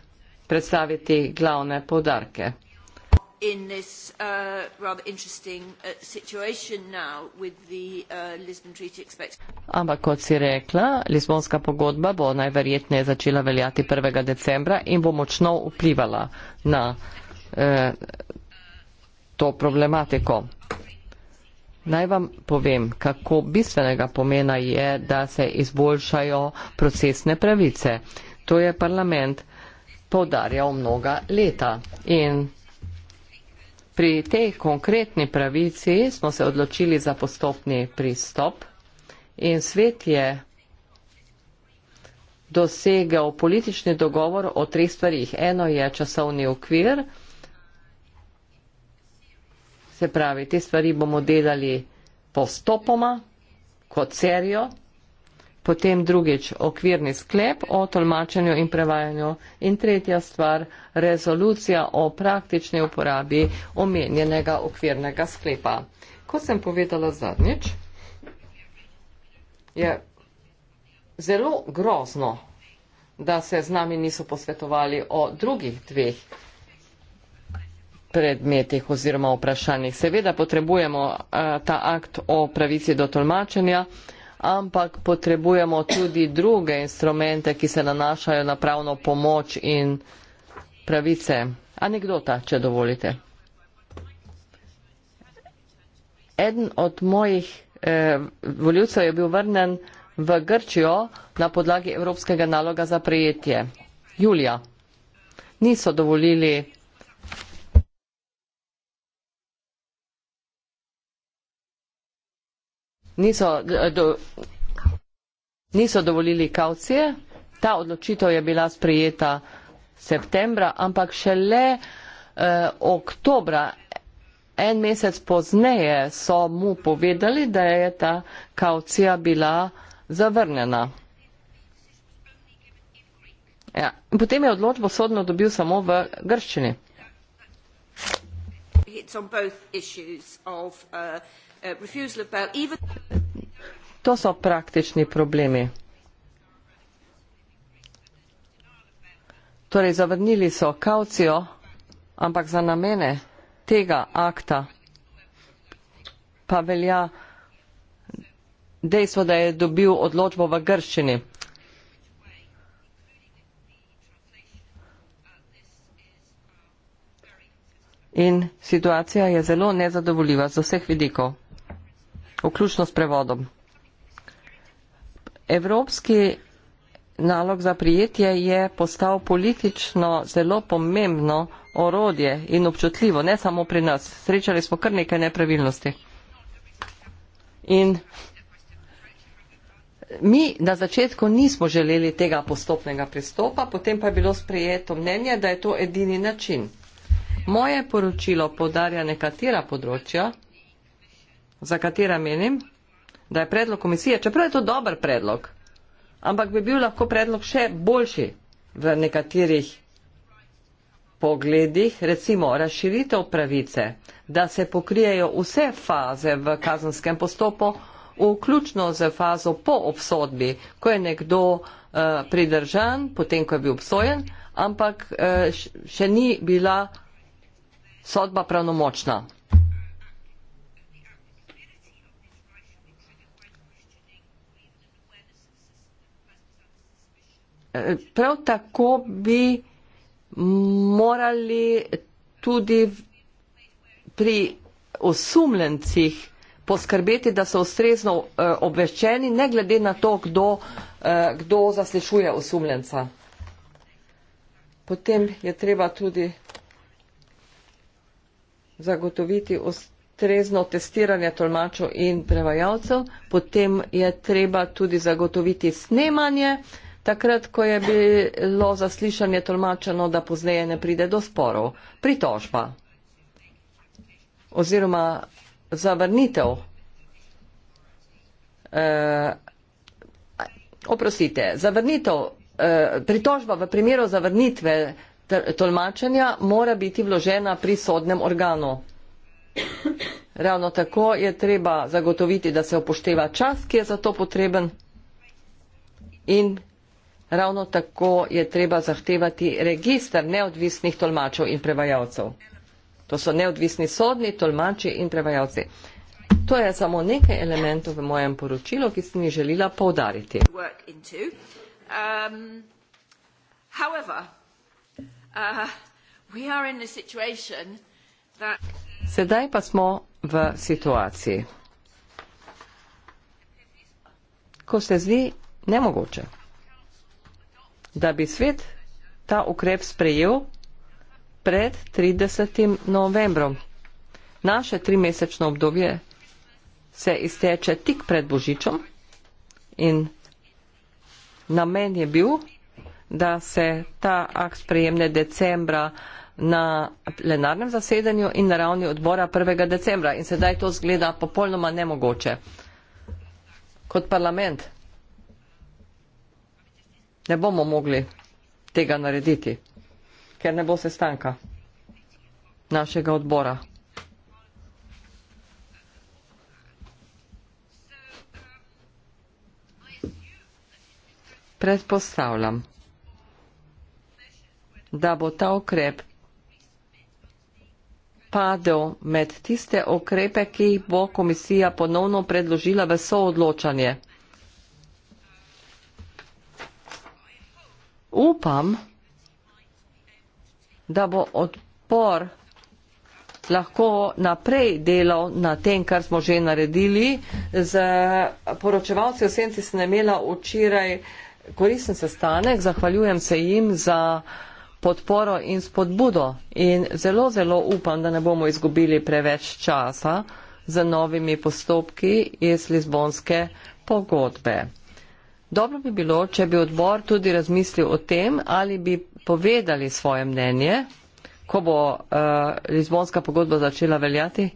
predstaviti glavne podarke. In this uh, rather interesting uh, situation now with the uh, Lisbon Treaty expected. Ampak kot si rekla, Lisbonska pogodba bo najverjetneje začela veljati 1. decembra in bo močno vplivala na eh, to problematiko. Naj vam povem, kako bistvenega pomena je, da se izboljšajo procesne pravice. To je parlament povdarjal mnoga leta. In pri tej konkretni pravici smo se odločili za postopni pristop in svet je dosegel politični dogovor o treh stvarih. Eno je časovni okvir, Se pravi, te stvari bomo delali postopoma, kot serijo, potem drugič okvirni sklep o tolmačenju in prevajanju in tretja stvar, rezolucija o praktični uporabi omenjenega okvirnega sklepa. Ko sem povedala zadnjič, je zelo grozno, da se z nami niso posvetovali o drugih dveh predmetih oziroma vprašanjih. Seveda potrebujemo eh, ta akt o pravici do tolmačenja, ampak potrebujemo tudi druge instrumente, ki se nanašajo na pravno pomoč in pravice. Anekdota, če dovolite. Eden od mojih eh, voljivcev je bil vrnen v Grčijo na podlagi Evropskega naloga za prijetje. Julija. Niso dovolili niso, eh, do, niso dovolili kaucije. Ta odločitev je bila sprejeta septembra, ampak šele eh, oktobra, en mesec pozneje, so mu povedali, da je ta kaucija bila zavrnjena. Ja. Potem je odločbo sodno dobil samo v grščini. Of, uh, Uh, to so praktični problemi. Torej, zavrnili so kaucijo, ampak za namene tega akta pa velja dejstvo, da je dobil odločbo v grščini. In situacija je zelo nezadovoljiva z vseh vidikov vključno s prevodom. Evropski nalog za prijetje je postal politično zelo pomembno orodje in občutljivo, ne samo pri nas. Srečali smo kar nekaj nepravilnosti. In mi na začetku nismo želeli tega postopnega pristopa, potem pa je bilo sprejeto mnenje, da je to edini način. Moje poročilo podarja nekatera področja, za katera menim, da je predlog komisije, čeprav je to dober predlog, ampak bi bil lahko predlog še boljši v nekaterih pogledih, recimo razširitev pravice, da se pokrijejo vse faze v kazenskem postopku, vključno z fazo po obsodbi, ko je nekdo uh, pridržan, potem ko je bil obsojen, ampak uh, še ni bila sodba pravnomočna. prav tako bi morali tudi pri osumljencih poskrbeti, da so ustrezno eh, obveščeni, ne glede na to, kdo, eh, kdo zaslišuje osumljenca. Potem je treba tudi zagotoviti ustrezno testiranje tolmačev in prevajalcev, potem je treba tudi zagotoviti snemanje, uh, takrat, ko je bilo zaslišanje tolmačeno, da pozneje ne pride do sporov. Pritožba oziroma zavrnitev. Eh, oprostite, zavrnitev, eh, pritožba v primeru zavrnitve tolmačenja mora biti vložena pri sodnem organu. Ravno tako je treba zagotoviti, da se upošteva čas, ki je za to potreben in ravno tako je treba zahtevati registar neodvisnih tolmačev in prevajalcev. To so neodvisni sodni tolmači in prevajalci. To je samo nekaj elementov v mojem poročilu, ki sem jih želela povdariti. Um, uh, Sedaj pa smo v situaciji, ko se zdi nemogoče da bi svet ta ukrep sprejel pred 30. novembrom. Naše trimesečno obdobje se izteče tik pred Božičem in namen je bil, da se ta akt sprejemne decembra na plenarnem zasedanju in na ravni odbora 1. decembra. In sedaj to zgleda popolnoma nemogoče. Kot parlament ne bomo mogli tega narediti, ker ne bo sestanka našega odbora. Predpostavljam, da bo ta ukrep padel med tiste ukrepe, ki jih bo komisija ponovno predložila v soodločanje. upam, da bo odpor lahko naprej delal na tem, kar smo že naredili. Z poročevalci v senci sem imela včeraj koristen sestanek, zahvaljujem se jim za podporo in spodbudo in zelo, zelo upam, da ne bomo izgubili preveč časa z novimi postopki iz Lizbonske pogodbe. Dobro bi bilo, če bi odbor tudi razmislil o tem, ali bi povedali svoje mnenje, ko bo uh, Lizbonska pogodba začela veljati,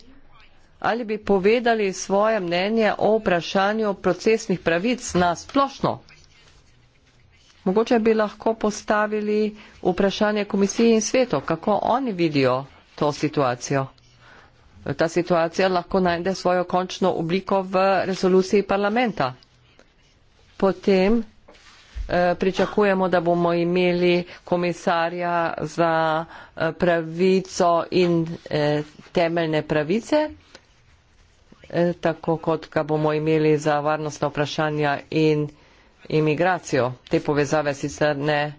ali bi povedali svoje mnenje o vprašanju procesnih pravic na splošno. Mogoče bi lahko postavili vprašanje komisiji in svetu, kako oni vidijo to situacijo. Ta situacija lahko najde svojo končno obliko v resoluciji parlamenta potem eh, pričakujemo, da bomo imeli komisarja za eh, pravico in eh, temeljne pravice, tako kot ga bomo imeli za varnostna vprašanja in imigracijo. Te povezave sicer ne,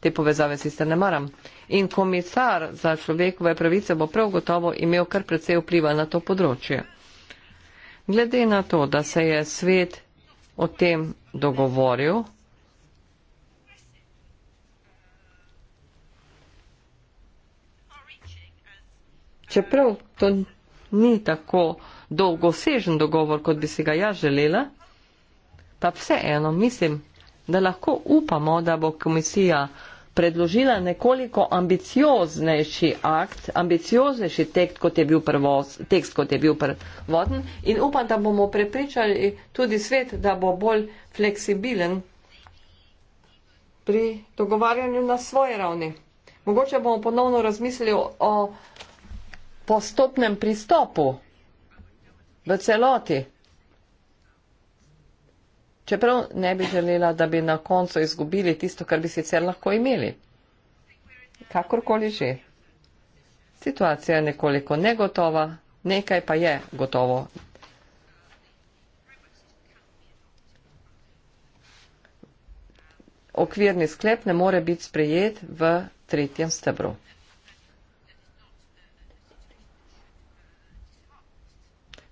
te povezave sicer ne maram. In komisar za človekove pravice bo prav gotovo imel kar precej vpliva na to področje. Glede na to, da se je svet o tem dogovoril. Čeprav to ni tako dolgosežen dogovor, kot bi si ga jaz želela, pa vseeno mislim, da lahko upamo, da bo komisija predložila nekoliko ambicioznejši akt, ambicioznejši tekst, kot je bil, prvos, tekst, kot je bil prvoten in upam, da bomo prepričali tudi svet, da bo bolj fleksibilen pri dogovarjanju na svoje ravni. Mogoče bomo ponovno razmislili o postopnem pristopu v celoti čeprav ne bi želela, da bi na koncu izgubili tisto, kar bi sicer lahko imeli. Kakorkoli že. Situacija je nekoliko negotova, nekaj pa je gotovo. Okvirni sklep ne more biti sprejet v tretjem stebru.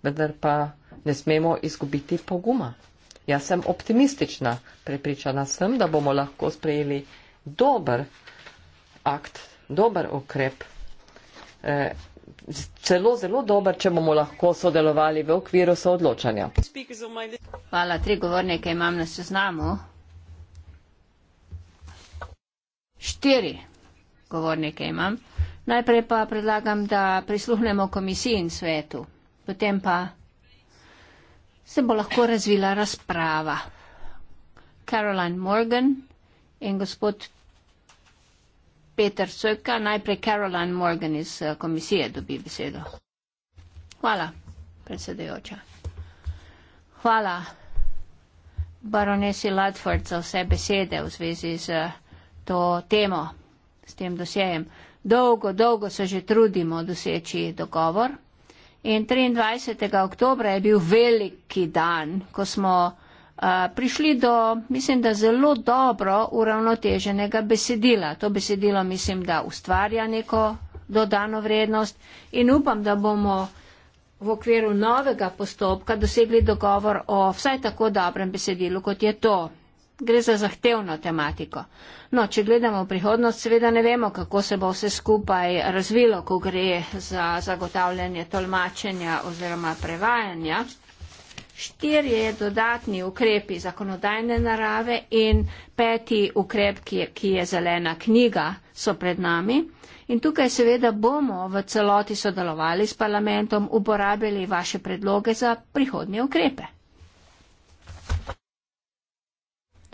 Vendar pa ne smemo izgubiti poguma. Jaz sem optimistična, prepričana sem, da bomo lahko sprejeli dober akt, dober okrep, eh, celo zelo dober, če bomo lahko sodelovali v okviru soodločanja. Hvala, tri govornike imam na seznamu. Štiri govornike imam. Najprej pa predlagam, da prisluhnemo komisiji in svetu, potem pa se bo lahko razvila razprava. Caroline Morgan in gospod Peter Cvrka, najprej Caroline Morgan iz eh, komisije dobi besedo. Hvala, predsedujoča. Hvala baronesi Ladford za vse besede v zvezi z eh, to temo, s tem dosjejem. Dolgo, dolgo se že trudimo doseči dogovor. In 23. oktobra je bil veliki dan, ko smo uh, prišli do, mislim, da zelo dobro uravnoteženega besedila. To besedilo mislim, da ustvarja neko dodano vrednost in upam, da bomo v okviru novega postopka dosegli dogovor o vsaj tako dobrem besedilu, kot je to. Gre za zahtevno tematiko. No, če gledamo v prihodnost, seveda ne vemo, kako se bo vse skupaj razvilo, ko gre za zagotavljanje tolmačenja oziroma prevajanja. Štirje dodatni ukrepi zakonodajne narave in peti ukrep, ki je, ki je zelena knjiga, so pred nami. In tukaj seveda bomo v celoti sodelovali s parlamentom, uporabili vaše predloge za prihodnje ukrepe.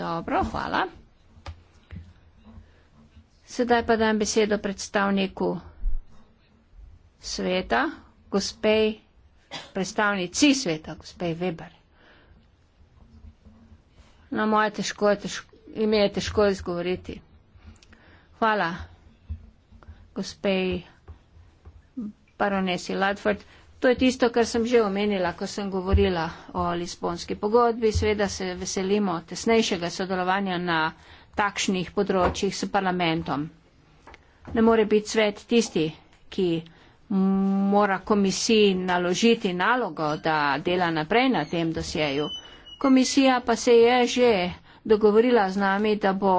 Dobro, hvala. Sedaj pa dam besedo predstavniku sveta, gospej, predstavnici sveta, gospej Weber. Na no, moje težko je težko, ime je težko izgovoriti. Hvala, gospej baronesi Ladford. To je tisto, kar sem že omenila, ko sem govorila o Lisbonski pogodbi. Sveda se veselimo tesnejšega sodelovanja na takšnih področjih s parlamentom. Ne more biti svet tisti, ki mora komisiji naložiti nalogo, da dela naprej na tem dosjeju. Komisija pa se je že dogovorila z nami, da bo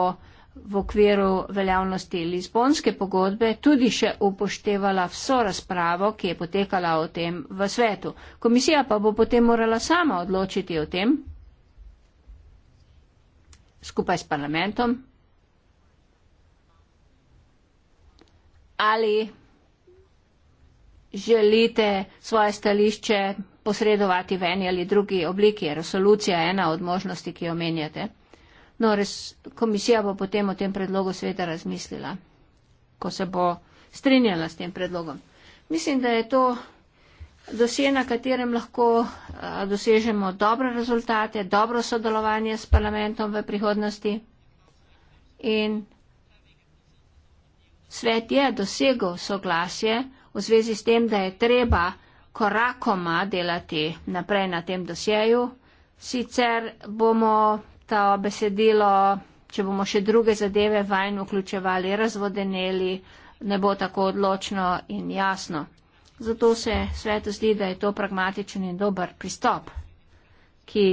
v okviru veljavnosti Lizbonske pogodbe tudi še upoštevala vso razpravo, ki je potekala o tem v svetu. Komisija pa bo potem morala sama odločiti o tem skupaj s parlamentom, ali želite svoje stališče posredovati v eni ali drugi obliki. Resolucija je ena od možnosti, ki jo menjate. No, res, komisija bo potem o tem predlogu sveta razmislila, ko se bo strinjala s tem predlogom. Mislim, da je to dosje, na katerem lahko a, dosežemo dobre rezultate, dobro sodelovanje s parlamentom v prihodnosti. In svet je dosegel soglasje v zvezi s tem, da je treba korakoma delati naprej na tem dosjeju. Sicer bomo to besedilo, če bomo še druge zadeve vanj vključevali, razvodeneli, ne bo tako odločno in jasno. Zato se svetu zdi, da je to pragmatičen in dober pristop, ki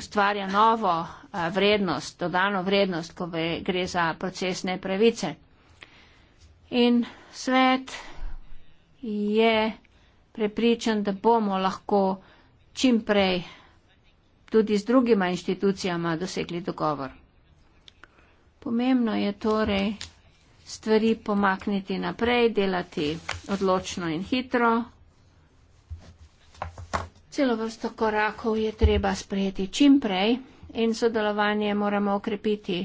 ustvarja novo eh, vrednost, dodano vrednost, ko gre za procesne pravice. In svet je prepričan, da bomo lahko čim prej tudi z drugima inštitucijama dosegli dogovor. Pomembno je torej stvari pomakniti naprej, delati odločno in hitro. Celo vrsto korakov je treba sprejeti čim prej in sodelovanje moramo okrepiti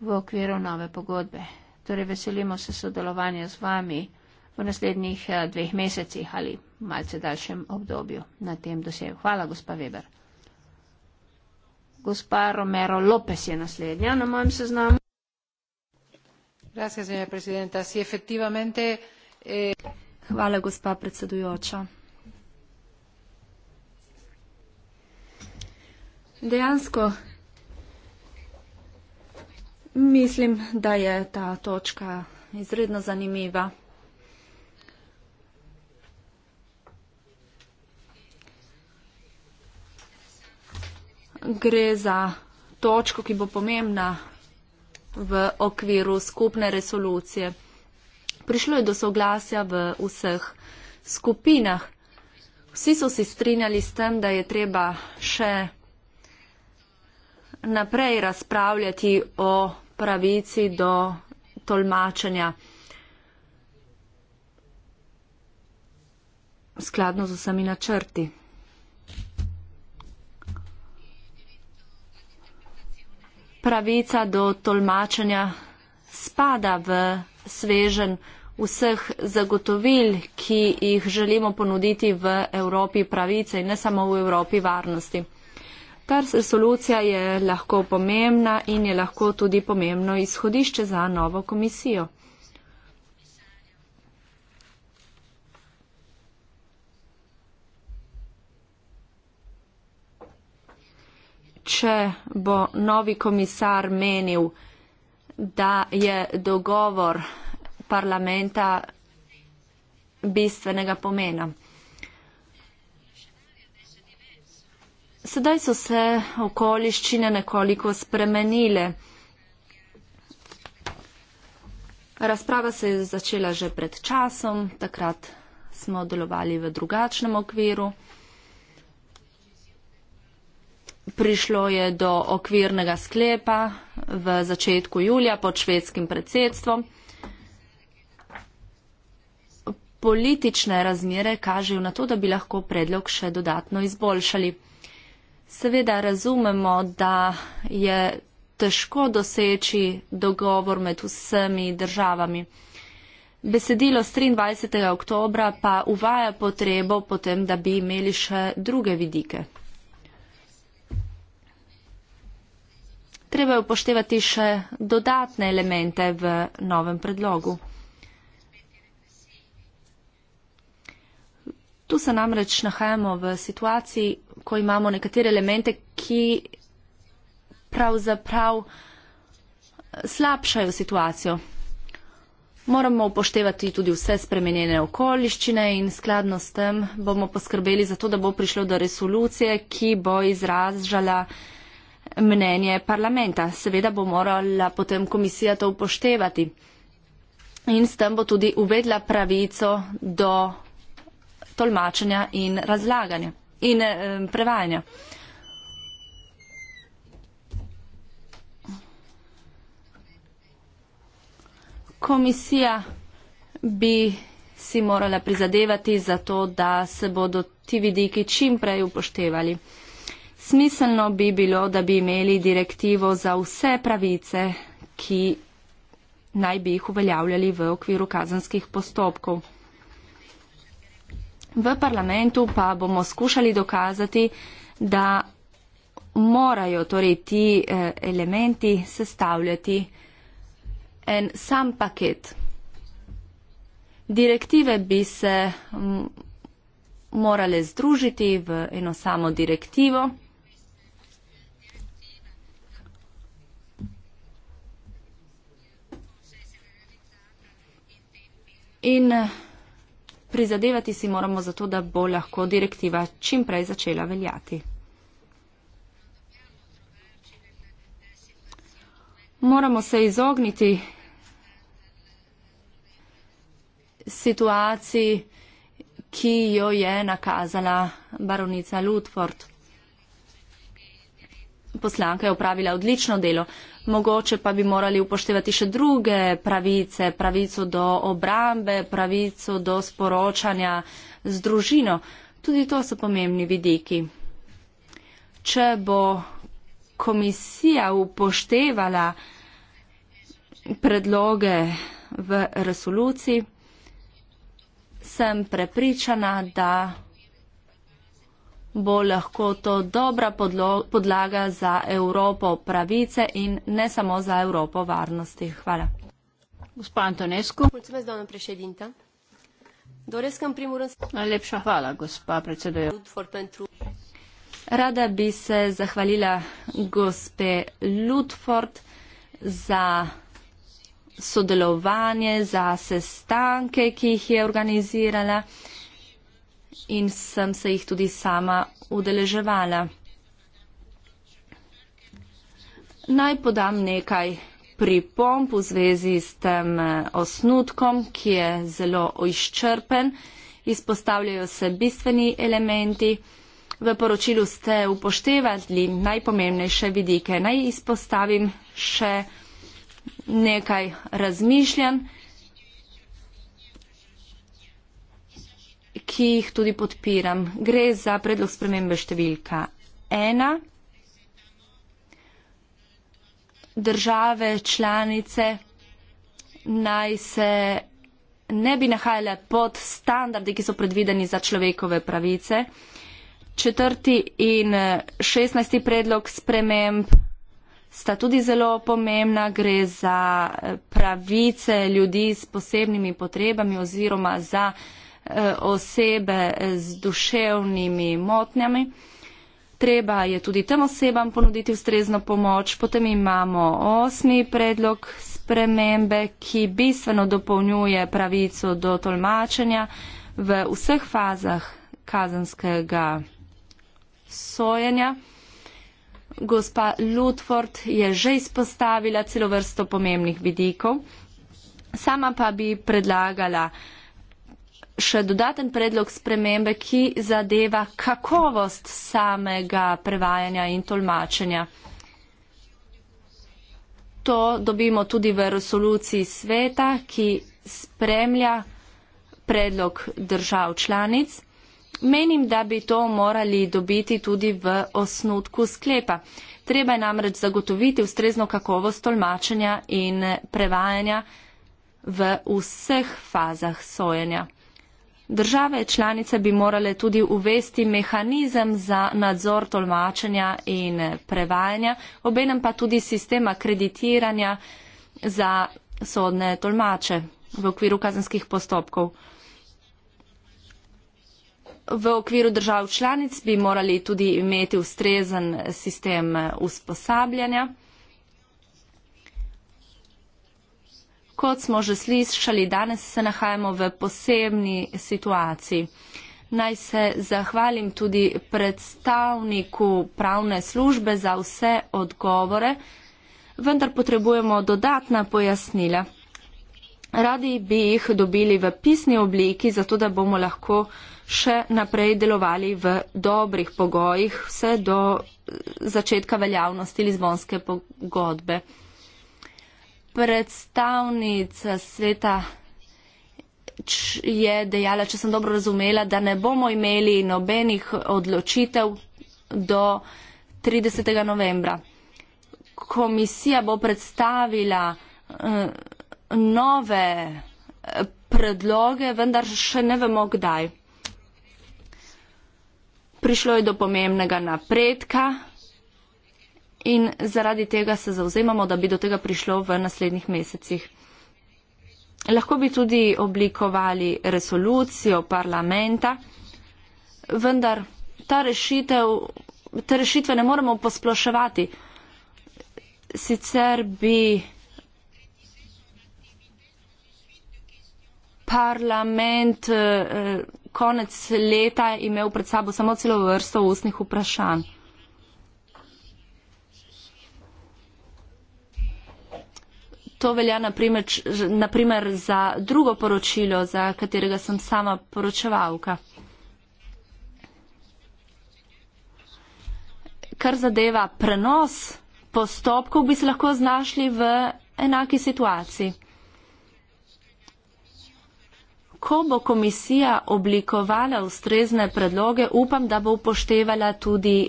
v okviru nove pogodbe. Torej veselimo se sodelovanja z vami v naslednjih eh, dveh mesecih ali malce daljšem obdobju na tem dosegu. Hvala, gospa Weber. Gospa Romero Lopez je naslednja na mojem seznamu. Eh, Hvala, gospa predsedujoča. Dejansko mislim, da je ta točka izredno zanimiva. gre za točko, ki bo pomembna v okviru skupne resolucije. Prišlo je do soglasja v vseh skupinah. Vsi so se strinjali s tem, da je treba še naprej razpravljati o pravici do tolmačenja. Skladno z vsemi načrti. pravica do tolmačenja spada v svežen vseh zagotovil, ki jih želimo ponuditi v Evropi pravice in ne samo v Evropi varnosti. Ta resolucija je lahko pomembna in je lahko tudi pomembno izhodišče za novo komisijo. če bo novi komisar menil, da je dogovor parlamenta bistvenega pomena. Sedaj so se okoliščine nekoliko spremenile. Razprava se je začela že pred časom, takrat smo delovali v drugačnem okviru prišlo je do okvirnega sklepa v začetku julija pod švedskim predsedstvom. Politične razmere kažejo na to, da bi lahko predlog še dodatno izboljšali. Seveda razumemo, da je težko doseči dogovor med vsemi državami. Besedilo z 23. oktobra pa uvaja potrebo potem, da bi imeli še druge vidike treba je upoštevati še dodatne elemente v novem predlogu. Tu se namreč nahajamo v situaciji, ko imamo nekatere elemente, ki pravzaprav slabšajo situacijo. Moramo upoštevati tudi vse spremenjene okoliščine in skladno s tem bomo poskrbeli za to, da bo prišlo do resolucije, ki bo izražala mnenje parlamenta. Seveda bo morala potem komisija to upoštevati. In s tem bo tudi uvedla pravico do tolmačenja in razlaganja in eh, prevajanja. Komisija bi si morala prizadevati za to, da se bodo ti vidiki čimprej upoštevali. Smiselno bi bilo, da bi imeli direktivo za vse pravice, ki naj bi jih uveljavljali v okviru kazanskih postopkov. V parlamentu pa bomo skušali dokazati, da morajo torej ti eh, elementi sestavljati en sam paket. Direktive bi se mm, morale združiti v eno samo direktivo. in eh, prizadevati si moramo za to, da bo lahko direktiva čim prej začela veljati. Moramo se izogniti situaciji, ki jo je nakazala baronica Ludford poslanka je opravila odlično delo. Mogoče pa bi morali upoštevati še druge pravice, pravico do obrambe, pravico do sporočanja z družino. Tudi to so pomembni vidiki. Če bo komisija upoštevala predloge v resoluciji, sem prepričana, da bo lahko to dobra podlaga za Evropo pravice in ne samo za Evropo varnosti. Hvala. Gospa Antonescu. Najlepša hvala, gospa predsedujoča. Rada bi se zahvalila gospe Ludford za sodelovanje, za sestanke, ki jih je organizirala in sem se jih tudi sama udeleževala. Naj podam nekaj pripomp v zvezi s tem eh, osnutkom, ki je zelo izčrpen. Izpostavljajo se bistveni elementi. V poročilu ste upoštevali najpomembnejše vidike. Naj izpostavim še nekaj razmišljanj. ki jih tudi podpiram. Gre za predlog spremembe številka ena. Države članice naj se ne bi nahajale pod standardi, ki so predvideni za človekove pravice. Četrti in šestnajsti predlog sprememb sta tudi zelo pomembna. Gre za pravice ljudi s posebnimi potrebami oziroma za. Eh, osebe z duševnimi motnjami. Treba je tudi tem osebam ponuditi ustrezno pomoč. Potem imamo osmi predlog spremembe, ki bistveno dopolnjuje pravico do tolmačenja v vseh fazah kazanskega sojenja. Gospa Lutford je že izpostavila celo vrsto pomembnih vidikov. Sama pa bi predlagala uh, še dodaten predlog spremembe, ki zadeva kakovost samega prevajanja in tolmačenja. To dobimo tudi v resoluciji sveta, ki spremlja predlog držav članic. Menim, da bi to morali dobiti tudi v osnutku sklepa. Treba je namreč zagotoviti ustrezno kakovost tolmačenja in prevajanja v vseh fazah sojenja. Države članice bi morale tudi uvesti mehanizem za nadzor tolmačenja in prevajanja, obenem pa tudi sistema kreditiranja za sodne tolmače v okviru kazenskih postopkov. V okviru držav članic bi morali tudi imeti ustrezen sistem usposabljanja. Kot smo že slišali, danes se nahajamo v posebni situaciji. Naj se zahvalim tudi predstavniku pravne službe za vse odgovore, vendar potrebujemo dodatna pojasnila. Radi bi jih dobili v pisni obliki, zato da bomo lahko še naprej delovali v dobrih pogojih vse do začetka veljavnosti Lizbonske pogodbe predstavnica sveta je dejala, če sem dobro razumela, da ne bomo imeli nobenih odločitev do 30. novembra. Komisija bo predstavila uh, nove eh, predloge, vendar še ne vemo kdaj. Prišlo je do pomembnega napredka in zaradi tega se zauzemamo, da bi do tega prišlo v naslednjih mesecih. Lahko bi tudi oblikovali resolucijo parlamenta, vendar ta rešitev, te rešitve ne moremo posploševati. Sicer bi parlament eh, konec leta imel pred sabo samo celo vrsto ustnih vprašanj. to velja naprimer, naprimer za drugo poročilo, za katerega sem sama poročevalka. Kar zadeva prenos postopkov, bi se lahko znašli v enaki situaciji. Ko bo komisija oblikovala ustrezne predloge, upam, da bo upoštevala tudi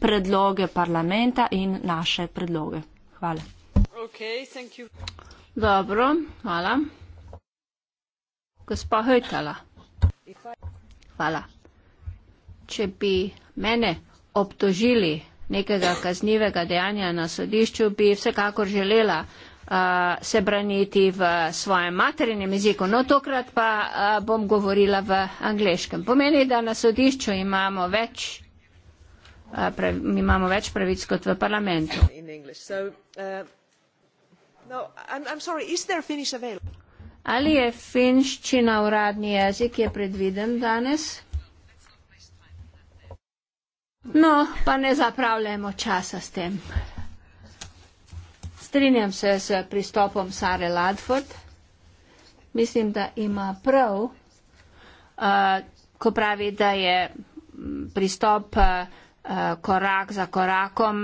predloge parlamenta in naše predloge. Hvala. Dobro, hvala. Gospa Hojtala. Hvala. Če bi mene obtožili nekega kaznivega dejanja na sodišču, bi vsekakor želela uh, se braniti v svojem materinem jeziku. No, tokrat pa uh, bom govorila v angliškem. Pomeni, da na sodišču imamo več, uh, prav, imamo več pravic kot v parlamentu. No, I'm, I'm sorry, is there Finnish available? Ali je finščina uradni jezik, ki je predviden danes? No, pa ne zapravljamo časa s tem. Strinjam se s pristopom Sare Ladford. Mislim, da ima prav, uh, ko pravi, da je pristop uh, korak za korakom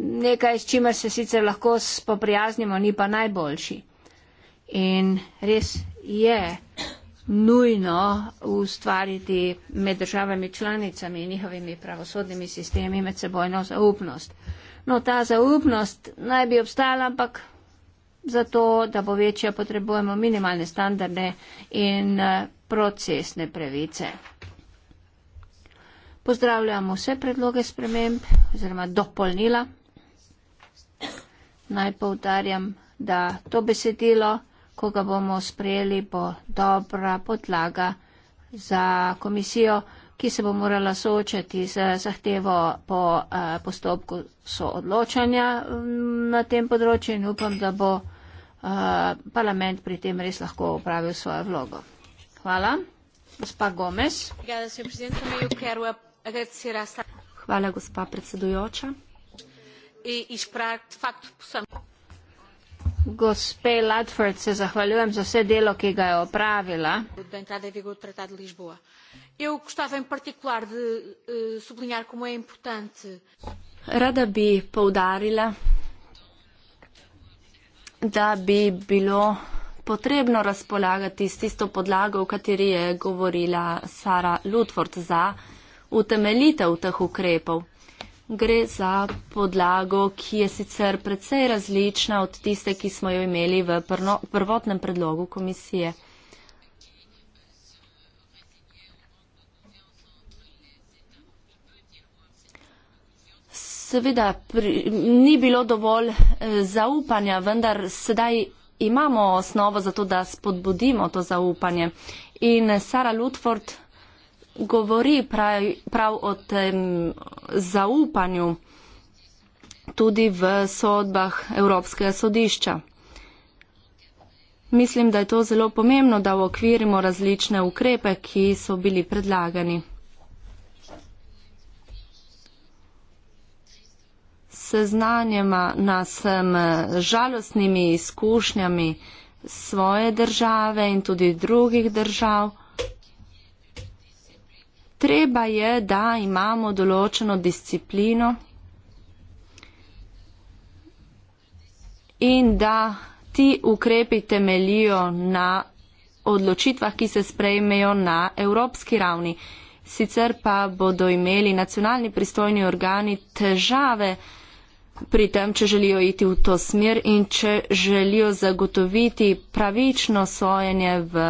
nekaj, s čimer se sicer lahko spoprijaznimo, ni pa najboljši. In res je nujno ustvariti med državami članicami in njihovimi pravosodnimi sistemi med sebojno zaupnost. No, ta zaupnost naj bi obstala, ampak zato, da bo večja, potrebujemo minimalne standarde in eh, procesne pravice. Pozdravljamo vse predloge sprememb oziroma dopolnila. Naj povdarjam, da to besedilo, ko ga bomo sprejeli, bo dobra podlaga za komisijo, ki se bo morala soočati z zahtevo po eh, postopku soodločanja mm, na tem področju in upam, da bo eh, parlament pri tem res lahko opravil svojo vlogo. Hvala. Gospa Gomez. Gada, Hvala, gospa predsedujoča. Gospe Ludford se zahvaljujem za vse delo, ki ga je opravila. Eh, Rada bi poudarila, da bi bilo potrebno razpolagati s tisto podlago, o kateri je govorila Sara Ludford za utemeljitev teh ukrepov. Gre za podlago, ki je sicer precej različna od tiste, ki smo jo imeli v prvotnem predlogu komisije. Seveda pri, ni bilo dovolj eh, zaupanja, vendar sedaj imamo osnovo za to, da spodbudimo to zaupanje. In Sara Lutford govori prav, prav o tem zaupanju tudi v sodbah Evropskega sodišča. Mislim, da je to zelo pomembno, da okvirimo različne ukrepe, ki so bili predlagani. Seznanjama nas žalostnimi izkušnjami svoje države in tudi drugih držav treba je, da imamo določeno disciplino in da ti ukrepi temelijo na odločitvah, ki se sprejmejo na evropski ravni. Sicer pa bodo imeli nacionalni pristojni organi težave pri tem, če želijo iti v to smer in če želijo zagotoviti pravično sojenje v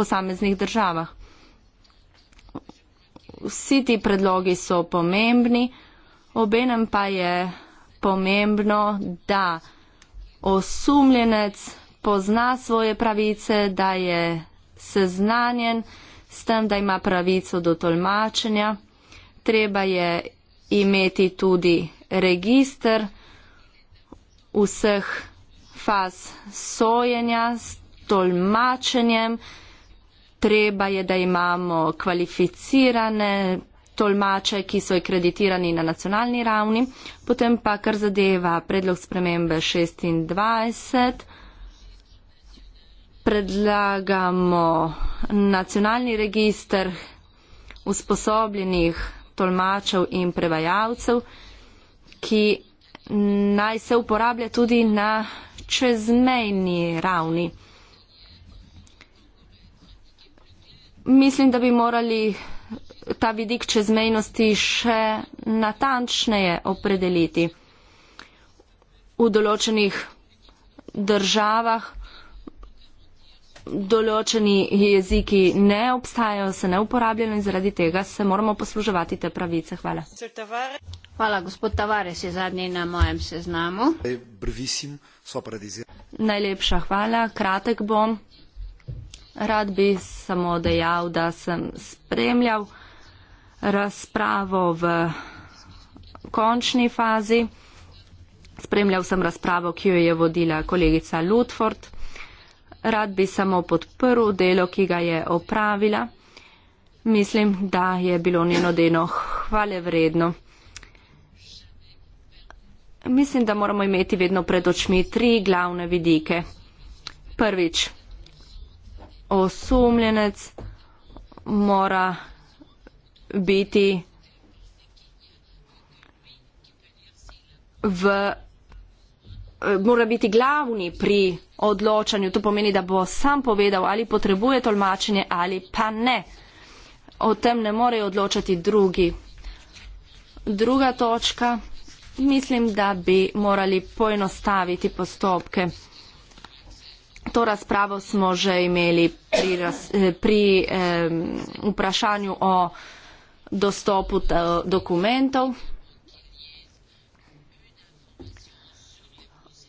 posameznih državah vsi ti predlogi so pomembni, obenem pa je pomembno, da osumljenec pozna svoje pravice, da je seznanjen s tem, da ima pravico do tolmačenja. Treba je imeti tudi registr vseh faz sojenja s tolmačenjem treba je, da imamo kvalificirane tolmače, ki so akreditirani na nacionalni ravni. Potem pa, kar zadeva predlog spremembe 26, predlagamo nacionalni register usposobljenih tolmačev in prevajalcev, ki naj se uporablja tudi na čezmejni ravni. mislim, da bi morali ta vidik čezmejnosti še natančneje opredeliti. V določenih državah določeni jeziki ne obstajajo, se ne uporabljajo in zaradi tega se moramo posluževati te pravice. Hvala. Hvala, gospod Tavares je zadnji na mojem seznamu. Najlepša hvala, kratek bom. Rad bi samo dejal, da sem spremljal razpravo v končni fazi. Spremljal sem razpravo, ki jo je vodila kolegica Lutford. Rad bi samo podprl delo, ki ga je opravila. Mislim, da je bilo njeno delo hvale vredno. Mislim, da moramo imeti vedno pred očmi tri glavne vidike. Prvič, osumljenec mora biti v mora biti glavni pri odločanju. To pomeni, da bo sam povedal, ali potrebuje tolmačenje ali pa ne. O tem ne morejo odločati drugi. Druga točka, mislim, da bi morali poenostaviti postopke. To razpravo smo že imeli pri, raz, eh, pri eh, vprašanju o dostopu dokumentov.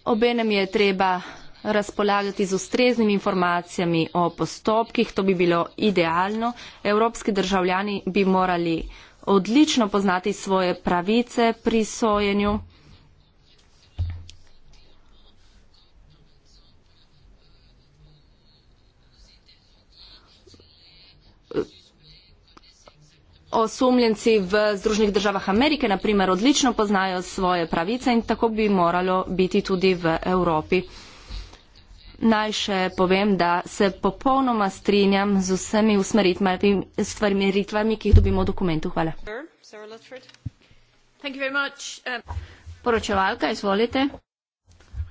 Obenem je treba razpolagati z ustreznimi informacijami o postopkih, to bi bilo idealno. Evropski državljani bi morali odlično poznati svoje pravice pri sojenju. osumljenci v Združenih državah Amerike, naprimer, odlično poznajo svoje pravice in tako bi moralo biti tudi v Evropi. Naj še povem, da se popolnoma strinjam z vsemi usmeritvami, ki jih dobimo v dokumentu. Hvala. Um, Poročevalka, izvolite.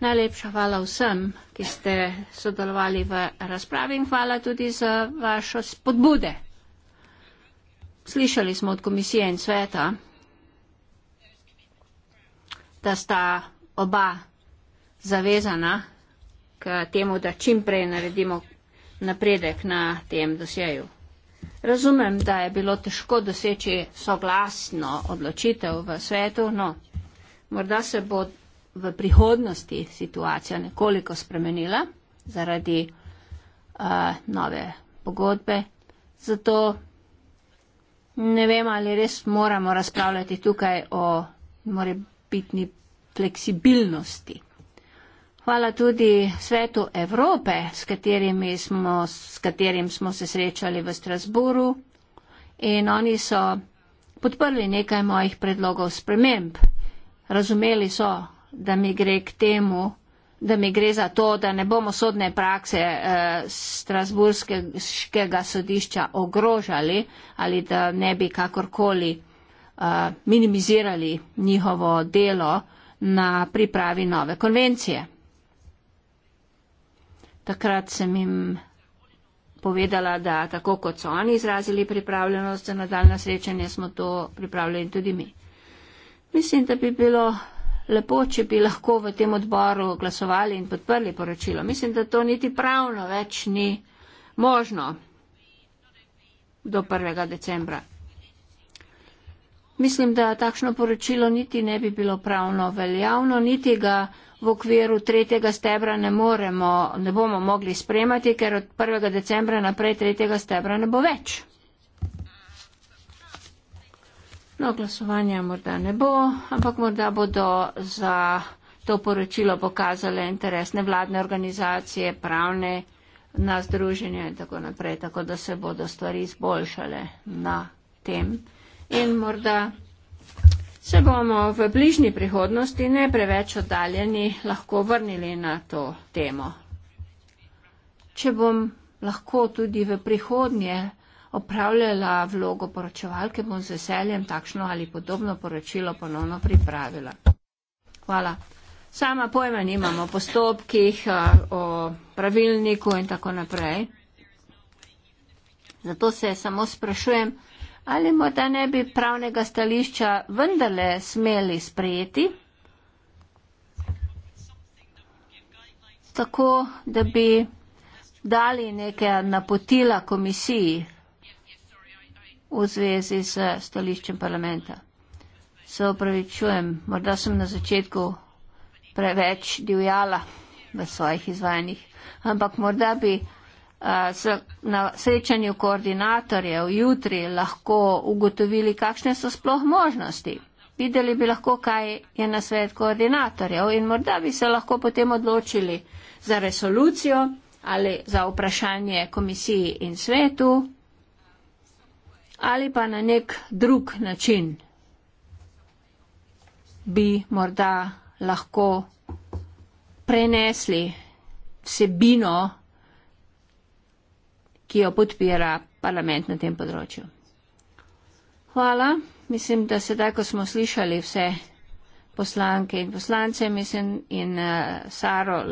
Najlepša hvala vsem, ki ste sodelovali v razpravi in hvala tudi za vašo spodbude. Slišali smo od komisije in sveta, da sta oba zavezana k temu, da čim prej naredimo napredek na tem dosjeju. Razumem, da je bilo težko doseči soglasno odločitev v svetu, no morda se bo v prihodnosti situacija nekoliko spremenila zaradi uh, nove pogodbe. Zato ne vem, ali res moramo razpravljati tukaj o morebitni fleksibilnosti. Hvala tudi Svetu Evrope, s, smo, s katerim smo se srečali v Strasburu in oni so podprli nekaj mojih predlogov sprememb. Razumeli so, da mi gre k temu, da mi gre za to, da ne bomo sodne prakse eh, Strasburskega sodišča ogrožali ali da ne bi kakorkoli eh, minimizirali njihovo delo na pripravi nove konvencije. Takrat sem jim povedala, da tako kot so oni izrazili pripravljenost za nadaljna srečanja, smo to pripravljeni tudi mi. Mislim, da bi bilo lepo, če bi lahko v tem odboru glasovali in podprli poročilo. Mislim, da to niti pravno več ni možno do 1. decembra. Mislim, da takšno poročilo niti ne bi bilo pravno veljavno, niti ga v okviru tretjega stebra ne, moremo, ne bomo mogli spremati, ker od 1. decembra naprej tretjega stebra ne bo več. No, glasovanja morda ne bo, ampak morda bodo za to poročilo pokazale interesne vladne organizacije, pravne na združenje in tako naprej, tako da se bodo stvari izboljšale na tem. In morda se bomo v bližnji prihodnosti, ne preveč oddaljeni, lahko vrnili na to temo. Če bom lahko tudi v prihodnje opravljala vlogo poročevalke, bom z veseljem takšno ali podobno poročilo ponovno pripravila. Hvala. Sama pojma nimam o postopkih, eh, o pravilniku in tako naprej. Zato se samo sprašujem, ali morda ne bi pravnega stališča vendarle smeli sprejeti, tako da bi dali neke napotila komisiji, v zvezi s stališčem parlamenta. Se upravičujem, morda sem na začetku preveč divjala v svojih izvajanjih, ampak morda bi a, na srečanju koordinatorjev jutri lahko ugotovili, kakšne so sploh možnosti. Videli bi lahko, kaj je na svet koordinatorjev in morda bi se lahko potem odločili za resolucijo ali za vprašanje komisiji in svetu ali pa na nek drug način bi morda lahko prenesli vsebino, ki jo podpira parlament na tem področju. Hvala. Mislim, da sedaj, ko smo slišali vse poslanke in poslance, mislim, in uh, Saro.